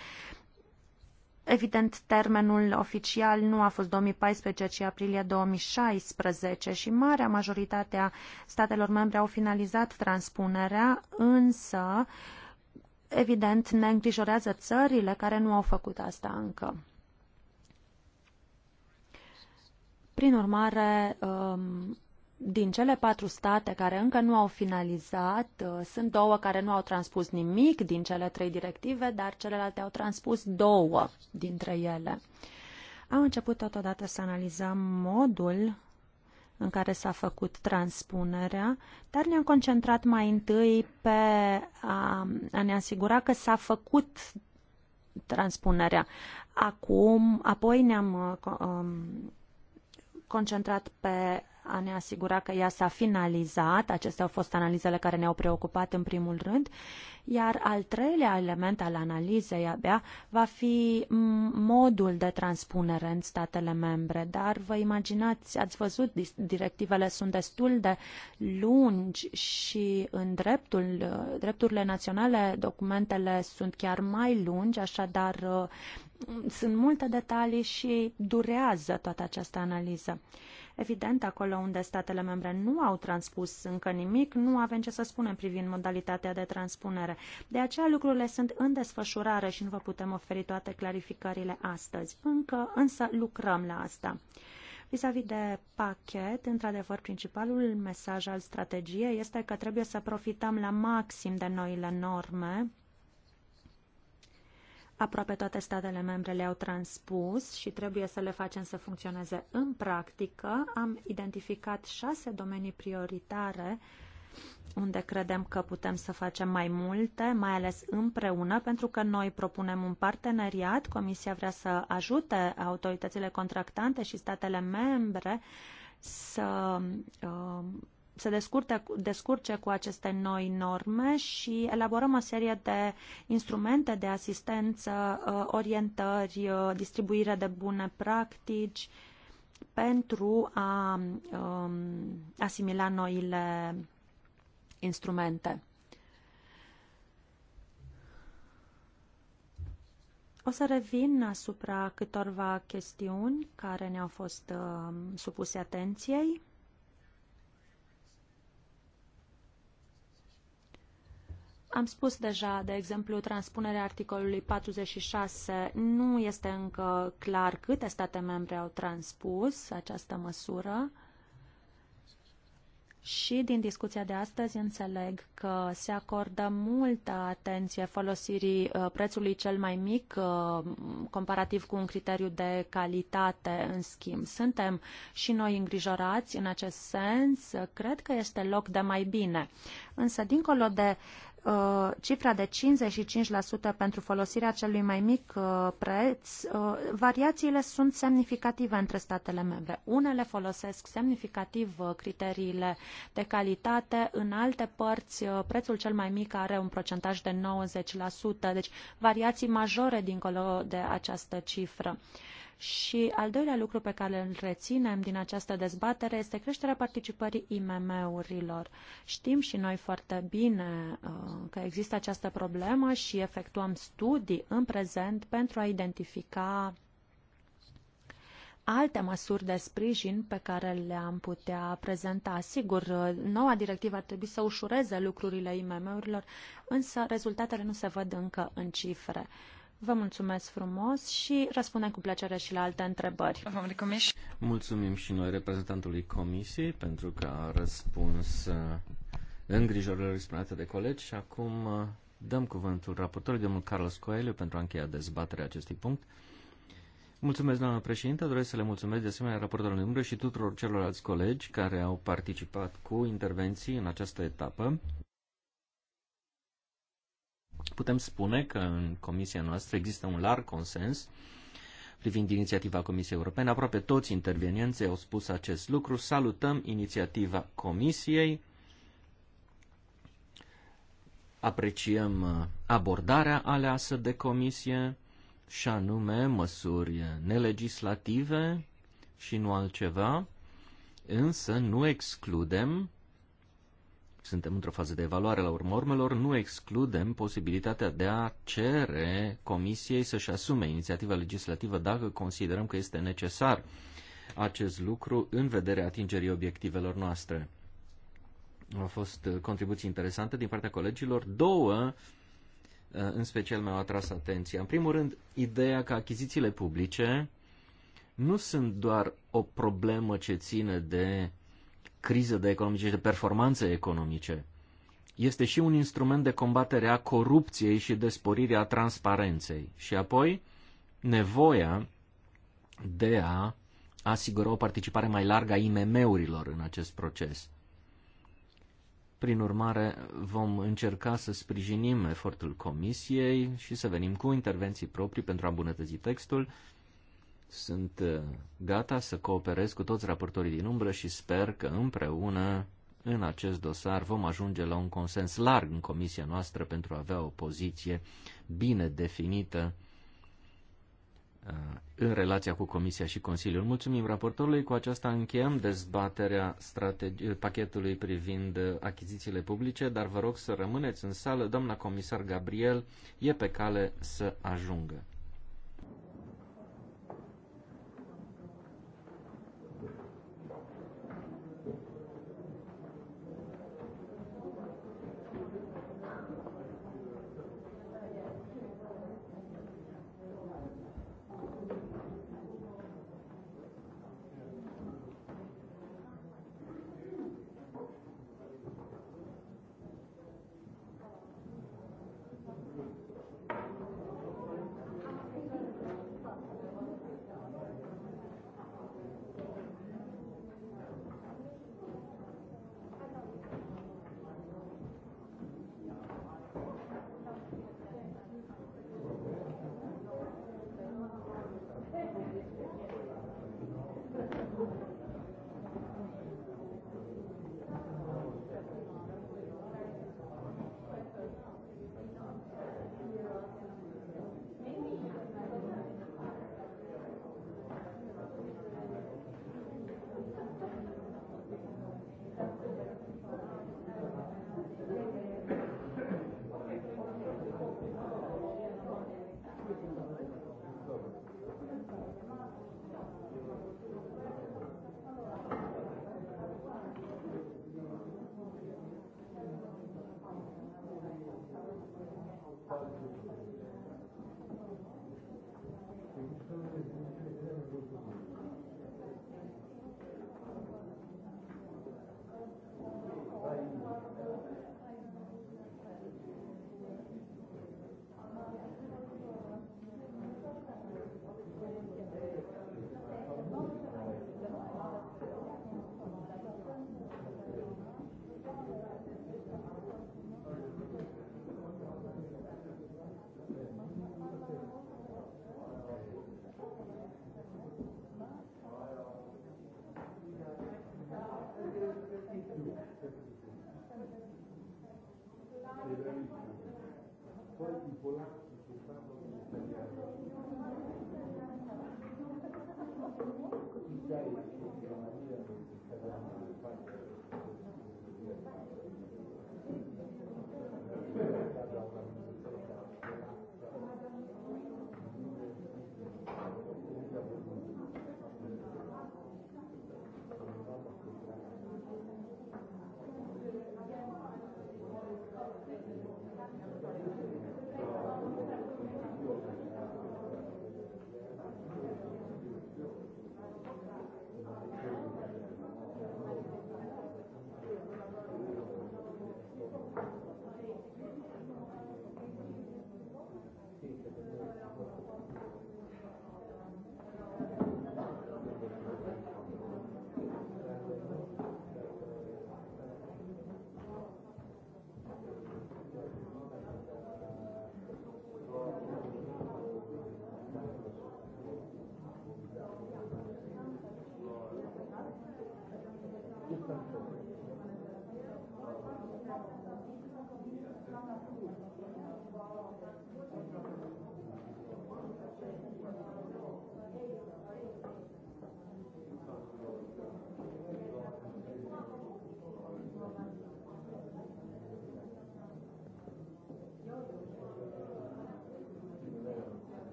D: Evident, termenul oficial nu a fost 2014, ci aprilie 2016 și marea majoritatea statelor membre au finalizat transpunerea, însă uh, evident, ne îngrijorează țările care nu au făcut asta încă. Prin urmare, um, din cele patru state care încă nu au finalizat, uh, sunt două care nu au transpus nimic din cele trei directive, dar celelalte au transpus două dintre ele. Am început totodată să analizăm modul în care s-a făcut transpunerea, dar ne-am concentrat mai întâi pe a, a ne asigura că s-a făcut transpunerea. Acum, apoi ne-am uh, um, concentrat pe a ne asigura că ea s-a finalizat. Acestea au fost analizele care ne-au preocupat în primul rând. Iar al treilea element al analizei abia va fi modul de transpunere în statele membre. Dar vă imaginați, ați văzut, directivele sunt destul de lungi și în dreptul, drepturile naționale documentele sunt chiar mai lungi, așadar uh, sunt multe detalii și durează toată această analiză. Evident, acolo unde statele membre nu au transpus încă nimic, nu avem ce să spunem privind modalitatea de transpunere. De aceea lucrurile sunt în desfășurare și nu vă putem oferi toate clarificările astăzi. Încă, însă lucrăm la asta. Vis-a-vis -vis de pachet, într-adevăr, principalul mesaj al strategiei este că trebuie să profităm la maxim de noile norme aproape toate statele membre le-au transpus și trebuie să le facem să funcționeze în practică. Am identificat șase domenii prioritare unde credem că putem să facem mai multe, mai ales împreună, pentru că noi propunem un parteneriat. Comisia vrea să ajute autoritățile contractante și statele membre să uh, se descurte, descurce cu aceste noi norme și elaborăm o serie de instrumente de asistență, uh, orientări, uh, distribuire de bune practici pentru a um, asimila noile instrumente. O să revin asupra câtorva chestiuni care ne-au fost uh, supuse atenției. Am spus deja, de exemplu, transpunerea articolului 46 nu este încă clar câte state membre au transpus această măsură. Și din discuția de astăzi înțeleg că se acordă multă atenție folosirii uh, prețului cel mai mic uh, comparativ cu un criteriu de calitate în schimb. Suntem și noi îngrijorați în acest sens. Cred că este loc de mai bine. Însă, dincolo de uh, Uh, cifra de 55% pentru folosirea celui mai mic uh, preț, uh, variațiile sunt semnificative între statele membre. Unele folosesc semnificativ criteriile de calitate, în alte părți prețul cel mai mic are un procentaj de 90%, deci variații majore dincolo de această cifră. Și al doilea lucru pe care îl reținem din această dezbatere este creșterea participării IMM-urilor. Știm și noi foarte bine uh, că există această problemă și efectuăm studii în prezent pentru a identifica alte măsuri de sprijin pe care le-am putea prezenta. Sigur, uh, noua directivă ar trebui să ușureze lucrurile IMM-urilor, însă rezultatele nu se văd încă în cifre. Vă mulțumesc frumos și răspundem cu plăcere și la alte întrebări.
B: Mulțumim și noi reprezentantului Comisiei pentru că a răspuns uh, îngrijorilor exprimate de colegi și acum uh, dăm cuvântul raportorului domnul Carlos Coelho pentru a încheia dezbaterea acestui punct. Mulțumesc, doamnă președinte. Doresc să le mulțumesc de asemenea raportorului umbră și tuturor celorlalți colegi care au participat cu intervenții în această etapă. Putem spune că în comisia noastră există un larg consens privind inițiativa Comisiei Europene. Aproape toți intervenienții au spus acest lucru. Salutăm inițiativa Comisiei. Apreciem uh, abordarea aleasă de Comisie și anume măsuri nelegislative și nu altceva, însă nu excludem suntem într-o fază de evaluare la urmă urmelor, nu excludem posibilitatea de a cere Comisiei să-și asume inițiativa legislativă dacă considerăm că este necesar acest lucru în vederea atingerii obiectivelor noastre. Au fost uh, contribuții interesante din partea colegilor. Două, uh, în special, mi-au atras atenția. În primul rând, ideea că achizițiile publice nu sunt doar o problemă ce ține de criză de economice și de performanțe economice. Este și un instrument de combatere a corupției și de sporire a transparenței. Și apoi, nevoia de a asigura o participare mai largă a IMM-urilor în acest proces. Prin urmare, vom încerca să sprijinim efortul Comisiei și să venim cu intervenții proprii pentru a îmbunătăți textul, sunt uh, gata să cooperez cu toți raportorii din umbră și sper că împreună în acest dosar vom ajunge la un consens larg în comisia noastră pentru a avea o poziție bine definită uh, în relația cu Comisia și Consiliul. Mulțumim raportorului. Cu aceasta încheiem dezbaterea pachetului privind uh, achizițiile publice, dar vă rog să rămâneți în sală. Doamna comisar Gabriel e pe cale să ajungă.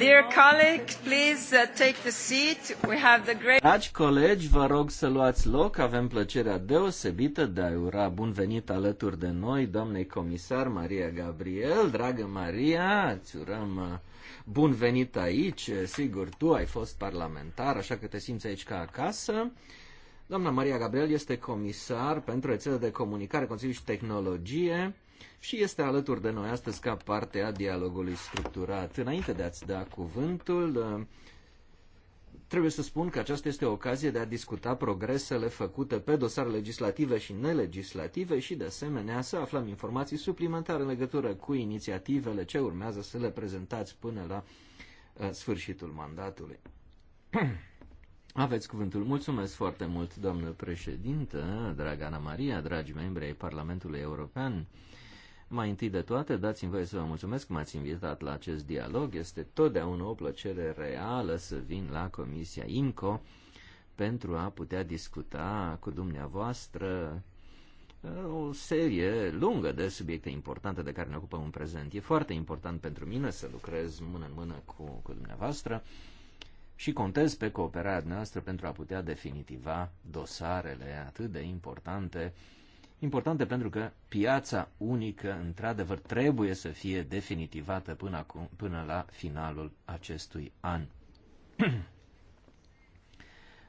E: Dear
A: colleagues, please uh, take the seat. We have the great... Dragi
B: colegi, vă rog să luați loc. Avem plăcerea deosebită de a ura bun venit alături de noi, doamnei comisar Maria Gabriel. Dragă Maria, îți urăm uh, bun venit aici. Sigur, tu ai fost parlamentar, așa că te simți aici ca acasă. Doamna Maria Gabriel este comisar pentru rețele de comunicare, Consiliu și tehnologie și este alături de noi astăzi ca parte a dialogului structurat. Înainte de a-ți da cuvântul, ă, trebuie să spun că aceasta este o ocazie de a discuta progresele făcute pe dosare legislative și nelegislative și, de asemenea, să aflăm informații suplimentare în legătură cu inițiativele ce urmează să le prezentați până la ă, sfârșitul mandatului. Aveți cuvântul. Mulțumesc foarte mult, doamnă președintă, dragă Ana Maria, dragi membri ai Parlamentului European. Mai întâi de toate, dați-mi voie să vă mulțumesc că m-ați invitat la acest dialog. Este totdeauna o plăcere reală să vin la Comisia IMCO pentru a putea discuta cu dumneavoastră uh, o serie lungă de subiecte importante de care ne ocupăm în prezent. E foarte important pentru mine să lucrez mână în mână cu, cu dumneavoastră și contez pe cooperarea noastră pentru a putea definitiva dosarele atât de importante uh, importante pentru că piața unică, într-adevăr, trebuie să fie definitivată până, acum, până la finalul acestui an.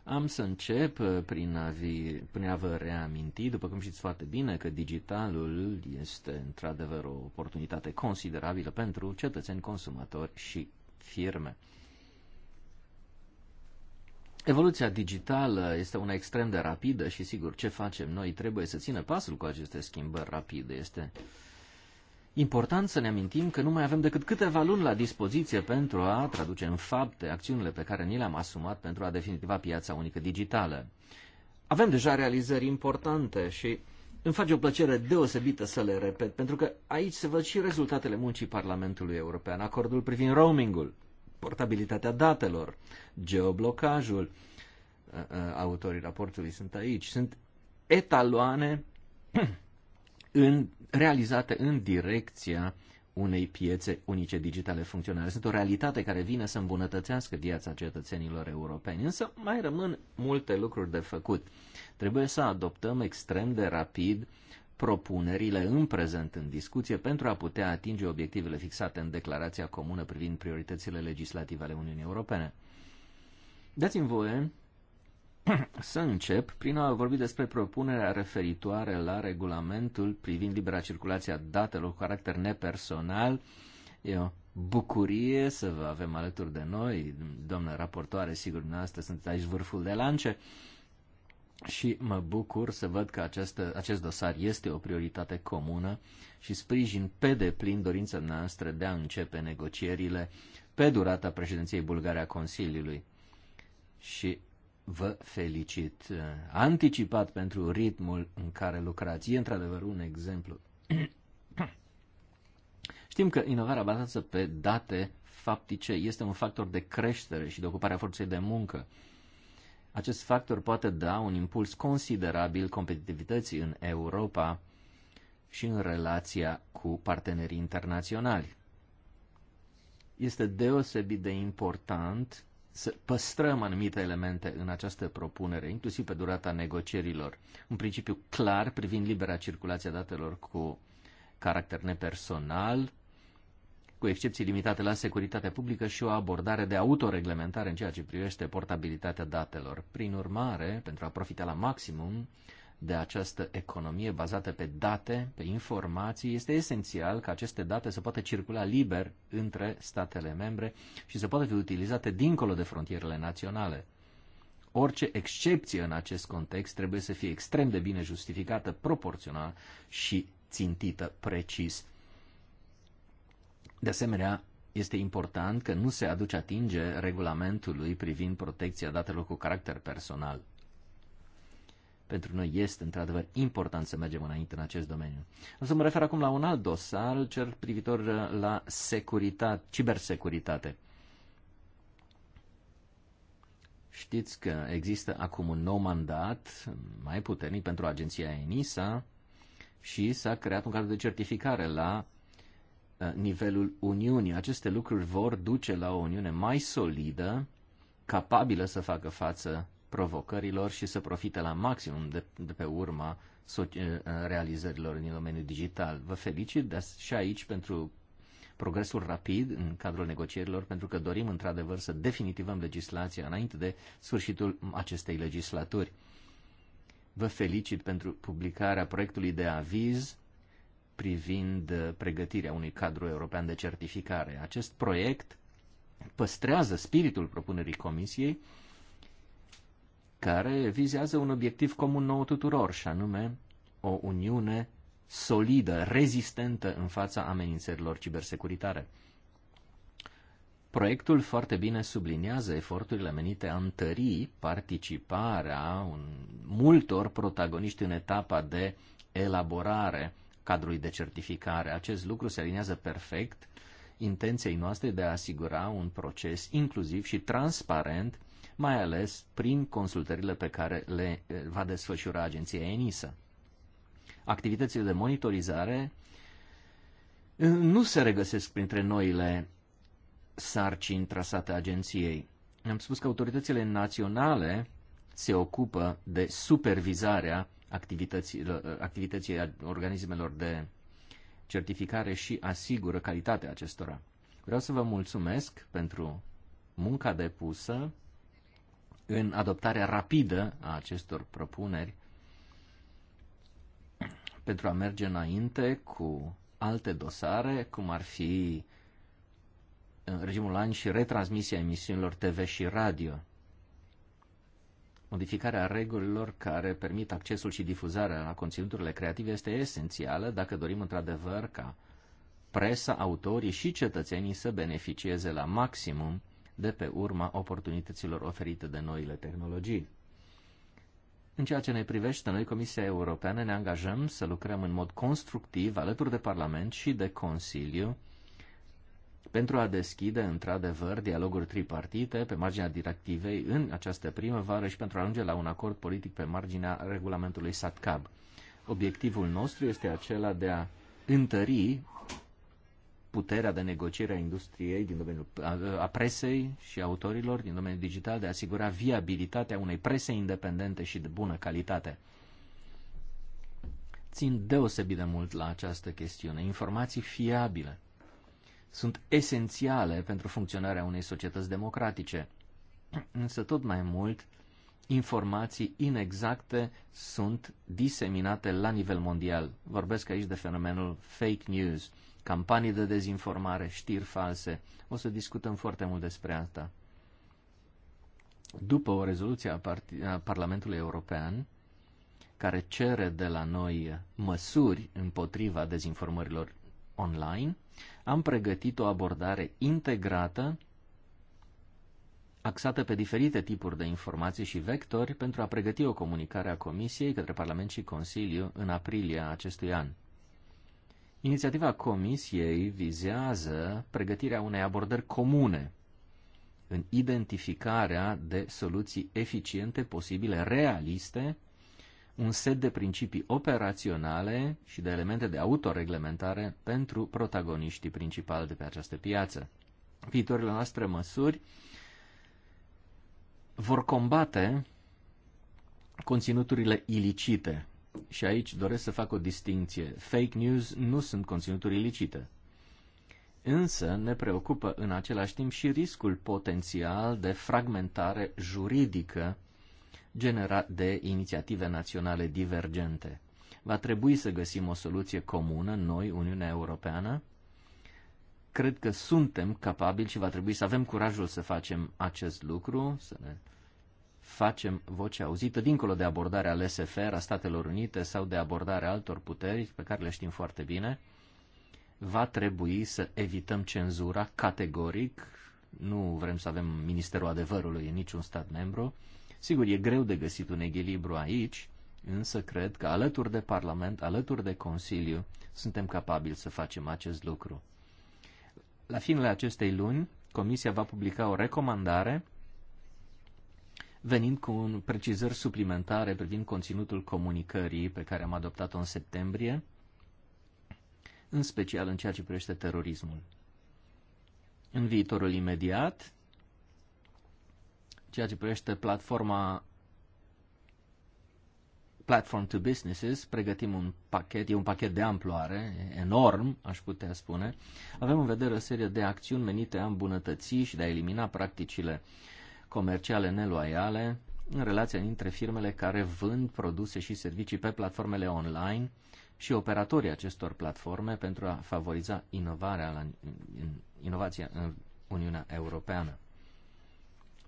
B: Am să încep uh, prin a, vi, prin a vă reaminti, după cum știți foarte bine, că digitalul este într-adevăr o oportunitate considerabilă pentru cetățeni, consumatori și firme. Evoluția digitală este una extrem de rapidă și sigur ce facem noi trebuie să țină pasul cu aceste schimbări rapide. Este important să ne amintim că nu mai avem decât câteva luni la dispoziție pentru a traduce în fapte acțiunile pe care ni le-am asumat pentru a definitiva piața unică digitală. Avem deja realizări importante și îmi face o plăcere deosebită să le repet, pentru că aici se văd și rezultatele muncii Parlamentului European, acordul privind roamingul, portabilitatea datelor, geoblocajul, autorii raportului sunt aici, sunt etaloane în, realizate în direcția unei piețe unice digitale funcționale. Sunt o realitate care vine să îmbunătățească viața cetățenilor europeni, însă mai rămân multe lucruri de făcut. Trebuie să adoptăm extrem de rapid propunerile în prezent în discuție pentru a putea atinge obiectivele fixate în Declarația Comună privind prioritățile legislative ale Uniunii Europene. Dați-mi voie să încep prin a vorbi despre propunerea referitoare la regulamentul privind libera circulație a datelor cu caracter nepersonal. E o bucurie să vă avem alături de noi, doamnă raportoare, sigur dumneavoastră sunteți aici vârful de lance. Uh, și mă bucur să văd că această, acest dosar este o prioritate comună și sprijin pe deplin dorința noastră de a începe negocierile pe durata președinției bulgare a Consiliului. Și vă felicit uh, anticipat pentru ritmul în care lucrați. E într-adevăr un exemplu. Știm că inovarea bazată pe date faptice este un factor de creștere și de ocupare a forței de muncă. Acest factor poate da un impuls considerabil competitivității în Europa și în relația cu partenerii internaționali. Este deosebit de important să păstrăm anumite elemente în această propunere, inclusiv pe durata negocierilor. Un principiu clar privind libera circulație a datelor cu caracter nepersonal, cu excepții limitate la securitatea publică și o abordare de autoreglementare în ceea ce privește portabilitatea datelor. Prin urmare, pentru a profita la maximum de această economie bazată pe date, pe informații, este esențial ca aceste date să poată circula liber între statele membre și să poată fi utilizate dincolo de frontierele naționale. Orice excepție în acest context trebuie să fie extrem de bine justificată, proporțional și țintită precis. De asemenea, este important că nu se aduce atinge regulamentului privind protecția datelor cu caracter personal. Pentru noi este într-adevăr important să mergem înainte în acest domeniu. O să mă refer acum la un alt dosar, cel privitor uh, la securitate, cibersecuritate. Știți că există acum un nou mandat mai puternic pentru agenția ENISA și s-a creat un cadru de certificare la Uh, nivelul Uniunii. Aceste lucruri vor duce la o Uniune mai solidă, capabilă să facă față provocărilor și să profite la maximum de, de pe urma uh, realizărilor în domeniul digital. Vă felicit dar și aici pentru progresul rapid în cadrul negocierilor, pentru că dorim într-adevăr să definitivăm legislația înainte de sfârșitul acestei legislaturi. Vă felicit pentru publicarea proiectului de aviz privind uh, pregătirea unui cadru european de certificare. Acest proiect păstrează spiritul propunerii Comisiei, care vizează un obiectiv comun nou tuturor, și anume o uniune solidă, rezistentă în fața amenințărilor cibersecuritare. Proiectul foarte bine subliniază eforturile menite a întări participarea un, multor protagoniști în etapa de elaborare cadrului de certificare. Acest lucru se alinează perfect intenției noastre de a asigura un proces inclusiv și transparent, mai ales prin consultările pe care le eh, va desfășura agenția ENISA. Activitățile de monitorizare eh, nu se regăsesc printre noile sarcini trasate agenției. Am spus că autoritățile naționale se ocupă de supervizarea Uh, activității, activității organismelor de certificare și asigură calitatea acestora. Vreau să vă mulțumesc pentru munca depusă în adoptarea rapidă a acestor propuneri pentru a merge înainte cu alte dosare, cum ar fi uh, regimul AN și retransmisia emisiunilor TV și radio. Modificarea regulilor care permit accesul și difuzarea la conținuturile creative este esențială dacă dorim într-adevăr ca presa, autorii și cetățenii să beneficieze la maximum de pe urma oportunităților oferite de noile tehnologii. În ceea ce ne privește, noi, Comisia Europeană, ne angajăm să lucrăm în mod constructiv alături de Parlament și de Consiliu pentru a deschide, într-adevăr, dialoguri tripartite pe marginea directivei în această primăvară și pentru a ajunge la un acord politic pe marginea regulamentului SATCAB. Obiectivul nostru este acela de a întări puterea de negociere a industriei din domeniul a presei și autorilor din domeniul digital de a asigura viabilitatea unei prese independente și de bună calitate. Țin deosebit de mult la această chestiune, informații fiabile, sunt esențiale pentru funcționarea unei societăți democratice. Însă tot mai mult, informații inexacte sunt diseminate la nivel mondial. Vorbesc aici de fenomenul fake news, campanii de dezinformare, știri false. O să discutăm foarte mult despre asta. După o rezoluție a, a Parlamentului European, care cere de la noi măsuri împotriva dezinformărilor online, am pregătit o abordare integrată, axată pe diferite tipuri de informații și vectori, pentru a pregăti o comunicare a Comisiei către Parlament și Consiliu în aprilie acestui an. Inițiativa Comisiei vizează pregătirea unei abordări comune în identificarea de soluții eficiente, posibile, realiste, un set de principii operaționale și de elemente de autoreglementare pentru protagoniștii principali de pe această piață. Viitorile noastre măsuri vor combate conținuturile ilicite. Și aici doresc să fac o distinție. Fake news nu sunt conținuturi ilicite. Însă ne preocupă în același timp și riscul potențial de fragmentare juridică generat de inițiative naționale divergente. Va trebui să găsim o soluție comună, noi, Uniunea Europeană. Cred că suntem capabili și va trebui să avem curajul să facem acest lucru, să ne facem voce auzită, dincolo de abordarea LSFR a Statelor Unite sau de abordarea altor puteri pe care le știm foarte bine, va trebui să evităm cenzura categoric. Nu vrem să avem Ministerul Adevărului în niciun stat membru. Sigur, e greu de găsit un echilibru aici, însă cred că alături de Parlament, alături de Consiliu, suntem capabili să facem acest lucru. La finele acestei luni, Comisia va publica o recomandare venind cu un precizări suplimentare privind conținutul comunicării pe care am adoptat-o în septembrie, în special în ceea ce privește terorismul. În viitorul imediat, ceea ce privește platforma Platform to Businesses, pregătim un pachet, e un pachet de amploare, enorm, aș putea spune. Avem în vedere o serie de acțiuni menite a îmbunătăți și de a elimina practicile comerciale neloiale în relația dintre firmele care vând produse și servicii pe platformele online și operatorii acestor platforme pentru a favoriza inovarea la, inovația în Uniunea Europeană.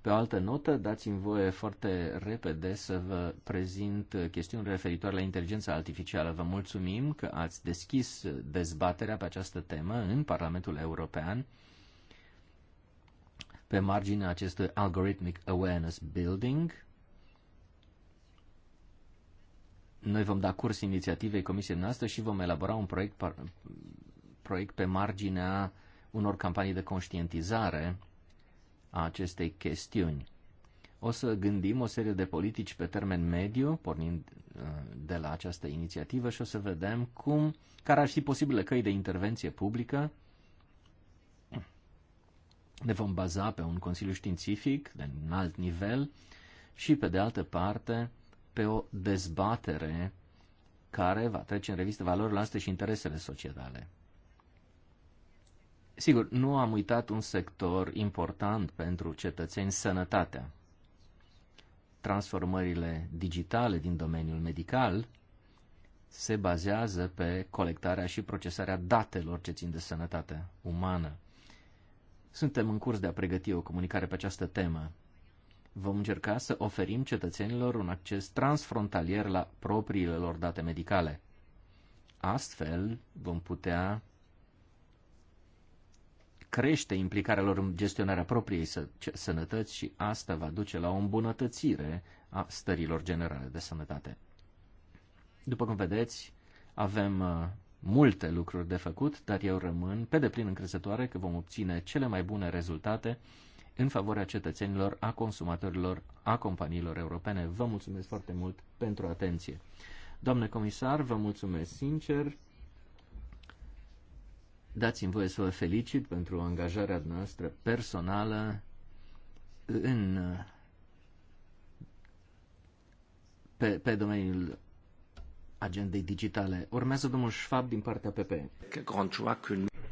B: Pe o altă notă, dați-mi voie foarte repede să vă prezint chestiuni referitoare la inteligența artificială. Vă mulțumim că ați deschis dezbaterea pe această temă în Parlamentul European pe marginea acestui Algorithmic Awareness Building. Noi vom da curs inițiativei Comisiei noastre și vom elabora un proiect, proiect pe marginea unor campanii de conștientizare a acestei chestiuni. O să gândim o serie de politici pe termen mediu, pornind uh, de la această inițiativă și o să vedem cum, care ar fi posibile căi de intervenție publică. Ne vom baza pe un consiliu științific de înalt nivel și, pe de altă parte, pe o dezbatere care va trece în revistă valorile astea și interesele societale. Sigur, nu am uitat un sector important pentru cetățeni, sănătatea. Transformările digitale din domeniul medical se bazează pe colectarea și procesarea datelor ce țin de sănătatea umană. Suntem în curs de a pregăti o comunicare pe această temă. Vom încerca să oferim cetățenilor un acces transfrontalier la propriile lor date medicale. Astfel vom putea crește implicarea lor în gestionarea propriei sănătăți și asta va duce la o îmbunătățire a stărilor generale de sănătate. După cum vedeți, avem uh, multe lucruri de făcut, dar eu rămân pe deplin încrezătoare că vom obține cele mai bune rezultate în favoarea cetățenilor, a consumatorilor, a companiilor europene. Vă mulțumesc foarte mult pentru atenție. Doamne comisar, vă mulțumesc sincer. Dați-mi voie să vă felicit pentru angajarea noastră personală în pe, pe domeniul agendei digitale. Urmează domnul Schwab din partea PP.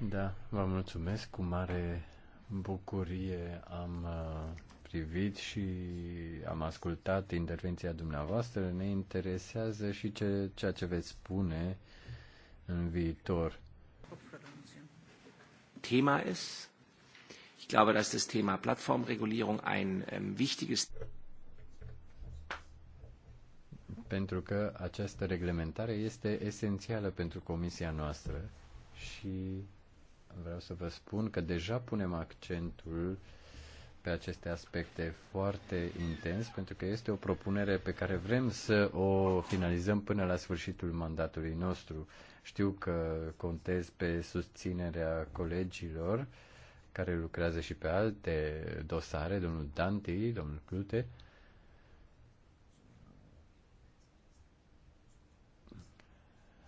B: Da,
C: vă mulțumesc. Cu mare bucurie am uh, privit și am ascultat intervenția dumneavoastră. Ne interesează și ce, ceea ce veți spune în viitor.
B: Thema ist. Ich glaube, dass das Thema Plattformregulierung ein ähm, wichtiges
C: pentru că această reglementare este esențială pentru comisia noastră și vreau să vă spun că deja punem accentul pe aceste aspecte foarte intens, pentru că este o propunere pe care vrem să o finalizăm până la sfârșitul mandatului nostru. Știu că contez pe susținerea colegilor care lucrează și pe alte dosare, domnul Danti, domnul Clute.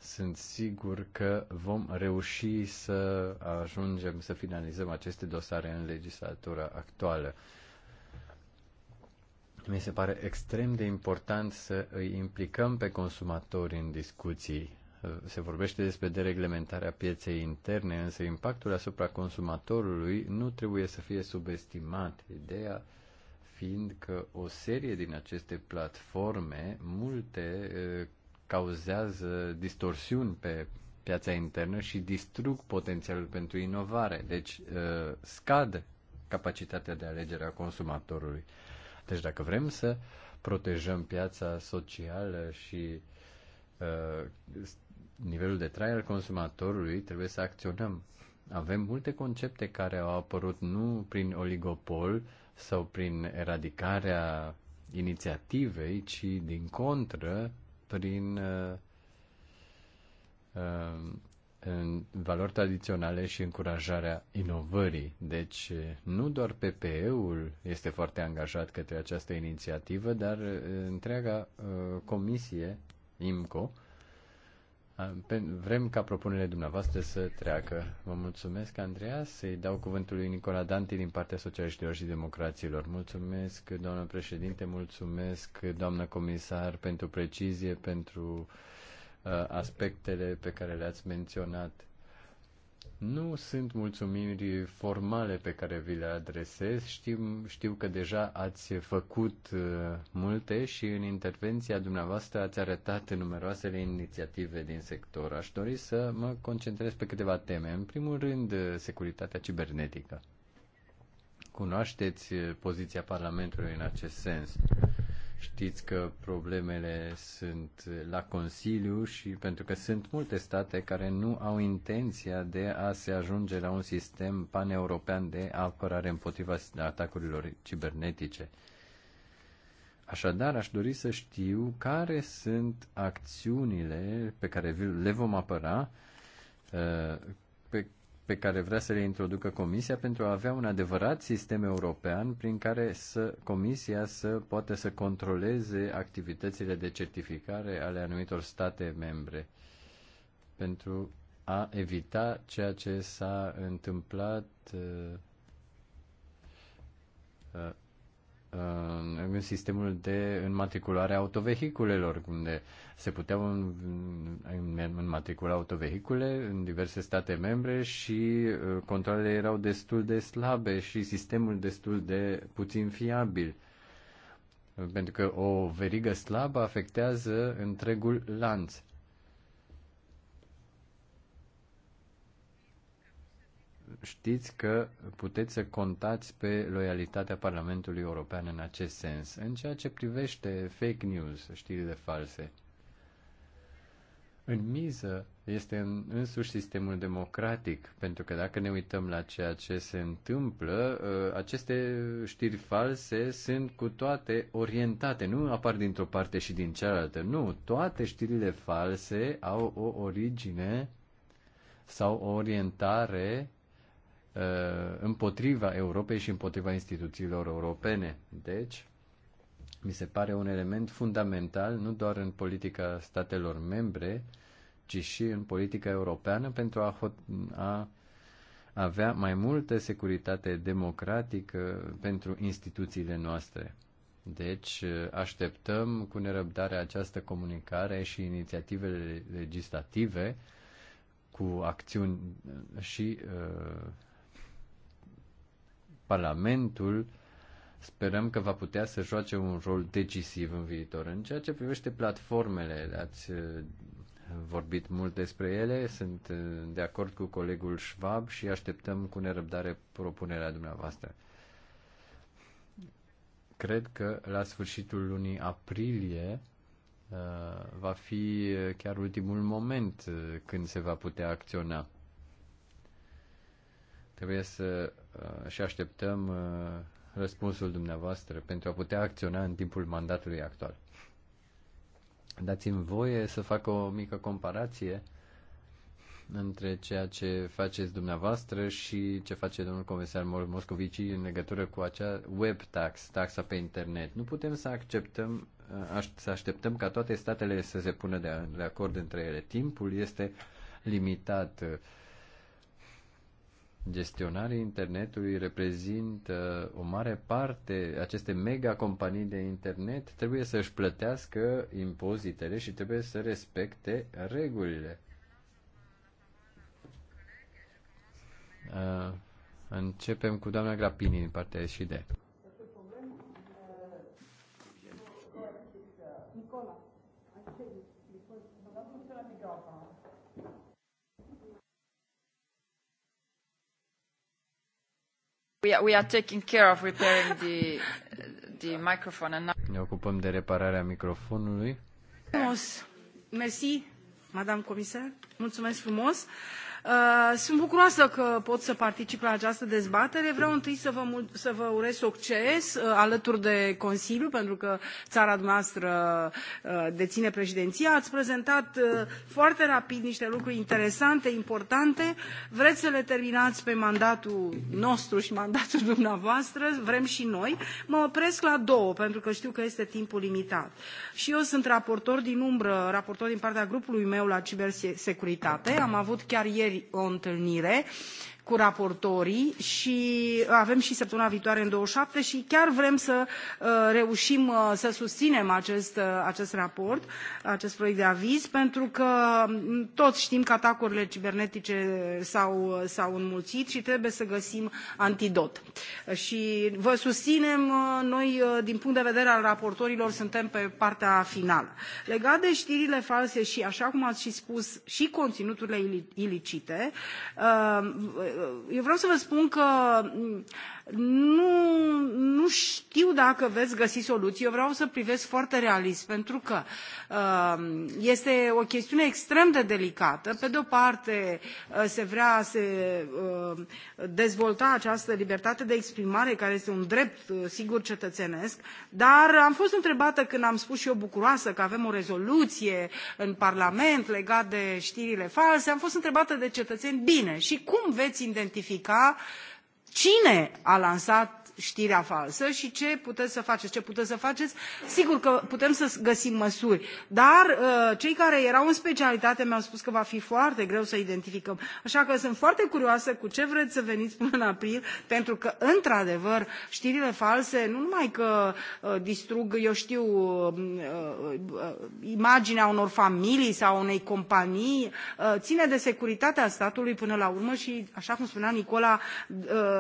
C: Sunt sigur că vom reuși să ajungem să finalizăm aceste dosare în legislatura actuală. Mi se pare extrem de important să îi implicăm pe consumatori în discuții se vorbește despre dereglementarea pieței interne, însă impactul asupra consumatorului nu trebuie să fie subestimat. Ideea fiind că o serie din aceste platforme, multe, cauzează distorsiuni pe piața internă și distrug potențialul pentru inovare. Deci scad capacitatea de alegere a consumatorului. Deci dacă vrem să protejăm piața socială și nivelul de trai al consumatorului, trebuie să acționăm. Avem multe concepte care au apărut nu prin oligopol sau prin eradicarea inițiativei, ci din contră prin uh, uh, în valori tradiționale și încurajarea inovării. Deci nu doar PPE-ul este foarte angajat către această inițiativă, dar uh, întreaga uh, comisie IMCO Vrem ca propunerea dumneavoastră să treacă. Vă mulțumesc, Andreea. Să-i dau cuvântul lui Nicola Danti din partea Socialiștilor și Democraților. Mulțumesc, doamnă președinte, mulțumesc, doamnă comisar, pentru precizie, pentru uh, aspectele pe care le-ați menționat nu sunt mulțumiri formale pe care vi le adresez. Știu, știu că deja ați făcut uh, multe și în intervenția dumneavoastră ați arătat numeroasele inițiative din sector. Aș dori să mă concentrez pe câteva teme. În primul rând, uh, securitatea cibernetică. Cunoașteți uh, poziția Parlamentului în acest sens. Știți că problemele sunt la Consiliu și pentru că sunt multe state care nu au intenția de a se ajunge la un sistem paneuropean de apărare împotriva atacurilor cibernetice. Așadar, aș dori să știu care sunt acțiunile pe care le vom apăra uh, pe care vrea să le introducă Comisia pentru a avea un adevărat sistem european prin care să, Comisia să poată să controleze activitățile de certificare ale anumitor state membre pentru a evita ceea ce s-a întâmplat uh, uh, Uh, în sistemul de înmatriculare a autovehiculelor, unde se puteau înmatricula autovehicule în diverse state membre și uh, controlele erau destul de slabe și sistemul destul de puțin fiabil. Pentru că o verigă slabă afectează întregul lanț. știți că puteți să contați pe loialitatea Parlamentului European în acest sens. În ceea ce privește fake news, știrile false, în miză este în, însuși sistemul democratic, pentru că dacă ne uităm la ceea ce se întâmplă, ă, aceste știri false sunt cu toate orientate, nu apar dintr-o parte și din cealaltă, nu, toate știrile false au o origine sau o orientare Uh, împotriva Europei și împotriva instituțiilor europene. Deci, mi se pare un element fundamental nu doar în politica statelor membre, ci și în politica europeană pentru a, a avea mai multă securitate democratică pentru instituțiile noastre. Deci uh, așteptăm cu nerăbdare această comunicare și inițiativele legislative cu acțiuni și uh, Parlamentul sperăm că va putea să joace un rol decisiv în viitor. În ceea ce privește platformele, ați uh, vorbit mult despre ele, sunt uh, de acord cu colegul Schwab și așteptăm cu nerăbdare propunerea dumneavoastră. Cred că la sfârșitul lunii aprilie uh, va fi chiar ultimul moment când se va putea acționa. Trebuie să uh, și așteptăm uh, răspunsul dumneavoastră pentru a putea acționa în timpul mandatului actual. Dați-mi voie să fac o mică comparație între ceea ce faceți dumneavoastră și ce face domnul comisar Moscovici în legătură cu acea web tax, taxa pe internet. Nu putem să acceptăm uh, să așteptăm ca toate statele să se pună de, acord între ele. Timpul este limitat. Gestionarii internetului reprezintă o mare parte, aceste mega companii de internet trebuie să își plătească impozitele și trebuie să respecte regulile. Uh, începem cu doamna Grapini din partea SID.
A: We are, taking care of repairing the, the microphone and now...
C: Ne ocupăm de repararea microfonului.
A: Mulțumesc, madame comisar. Mulțumesc frumos. Uh, sunt bucuroasă că pot să particip la această dezbatere. Vreau întâi să vă, să vă urez succes uh, alături de Consiliu, pentru că țara noastră uh, deține președinția. Ați prezentat foarte rapid niște lucruri interesante, importante. Vreți să le terminați pe mandatul nostru și mandatul dumneavoastră, vrem și noi. Mă opresc la două, pentru că știu că este timpul limitat. Și eu sunt raportor din umbră, raportor din partea grupului meu la cibersecuritate. Am avut chiar ieri o întâlnire cu raportorii și uh, avem și săptămâna viitoare în 27 și chiar vrem să uh, reușim uh, să susținem acest, acest raport, acest proiect de aviz, pentru că um, toți știm că atacurile cibernetice s-au, s-au înmulțit și trebuie să găsim antidot. Și vă susținem, noi din punct de vedere al raportorilor suntem pe partea finală. Legat de știrile false și așa cum ați și spus, și conținuturile ilicite, eu vreau să vă spun că nu, nu știu dacă veți găsi soluții. Eu vreau să privesc foarte realist, pentru că uh, este o chestiune extrem de delicată. Pe de o parte, uh, se vrea să uh, dezvolta această libertate de exprimare, care este un drept, sigur, cetățenesc, dar am fost întrebată când am spus și eu bucuroasă că avem o rezoluție în Parlament legat de știrile false, am fost întrebată de cetățeni, bine, și cum veți identifica uh, cine a lansat știrea falsă și ce puteți să faceți, ce puteți să faceți. Sigur că putem să găsim măsuri, dar uh, cei care erau în specialitate mi-au spus că va fi foarte greu să identificăm. Așa că sunt foarte curioasă cu ce vreți să veniți până în april, pentru că, într-adevăr, știrile false nu numai că uh, distrug, eu știu, uh, imaginea unor familii sau unei companii, ține de securitatea statului până la urmă și, așa cum spunea Nicola,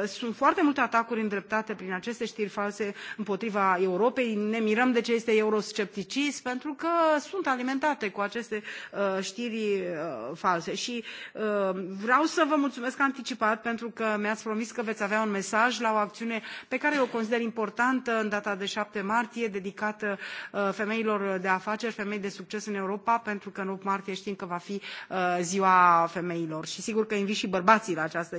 A: sunt foarte multe atacuri îndreptate manifestată prin aceste știri false împotriva europei ne mirăm de ce este euroscepticism pentru că sunt alimentate cu aceste uh, știri uh, false și uh, vreau să vă mulțumesc anticipat pentru că mi ați promis că veți avea un mesaj la o acțiune pe care o consider importantă în data de șapte martie dedicată femeilor de afaceri femei de succes în europa pentru că în opt martie știm că va fi ziua femeilor și sigur că invit și bărbații la această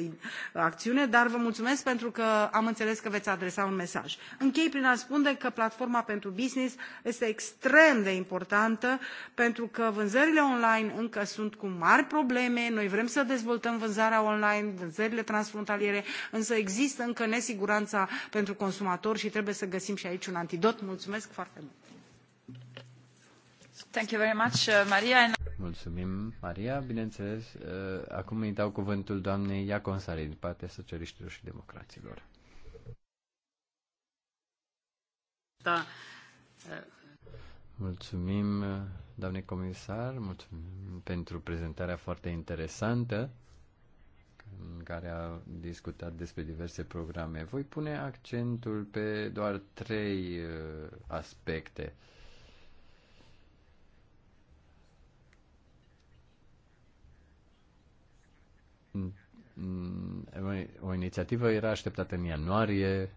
A: acțiune dar vă mulțumesc pentru că am înțeles că veți adresa un mesaj. închei prin a spune că platforma pentru business este extrem de importantă pentru că vânzările online încă sunt cu mari probleme noi vrem să dezvoltăm vânzarea online vânzările transfrontaliere însă există încă nesiguranța pentru consumatori și trebuie să găsim și aici un antidot. mulțumesc foarte mult! Thank you very much, uh, Maria.
C: Mulțumim, Maria. Bineînțeles, uh, acum îi dau cuvântul doamnei Iaconsari din partea socialiștilor și democraților. Da. Mulțumim, doamne comisar, mulțumim pentru prezentarea foarte interesantă în care a discutat despre diverse programe. Voi pune accentul pe doar trei uh, aspecte. O inițiativă era așteptată în ianuarie,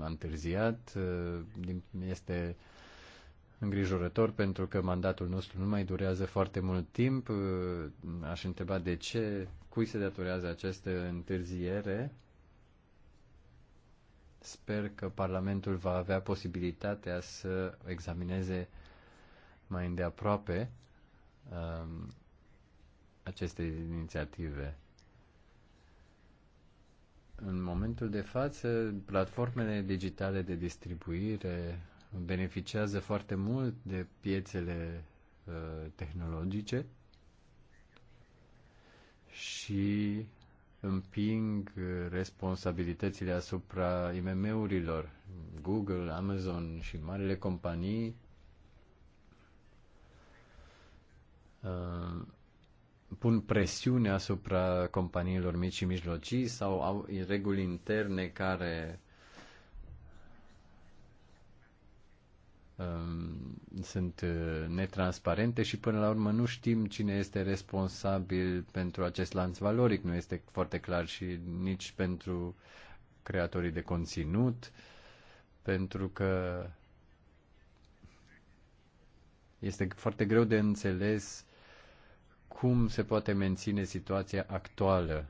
C: a întârziat, eh, este îngrijorător pentru că mandatul nostru nu mai durează foarte mult timp. Eh, aș întreba de ce, cui se datorează această întârziere. Sper că Parlamentul va avea posibilitatea să examineze mai îndeaproape eh, aceste inițiative. În momentul de față, platformele digitale de distribuire beneficiază foarte mult de piețele uh, tehnologice și împing responsabilitățile asupra IMM-urilor, Google, Amazon și marile companii. Uh, pun presiune asupra companiilor mici și mijlocii sau au reguli interne care um, sunt uh, netransparente și până la urmă nu știm cine este responsabil pentru acest lanț valoric, nu este foarte clar și nici pentru creatorii de conținut, pentru că este foarte greu de înțeles cum se poate menține situația actuală.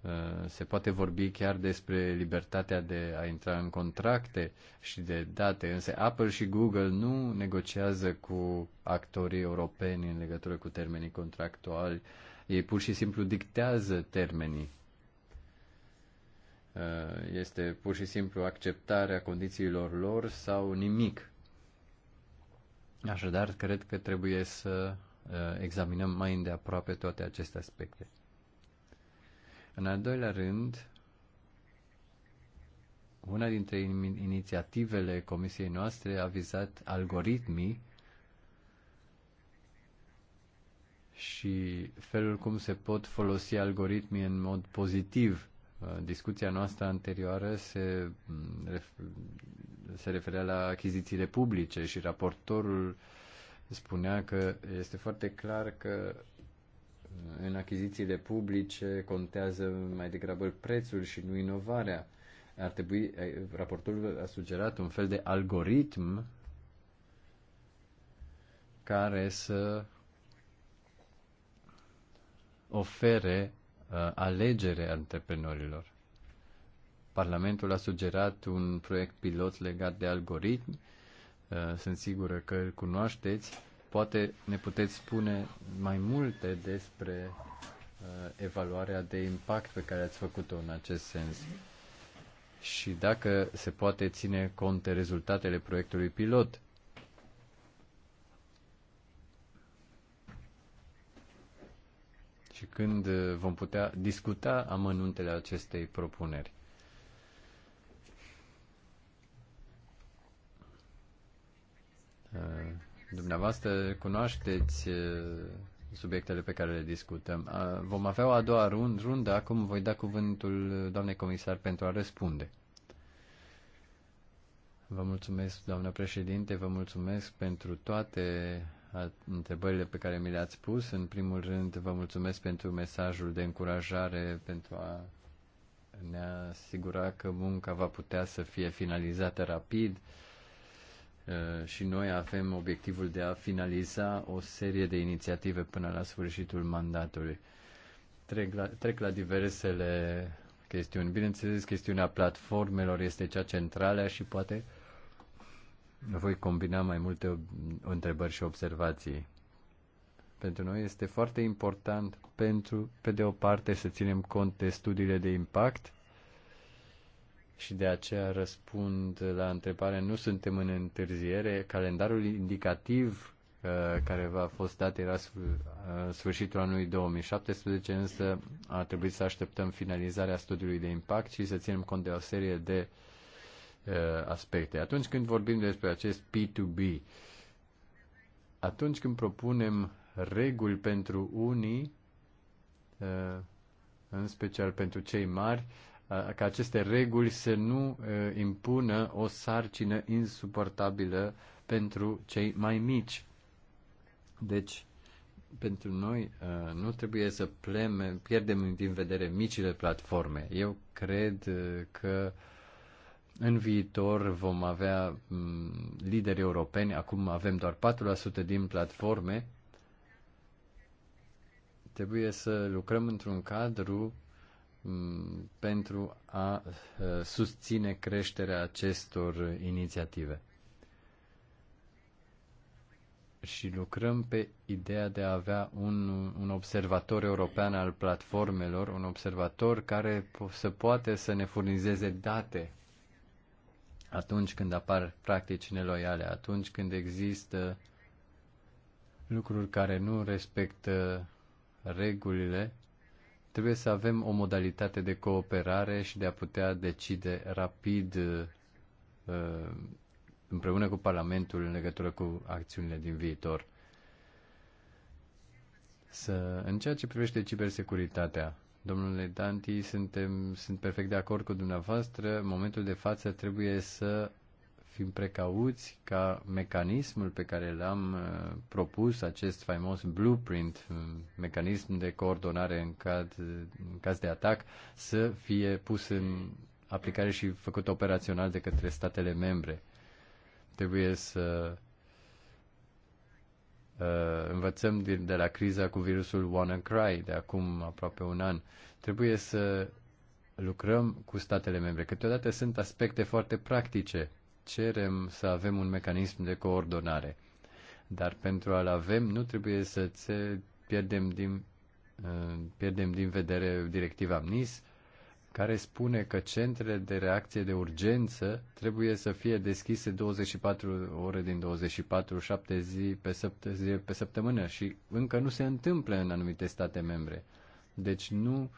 C: Uh, se poate vorbi chiar despre libertatea de a intra în contracte și de date, însă Apple și Google nu negociază cu actorii europeni în legătură cu termenii contractuali. Ei pur și simplu dictează termenii. Uh, este pur și simplu acceptarea condițiilor lor sau nimic. Așadar, cred că trebuie să Uh, examinăm mai îndeaproape toate aceste aspecte. În al doilea rând, una dintre inițiativele comisiei noastre a vizat algoritmii și felul cum se pot folosi algoritmii în mod pozitiv. Uh, discuția noastră anterioară se, mm, se referea la achizițiile publice și raportorul uh, spunea că este foarte clar că în achizițiile publice contează mai degrabă prețul și nu inovarea. Ar trebui, eh, raportul a sugerat un fel de algoritm care să ofere uh, alegere antreprenorilor. Parlamentul a sugerat un proiect pilot legat de algoritmi Uh, sunt sigură că îl cunoașteți. Poate ne puteți spune mai multe despre uh, evaluarea de impact pe care ați făcut-o în acest sens și dacă se poate ține cont de rezultatele proiectului pilot. Și când uh, vom putea discuta amănuntele acestei propuneri. Uh, dumneavoastră cunoașteți uh, subiectele pe care le discutăm. Uh, vom avea o a doua rundă, acum voi da cuvântul doamnei comisar pentru a răspunde. Vă mulțumesc, doamnă președinte, vă mulțumesc pentru toate întrebările pe care mi le-ați pus. În primul rând, vă mulțumesc pentru mesajul de încurajare, pentru a ne asigura că munca va putea să fie finalizată rapid. Uh, Uh, și noi avem obiectivul de a finaliza o serie de inițiative până la sfârșitul mandatului. Trec la, trec la diversele chestiuni. Bineînțeles, chestiunea platformelor este cea centrală și poate voi combina mai multe întrebări și observații. Pentru noi este foarte important pentru, pe de o parte, să ținem cont de studiile de impact și de aceea răspund la întrebare. Nu suntem în întârziere. Calendarul indicativ uh, care va fost dat era uh, sfârșitul anului 2017, însă a trebuit să așteptăm finalizarea studiului de impact și să ținem cont de o serie de uh, aspecte. Atunci când vorbim despre acest P2B, atunci când propunem reguli pentru unii, în special pentru cei mari, ca aceste reguli să nu impună o sarcină insuportabilă pentru cei mai mici. Deci, pentru noi nu trebuie să pleme, pierdem din vedere micile platforme. Eu cred că în viitor vom avea lideri europeni, acum avem doar 4% din platforme. Trebuie să lucrăm într-un cadru pentru a eh, susține creșterea acestor inițiative. Și lucrăm pe ideea de a avea un, un observator european al platformelor, un observator care să poate să ne furnizeze date atunci când apar practici neloiale, atunci când există lucruri care nu respectă regulile Trebuie să avem o modalitate de cooperare și de a putea decide rapid uh, împreună cu Parlamentul în legătură cu acțiunile din viitor. Să, în ceea ce privește cibersecuritatea, domnule Danti, suntem, sunt perfect de acord cu dumneavoastră. În momentul de față trebuie să fim precauți ca mecanismul pe care l-am uh, propus, acest faimos blueprint, uh, mecanism de coordonare în caz, în caz de atac, să fie pus în aplicare și făcut operațional de către statele membre. Trebuie să uh, învățăm din, de la criza cu virusul WannaCry de acum aproape un an. Trebuie să lucrăm cu statele membre. Câteodată sunt aspecte foarte practice cerem să avem un mecanism de coordonare. Dar pentru a-l avem, nu trebuie să pierdem din, uh, pierdem din vedere directiva MNIS, care spune că centrele de reacție de urgență trebuie să fie deschise 24 ore din 24, 7 zi pe, săpt- zi pe săptămână și încă nu se întâmplă în anumite state membre. Deci nu uh,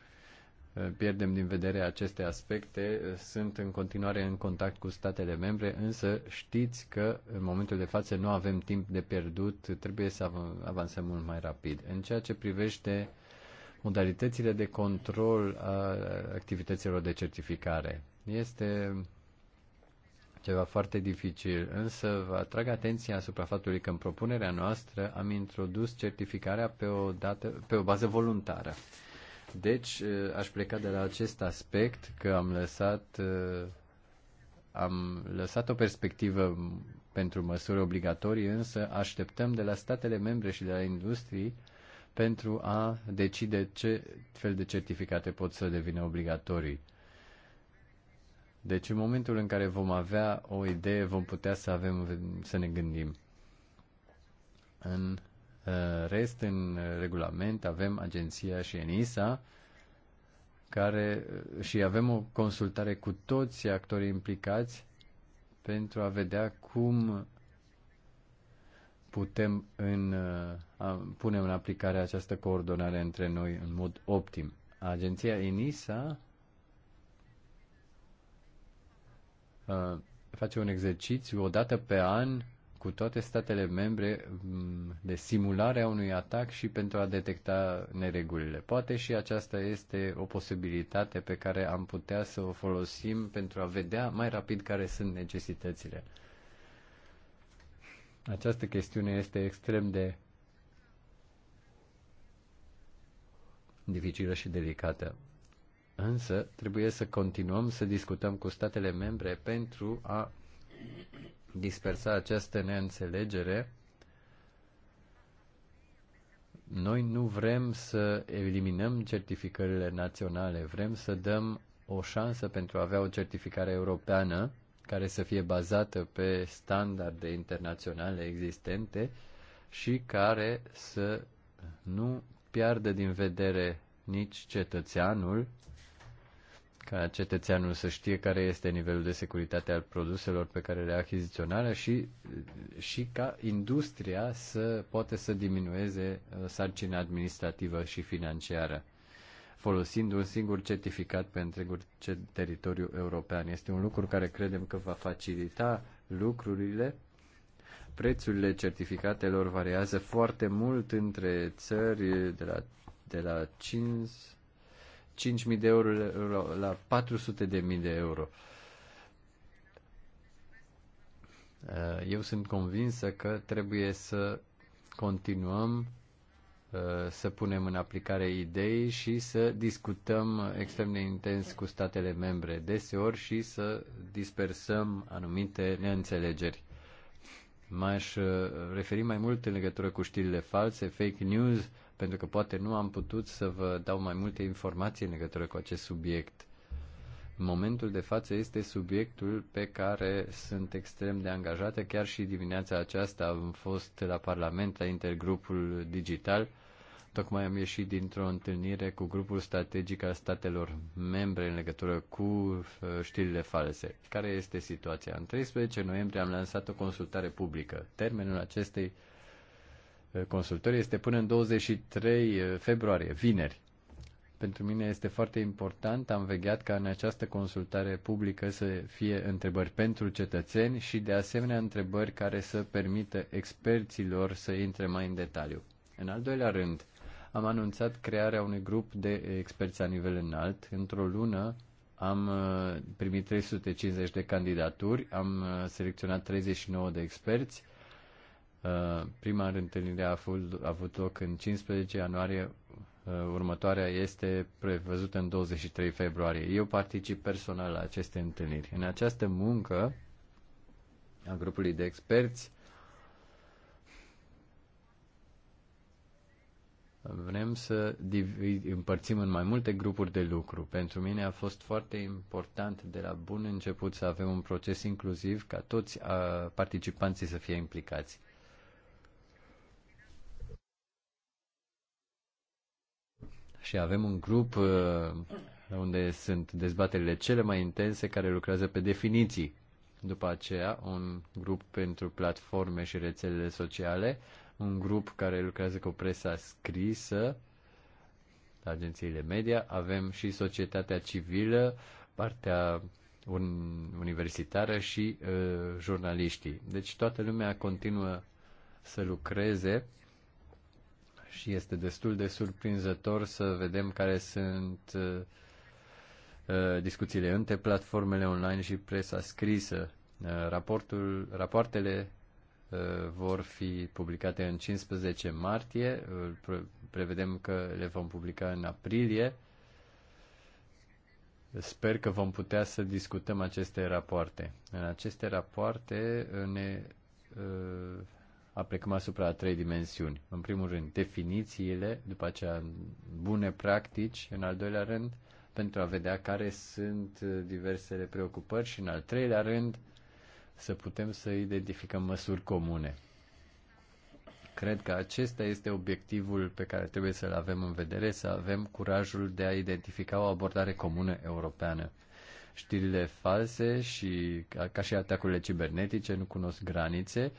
C: Eh, pierdem din vedere aceste aspecte. Eh, sunt în continuare în contact cu statele membre, însă știți că în momentul de față nu avem timp de pierdut, trebuie să avansăm mult mai rapid. În ceea ce privește modalitățile de control a activităților de certificare, este ceva foarte dificil, însă vă atrag atenția asupra faptului că în propunerea noastră am introdus certificarea pe o, dată, pe o bază voluntară. Deci, uh, aș pleca de la acest aspect că am lăsat, uh, am lăsat o perspectivă pentru măsuri obligatorii, însă așteptăm de la statele membre și de la industrii pentru a decide ce fel de certificate pot să devină obligatorii. Deci în momentul în care vom avea o idee, vom putea să avem să ne gândim. În Eh, rest, în regulament avem agenția și ENISA, care, eh, și avem o consultare cu toți actorii implicați pentru a vedea cum putem în, eh, a, pune în aplicare această coordonare între noi în mod optim. Agenția ENISA a, face un exercițiu o dată pe an cu toate statele membre mm, de simulare a unui atac și pentru a detecta neregulile. Poate și aceasta este o posibilitate pe care am putea să o folosim pentru a vedea mai rapid care sunt necesitățile. Această chestiune este extrem de dificilă și delicată. Însă, trebuie să continuăm să discutăm cu statele membre pentru a dispersa această neînțelegere, noi nu vrem să eliminăm certificările naționale, vrem să dăm o șansă pentru a avea o certificare europeană care să fie bazată pe standarde internaționale existente și care să nu piardă din vedere nici cetățeanul, ca cetățeanul să știe care este nivelul de securitate al produselor pe care le achiziționează și, și ca industria să poate să diminueze uh, sarcina administrativă și financiară folosind un singur certificat pe întregul teritoriu european. Este un lucru care credem că va facilita lucrurile. Prețurile certificatelor variază foarte mult între țări, de la, de la 5 5.000 de euro la 400.000 de euro. Uh, eu sunt convinsă că trebuie să continuăm uh, să punem în aplicare idei și să discutăm extrem de intens cu statele membre deseori și să dispersăm anumite neînțelegeri. M-aș uh, referi mai mult în legătură cu știrile false, fake news, pentru că poate nu am putut să vă dau mai multe informații în legătură cu acest subiect. În momentul de față este subiectul pe care sunt extrem de angajată. Chiar și dimineața aceasta am fost la Parlament, la intergrupul digital. Tocmai am ieșit dintr-o întâlnire cu grupul strategic al statelor membre în legătură cu uh, știrile false. Care este situația? În 13 noiembrie am lansat o consultare publică. Termenul acestei Eh, consultări este până în 23 eh, februarie, vineri. Pentru mine este foarte important, am vegheat ca în această consultare publică să fie întrebări pentru cetățeni și de asemenea întrebări care să permită experților să intre mai în detaliu. În al doilea rând, am anunțat crearea unui grup de experți la nivel înalt. Într-o lună am eh, primit 350 de candidaturi, am selecționat 39 de experți Uh, prima întâlnire a avut loc în 15 ianuarie, uh, următoarea este prevăzută în 23 februarie. Eu particip personal la aceste întâlniri. În această muncă a grupului de experți, Vrem să divid, împărțim în mai multe grupuri de lucru. Pentru mine a fost foarte important de la bun început să avem un proces inclusiv ca toți a, uh, participanții să fie implicați. și avem un grup uh, unde sunt dezbaterile cele mai intense care lucrează pe definiții. După aceea, un grup pentru platforme și rețelele sociale, un grup care lucrează cu presa scrisă, agențiile media, avem și societatea civilă, partea un universitară și uh, jurnaliștii. Deci toată lumea continuă să lucreze și este destul de surprinzător să vedem care sunt uh, uh, discuțiile între platformele online și presa scrisă. Uh, raportul, rapoartele vor fi publicate în 15 martie, prevedem că le vom publica în aprilie. Sper că vom putea să discutăm aceste rapoarte. În aceste rapoarte ne aplicăm asupra a trei dimensiuni. În primul rând, definițiile, după aceea bune practici, în al doilea rând, pentru a vedea care sunt diversele preocupări și, în al treilea rând, să putem să identificăm măsuri comune. Cred că acesta este obiectivul pe care trebuie să-l avem în vedere, să avem curajul de a identifica o abordare comună europeană. Știrile false și, ca și atacurile cibernetice, nu cunosc granițe, uh,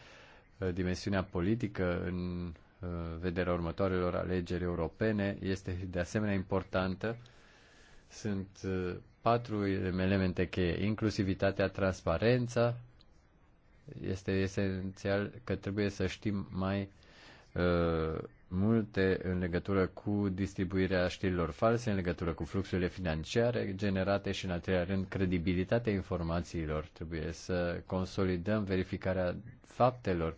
C: Uh, dimensiunea politică în uh, vederea următoarelor alegeri europene este de asemenea importantă. Sunt uh, patru elemente cheie. Inclusivitatea, transparența. Este esențial că trebuie să știm mai multe în legătură cu distribuirea știrilor false, în legătură cu fluxurile financiare generate și, în al treilea rând, credibilitatea informațiilor. Trebuie să consolidăm verificarea faptelor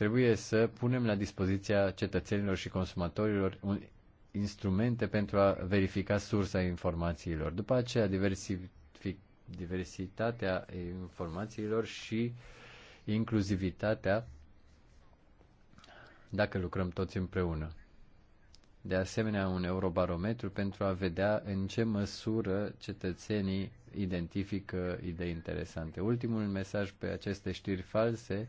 C: Trebuie să punem la dispoziția cetățenilor și consumatorilor un, instrumente pentru a verifica sursa informațiilor. După aceea, diversitatea informațiilor și inclusivitatea dacă lucrăm toți împreună. De asemenea, un eurobarometru pentru a vedea în ce măsură cetățenii identifică idei interesante. Ultimul mesaj pe aceste știri false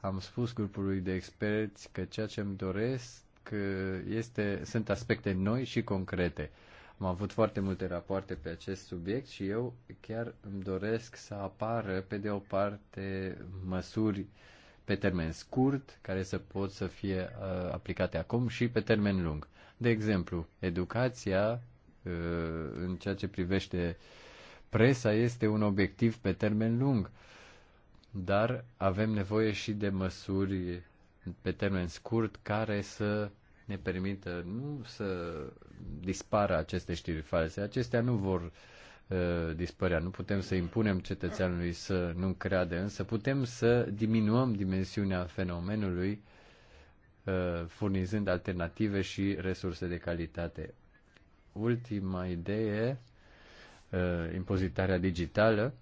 C: am spus grupului de experți că ceea ce îmi doresc uh, este, sunt aspecte noi și concrete. Am avut foarte multe rapoarte pe acest subiect și eu chiar îmi doresc să apară, pe de o parte, măsuri pe termen scurt, care să pot să fie uh, aplicate acum și pe termen lung. De exemplu, educația uh, în ceea ce privește presa este un obiectiv pe termen lung. Uh, dar avem nevoie și de măsuri pe termen scurt care să ne permită nu să dispară aceste știri false. Acestea nu vor uh, dispărea. Nu putem să impunem cetățeanului să nu creadă, însă putem să diminuăm dimensiunea fenomenului uh, furnizând alternative și resurse de calitate. Ultima idee, uh, impozitarea digitală.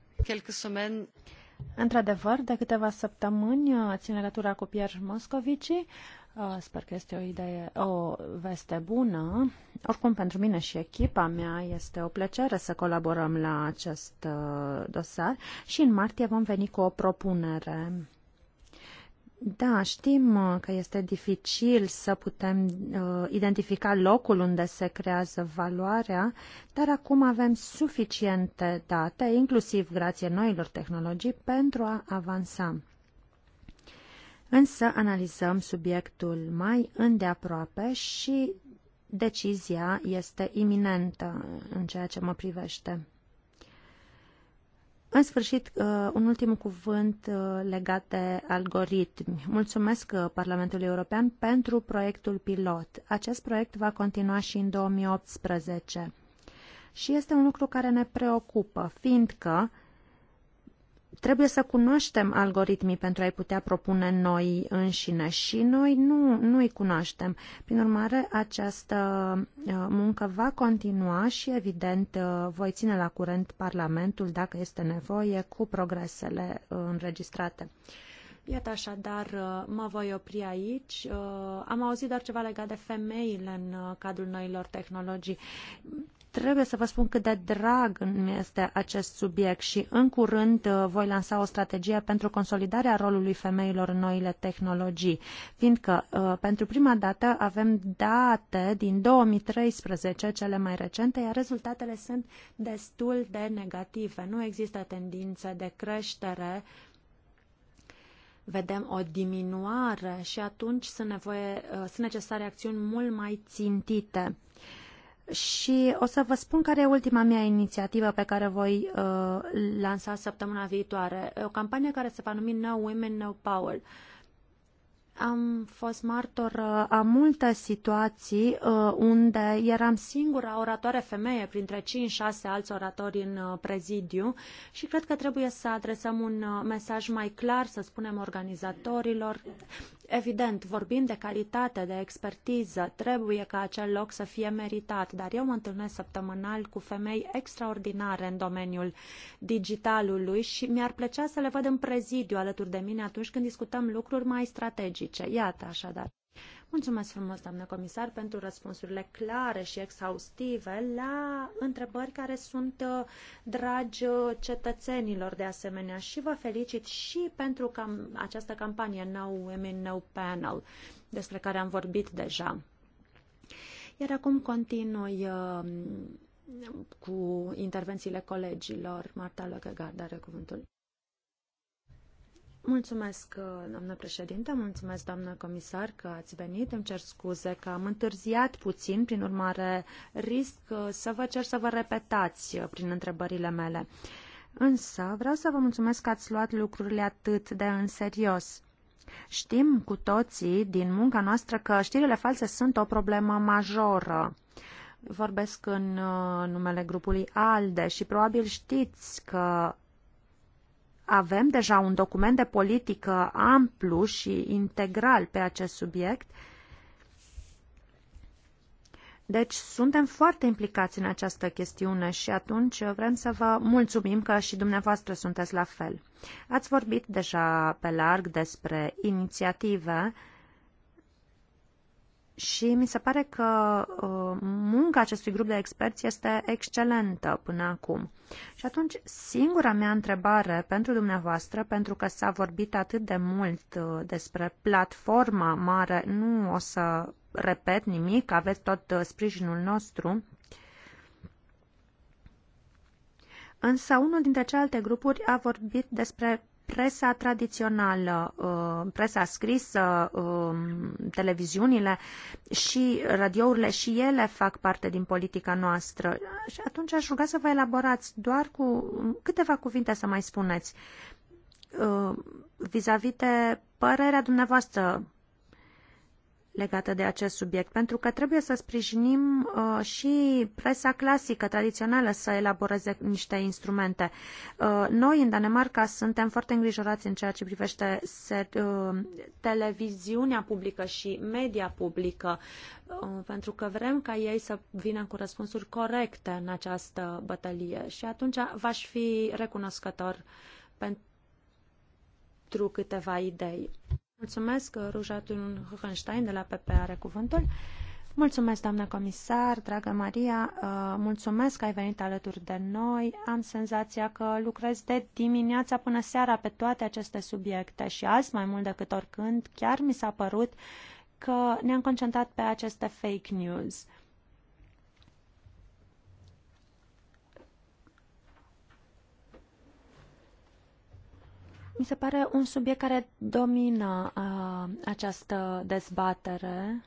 D: Într-adevăr, de câteva săptămâni uh, țin legătura cu Pierre Moscovici. Uh, sper că este o idee, o veste bună. Oricum, pentru mine și echipa mea este o plăcere să colaborăm la acest uh, dosar și în martie vom veni cu o propunere da, știm uh, că este dificil să putem uh, identifica locul unde se creează valoarea, dar acum avem suficiente date, inclusiv grație noilor tehnologii, pentru a avansa. Însă analizăm subiectul mai îndeaproape și decizia este iminentă în ceea ce mă privește. În sfârșit, uh, un ultim cuvânt uh, legat de algoritmi. Mulțumesc uh, Parlamentului European pentru proiectul pilot. Acest proiect va continua și în 2018. Și este un lucru care ne preocupă, fiindcă trebuie să cunoaștem algoritmii pentru a-i putea propune noi înșine și noi nu, nu îi cunoaștem. Prin urmare, această uh, muncă va continua și, evident, uh, voi ține la curent Parlamentul, dacă este nevoie, cu progresele uh, înregistrate. Iată așadar, mă voi opri aici. Am auzit doar ceva legat de femeile în cadrul noilor tehnologii trebuie să vă spun cât de drag îmi este acest subiect și în curând uh, voi lansa o strategie pentru consolidarea rolului femeilor în noile tehnologii, fiindcă uh, pentru prima dată avem date din 2013, cele mai recente, iar rezultatele sunt destul de negative. Nu există tendințe de creștere vedem o diminuare și atunci sunt, nevoie, uh, sunt necesare acțiuni mult mai țintite și o să vă spun care e ultima mea inițiativă pe care voi uh, lansa săptămâna viitoare. E o campanie care se va numi No Women, No Power. Am fost martor uh, a multe situații uh, unde eram singura oratoare femeie printre 5-6 alți oratori în uh, prezidiu și cred că trebuie să adresăm un uh, mesaj mai clar, să spunem organizatorilor Evident, vorbim de calitate, de expertiză, trebuie ca acel loc să fie meritat, dar eu mă întâlnesc săptămânal cu femei extraordinare în domeniul digitalului și mi-ar plăcea să le văd în prezidiu alături de mine atunci când discutăm lucruri mai strategice. Iată, așadar. Mulțumesc frumos, doamnă comisar, pentru răspunsurile clare și exhaustive la întrebări care sunt uh, dragi uh, cetățenilor de asemenea și vă felicit și pentru cam, această campanie No Women, No Panel, despre care am vorbit deja. Iar acum continui uh, cu intervențiile colegilor. Marta Lăcăgard are cuvântul. Mulțumesc, uh, doamnă președinte, mulțumesc, doamnă comisar, că ați venit. Îmi cer scuze că am întârziat puțin, prin urmare risc uh, să vă cer să vă repetați uh, prin întrebările mele. Însă vreau să vă mulțumesc că ați luat lucrurile atât de în serios. Știm cu toții din munca noastră că știrile false sunt o problemă majoră. Vorbesc în numele grupului ALDE și probabil știți că avem deja un document de politică amplu și integral pe acest subiect. Deci suntem foarte implicați în această chestiune și atunci vrem să vă mulțumim că și dumneavoastră sunteți la fel. Ați vorbit deja pe larg despre inițiative uh, și mi se pare că uh, munca acestui grup de experți este excelentă până acum. Și atunci, singura mea întrebare pentru dumneavoastră, pentru că s-a vorbit atât de mult uh, despre platforma mare, nu o să repet nimic, aveți tot uh, sprijinul nostru, însă unul dintre celelalte grupuri a vorbit despre presa tradițională, uh, presa scrisă, um, televiziunile și radiourile și ele fac parte din politica noastră. Și atunci aș ruga să vă elaborați doar cu câteva cuvinte să mai spuneți uh, vis-a-vis -vis de părerea dumneavoastră legată de acest subiect, pentru că trebuie să sprijinim uh, și presa clasică, tradițională, să elaboreze niște instrumente. Uh, noi, în Danemarca, suntem foarte îngrijorați în ceea ce privește ser, uh, televiziunea publică și media publică, uh, pentru că vrem ca ei să vină cu răspunsuri corecte în această bătălie și atunci v-aș fi recunoscător pentru câteva idei. Mulțumesc, uh, Ruja Thunhenstein de la PP are cuvântul. Mulțumesc, doamnă comisar, dragă Maria, uh, mulțumesc că ai venit alături de noi. Am senzația că lucrez de dimineața până seara pe toate aceste subiecte și azi, mai mult decât oricând, chiar mi s-a părut că ne-am concentrat pe aceste fake news Mi se pare un subiect care domină uh, această dezbatere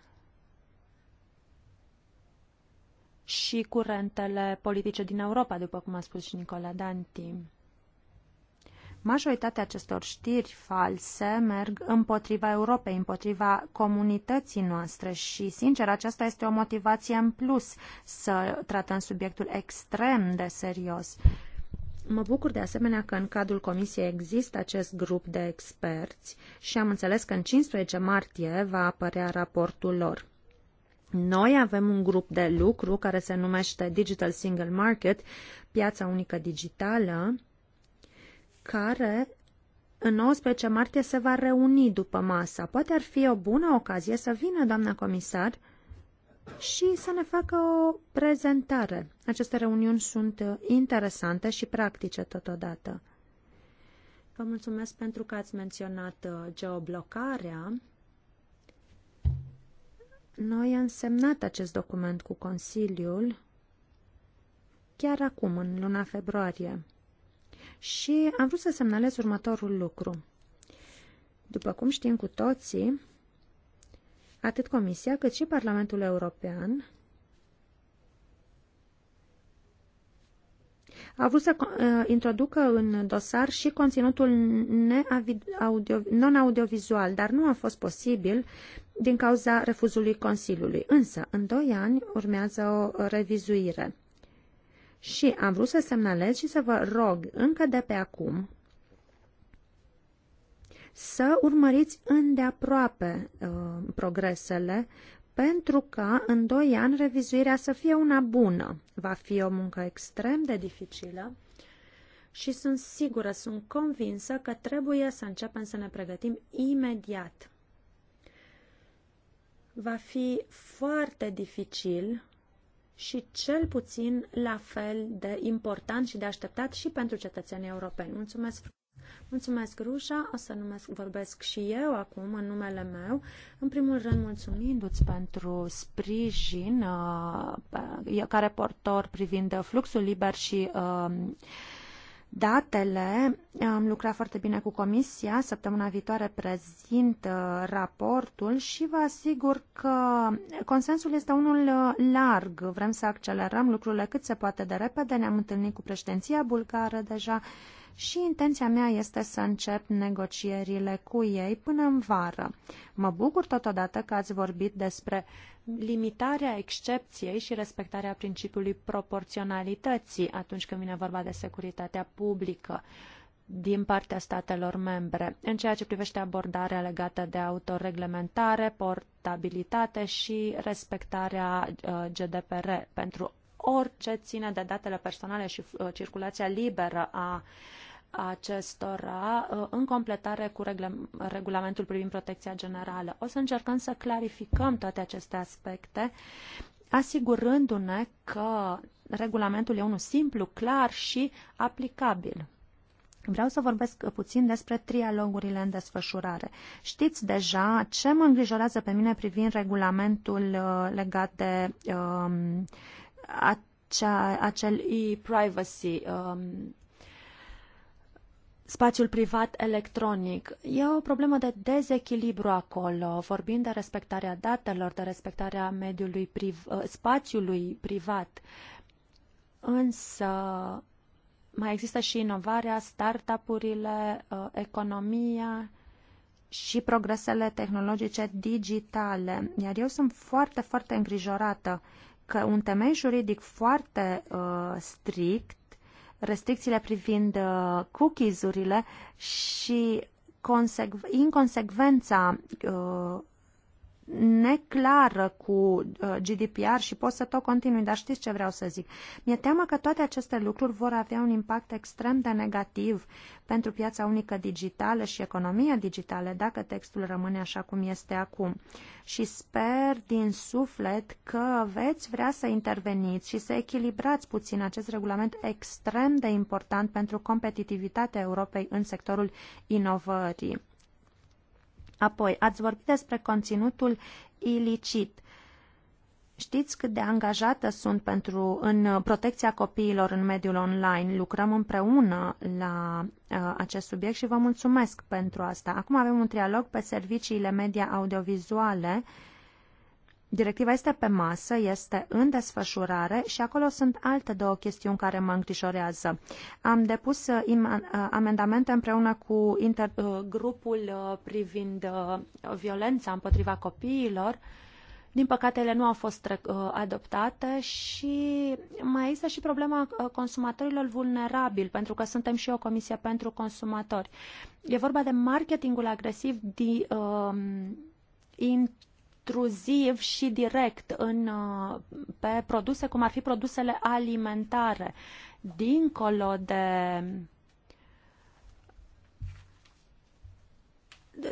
D: și curentele politice din Europa, după cum a spus și Nicola Danti. Majoritatea acestor știri false merg împotriva Europei, împotriva comunității noastre și, sincer, aceasta este o motivație în plus să tratăm subiectul extrem de serios. Uh, Mă bucur de asemenea că în cadrul comisiei există acest grup de experți și am înțeles că în 15 martie va apărea raportul lor. Noi avem un grup de lucru care se numește Digital Single Market, piața unică digitală, care în 19 martie se va reuni după masa. Poate ar fi o bună ocazie să vină, doamna comisar, și să ne facă o prezentare. Aceste reuniuni sunt uh, interesante și practice totodată. Vă mulțumesc pentru că ați menționat uh, geoblocarea. Noi am semnat acest document cu Consiliul chiar acum, în luna februarie. Și am vrut să semnalez următorul lucru. După cum știm cu toții, Atât Comisia cât și Parlamentul European a vrut să uh, introducă în dosar și conținutul non-audiovizual, dar nu a fost posibil din cauza refuzului Consiliului. Însă, în doi ani urmează o revizuire. Și am vrut să semnalez și să vă rog încă de pe acum să urmăriți îndeaproape uh, progresele pentru ca în 2 ani revizuirea să fie una bună. Va fi o muncă extrem de dificilă și sunt sigură, sunt convinsă că trebuie să începem să ne pregătim imediat. Va fi foarte dificil și cel puțin la fel de important și de așteptat și pentru cetățenii europeni. Mulțumesc! Mulțumesc, Rușa. O să numesc, vorbesc și eu acum în numele meu. În primul rând, mulțumindu-ți pentru sprijin uh, ca reportor privind fluxul liber și uh, datele. Am lucrat foarte bine cu comisia. Săptămâna viitoare prezint uh, raportul și vă asigur că consensul este unul uh, larg. Vrem să accelerăm lucrurile cât se poate de repede. Ne-am întâlnit cu președinția bulgară deja. Uh, și intenția mea este să încep negocierile cu ei până în vară. Mă bucur totodată că ați vorbit despre limitarea excepției și respectarea principiului proporționalității atunci când vine vorba de securitatea publică din partea statelor membre, în ceea ce privește abordarea legată de autoreglementare, portabilitate și respectarea uh, GDPR pentru orice ține de datele personale și uh, circulația liberă a acestora uh, în completare cu regulamentul privind protecția generală. O să încercăm să clarificăm toate aceste aspecte, asigurându-ne că regulamentul e unul simplu, clar și aplicabil. Vreau să vorbesc puțin despre trialogurile în desfășurare. Știți deja ce mă îngrijorează pe mine privind regulamentul uh, legat de um, acea, acel e-privacy, um, spațiul privat electronic. E o problemă de dezechilibru acolo, vorbind de respectarea datelor, de respectarea mediului priv- ă, spațiului privat. Însă mai există și inovarea, startup-urile, ă, economia și progresele tehnologice digitale. Iar eu sunt foarte, foarte îngrijorată că un temei juridic foarte uh, strict restricțiile privind uh, cookies-urile și inconsecvența uh, neclară cu uh, GDPR și pot să tot continui, dar știți ce vreau să zic. Mi-e teamă că toate aceste lucruri vor avea un impact extrem de negativ pentru piața unică digitală și economia digitală dacă textul rămâne așa cum este acum. Și sper din suflet că veți vrea să interveniți și să echilibrați puțin acest regulament extrem de important pentru competitivitatea Europei în sectorul inovării. Apoi, ați vorbit despre conținutul ilicit. Știți cât de angajată sunt pentru în protecția copiilor în mediul online. Lucrăm împreună la uh, acest subiect și vă mulțumesc pentru asta. Acum avem un trialog pe serviciile media audiovizuale uh, Directiva este pe masă, este în desfășurare și acolo sunt alte două chestiuni care mă îngrijorează. Am depus uh, uh, amendamente împreună cu inter, uh, grupul privind violența împotriva copiilor. Din păcate, ele nu au fost adoptate și mai este și problema consumatorilor vulnerabili, pentru că suntem și o comisie pentru consumatori. E vorba de marketingul agresiv din, um, uh, intruziv și direct în, uh, pe produse, cum ar fi produsele alimentare, dincolo de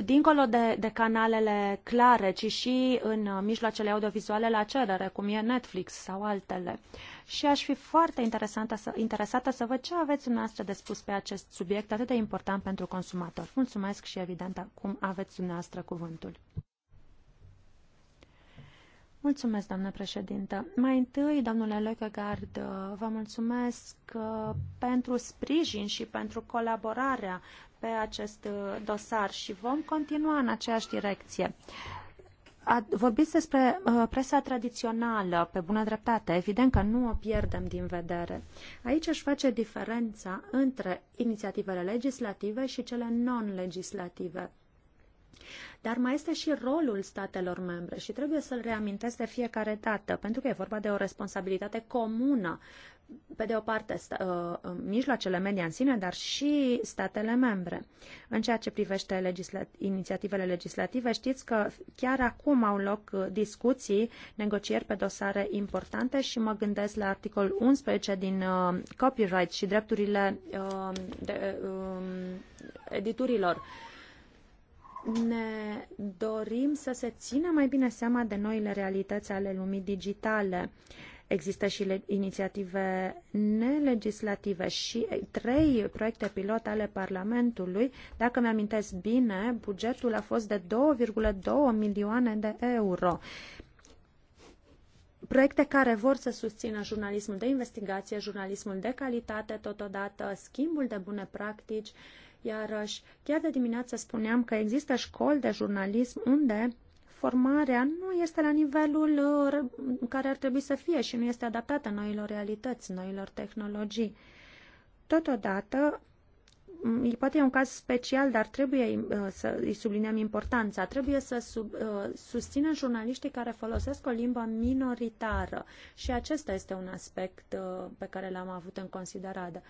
D: dincolo de, de canalele clare, ci și în uh, mijloacele audiovizuale la cerere, cum e Netflix sau altele. Și aș fi foarte interesantă să, interesată să văd ce aveți dumneavoastră de spus pe acest subiect atât de important pentru consumator. Mulțumesc și, evident, cum aveți dumneavoastră cuvântul. Mulțumesc, doamnă președintă. Mai întâi, domnule Lecăgard, vă mulțumesc uh, pentru sprijin și pentru colaborarea pe acest uh, dosar și vom continua în aceeași direcție. A, vorbiți despre uh, presa tradițională, pe bună dreptate, evident că nu o pierdem din vedere. Aici își face diferența între inițiativele legislative și cele non-legislative. Dar mai este și rolul statelor membre și trebuie să-l reamintesc de fiecare dată, pentru că e vorba de o responsabilitate comună. Pe de o parte, uh, uh, mijloacele media în sine, dar și statele membre. În ceea ce privește legisla- inițiativele legislative, știți că chiar acum au loc uh, discuții, negocieri pe dosare importante și mă gândesc la articolul 11 din uh, copyright și drepturile uh, de, uh, editurilor. Uh, ne dorim să se țină mai bine seama de noile realități ale lumii digitale. Există și inițiative nelegislative și trei proiecte pilot ale Parlamentului. Dacă mi-amintesc bine, bugetul a fost de 2,2 milioane de euro. Proiecte care vor să susțină jurnalismul de investigație, jurnalismul de calitate, totodată schimbul de bune practici, uh, Iarăși, chiar de dimineață spuneam că există școli de jurnalism unde formarea nu este la nivelul uh, care ar trebui să fie și nu este adaptată noilor realități, noilor tehnologii. Totodată, poate e un caz special, dar trebuie uh, să îi subliniem importanța. Trebuie să sub, uh, susținem jurnaliștii care folosesc o limbă minoritară și acesta este un aspect pe care l-am avut în considerare.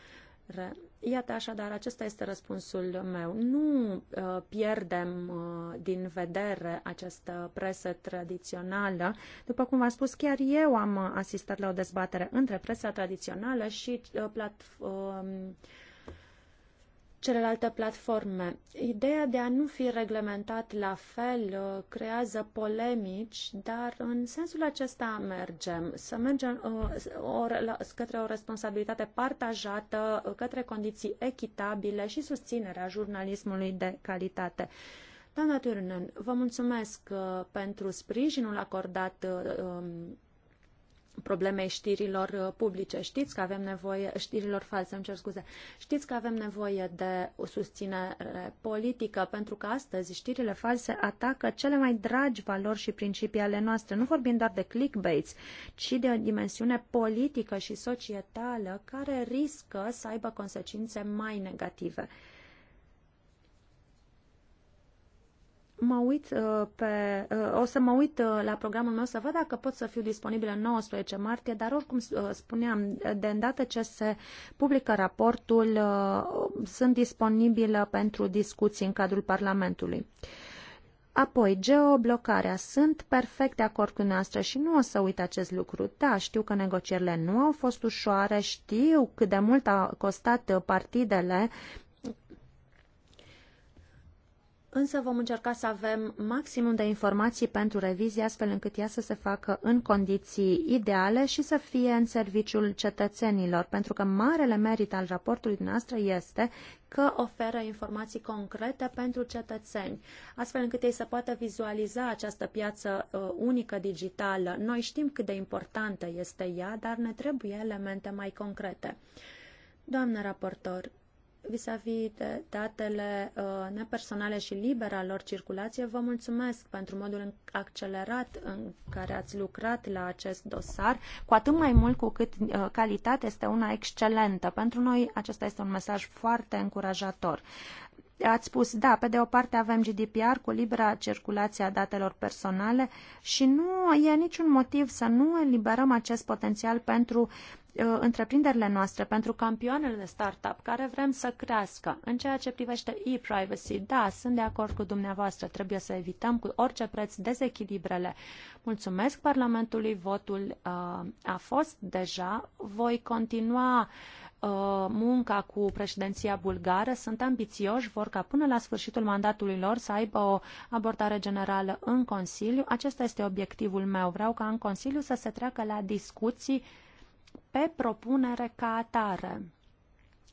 D: Iată așadar, acesta este răspunsul meu. Nu uh, pierdem uh, din vedere această presă tradițională. După cum v-am spus, chiar eu am asistat la o dezbatere între presa tradițională și uh, um, celelalte platforme. Ideea de a nu fi reglementat la fel uh, creează polemici, dar în sensul acesta mergem. Să mergem uh, o, către o responsabilitate partajată, uh, către condiții echitabile și susținerea jurnalismului de calitate. Doamna Turunen, vă mulțumesc pentru sprijinul acordat um, problemei știrilor uh, publice. Știți că avem nevoie, știrilor false, îmi cer scuze, știți că avem nevoie de o susținere politică, pentru că astăzi știrile false atacă cele mai dragi valori și principii ale noastre. Nu vorbim doar de clickbaits, ci de o dimensiune politică și societală care riscă să aibă consecințe mai negative. mă uit uh, pe, uh, o să mă uit uh, la programul meu să văd dacă pot să fiu disponibilă 19 martie, dar oricum spuneam, de îndată ce se publică raportul, sunt disponibilă pentru discuții în cadrul Parlamentului. Apoi, geoblocarea. Sunt perfect de acord cu noastră și nu o să uit acest lucru. Da, știu că negocierile nu au fost ușoare, știu cât de mult a costat partidele însă vom încerca să avem maximum de informații pentru revizie, astfel încât ea să se facă în condiții ideale și să fie în serviciul cetățenilor, pentru că marele merit al raportului noastră este că oferă informații concrete pentru cetățeni, astfel încât ei să poată vizualiza această piață uh, unică digitală. Noi știm cât de importantă este ea, dar ne trebuie elemente mai concrete. Doamnă raportor, vis-a-vis -vis de datele uh, nepersonale și libera lor circulație, vă mulțumesc pentru modul accelerat în care ați lucrat la acest dosar, cu atât mai mult cu cât uh, calitatea este una excelentă. Pentru noi acesta este un mesaj foarte încurajator. Ați spus, da, pe de o parte avem GDPR cu libera circulație a datelor personale și nu e niciun motiv să nu eliberăm acest potențial pentru Uh, întreprinderile noastre, pentru campioanele de startup care vrem să crească. În ceea ce privește e-privacy, da, sunt de acord cu dumneavoastră, trebuie să evităm cu orice preț dezechilibrele. Mulțumesc Parlamentului, votul uh, a fost deja. Voi continua uh, munca cu președinția bulgară. Sunt ambițioși, vor ca până la sfârșitul mandatului lor să aibă o abordare generală în Consiliu. Acesta este obiectivul meu. Vreau ca în Consiliu să se treacă la discuții pe propunere ca atare.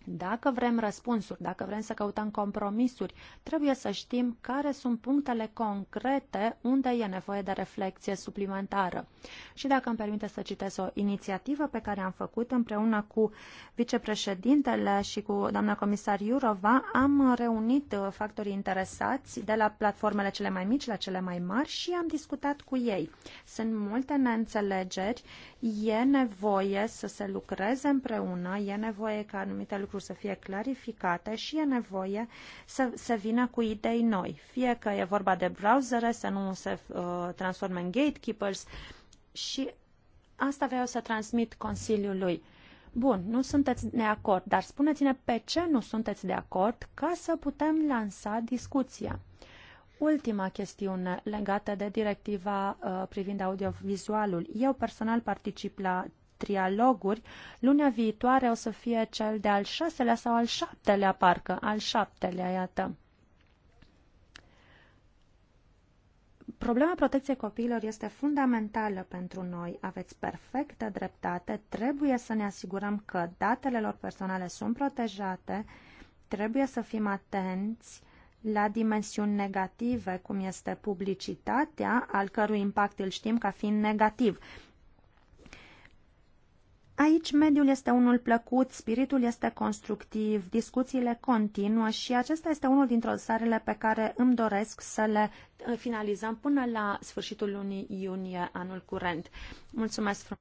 D: Dacă vrem răspunsuri, dacă vrem să căutăm compromisuri, trebuie să știm care sunt punctele concrete unde e nevoie de reflexie suplimentară. Și dacă îmi permite să citesc o inițiativă pe care am făcut împreună cu vicepreședintele și cu doamna comisar Iurova, am reunit uh, factorii interesați de la platformele cele mai mici la cele mai mari și am discutat cu ei. Sunt multe neînțelegeri, e nevoie să se lucreze împreună, e nevoie ca anumite lucruri lucruri să fie clarificate și e nevoie să, să vină cu idei noi. Fie că e vorba de browsere, să nu se uh, transforme în gatekeepers și asta vreau să transmit Consiliului. Bun, nu sunteți de acord, dar spuneți-ne pe ce nu sunteți de acord ca să putem lansa discuția. Ultima chestiune legată de directiva uh, privind audiovizualul. Eu personal particip la trialoguri, lunea viitoare o să fie cel de-al șaselea sau al șaptelea, parcă, al șaptelea, iată. Problema protecției copiilor este fundamentală pentru noi. Aveți perfectă dreptate. Trebuie să ne asigurăm că datele lor personale sunt protejate. Trebuie să fim atenți la dimensiuni negative, cum este publicitatea, al cărui impact îl știm ca fiind negativ. Aici mediul este unul plăcut, spiritul este constructiv, discuțiile continuă și acesta este unul dintre osarele pe care îmi doresc să le eh, finalizăm până la sfârșitul lunii iunie anul curent. Mulțumesc frumos!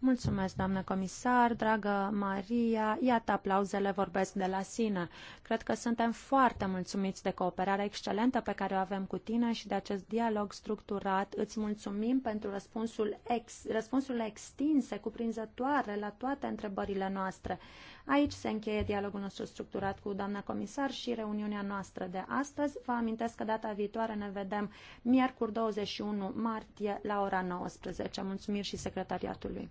D: Mulțumesc, doamnă comisar, dragă Maria, iată aplauzele vorbesc de la sine. Cred că suntem foarte mulțumiți de cooperarea excelentă pe care o avem cu tine și de acest dialog structurat. Îți mulțumim pentru răspunsul ex, răspunsurile extinse, cuprinzătoare la toate întrebările noastre. Aici se încheie dialogul nostru structurat cu doamna comisar și reuniunea noastră de astăzi. Vă amintesc că data viitoare ne vedem miercuri 21 martie la ora 19. Mulțumiri și secretariatului.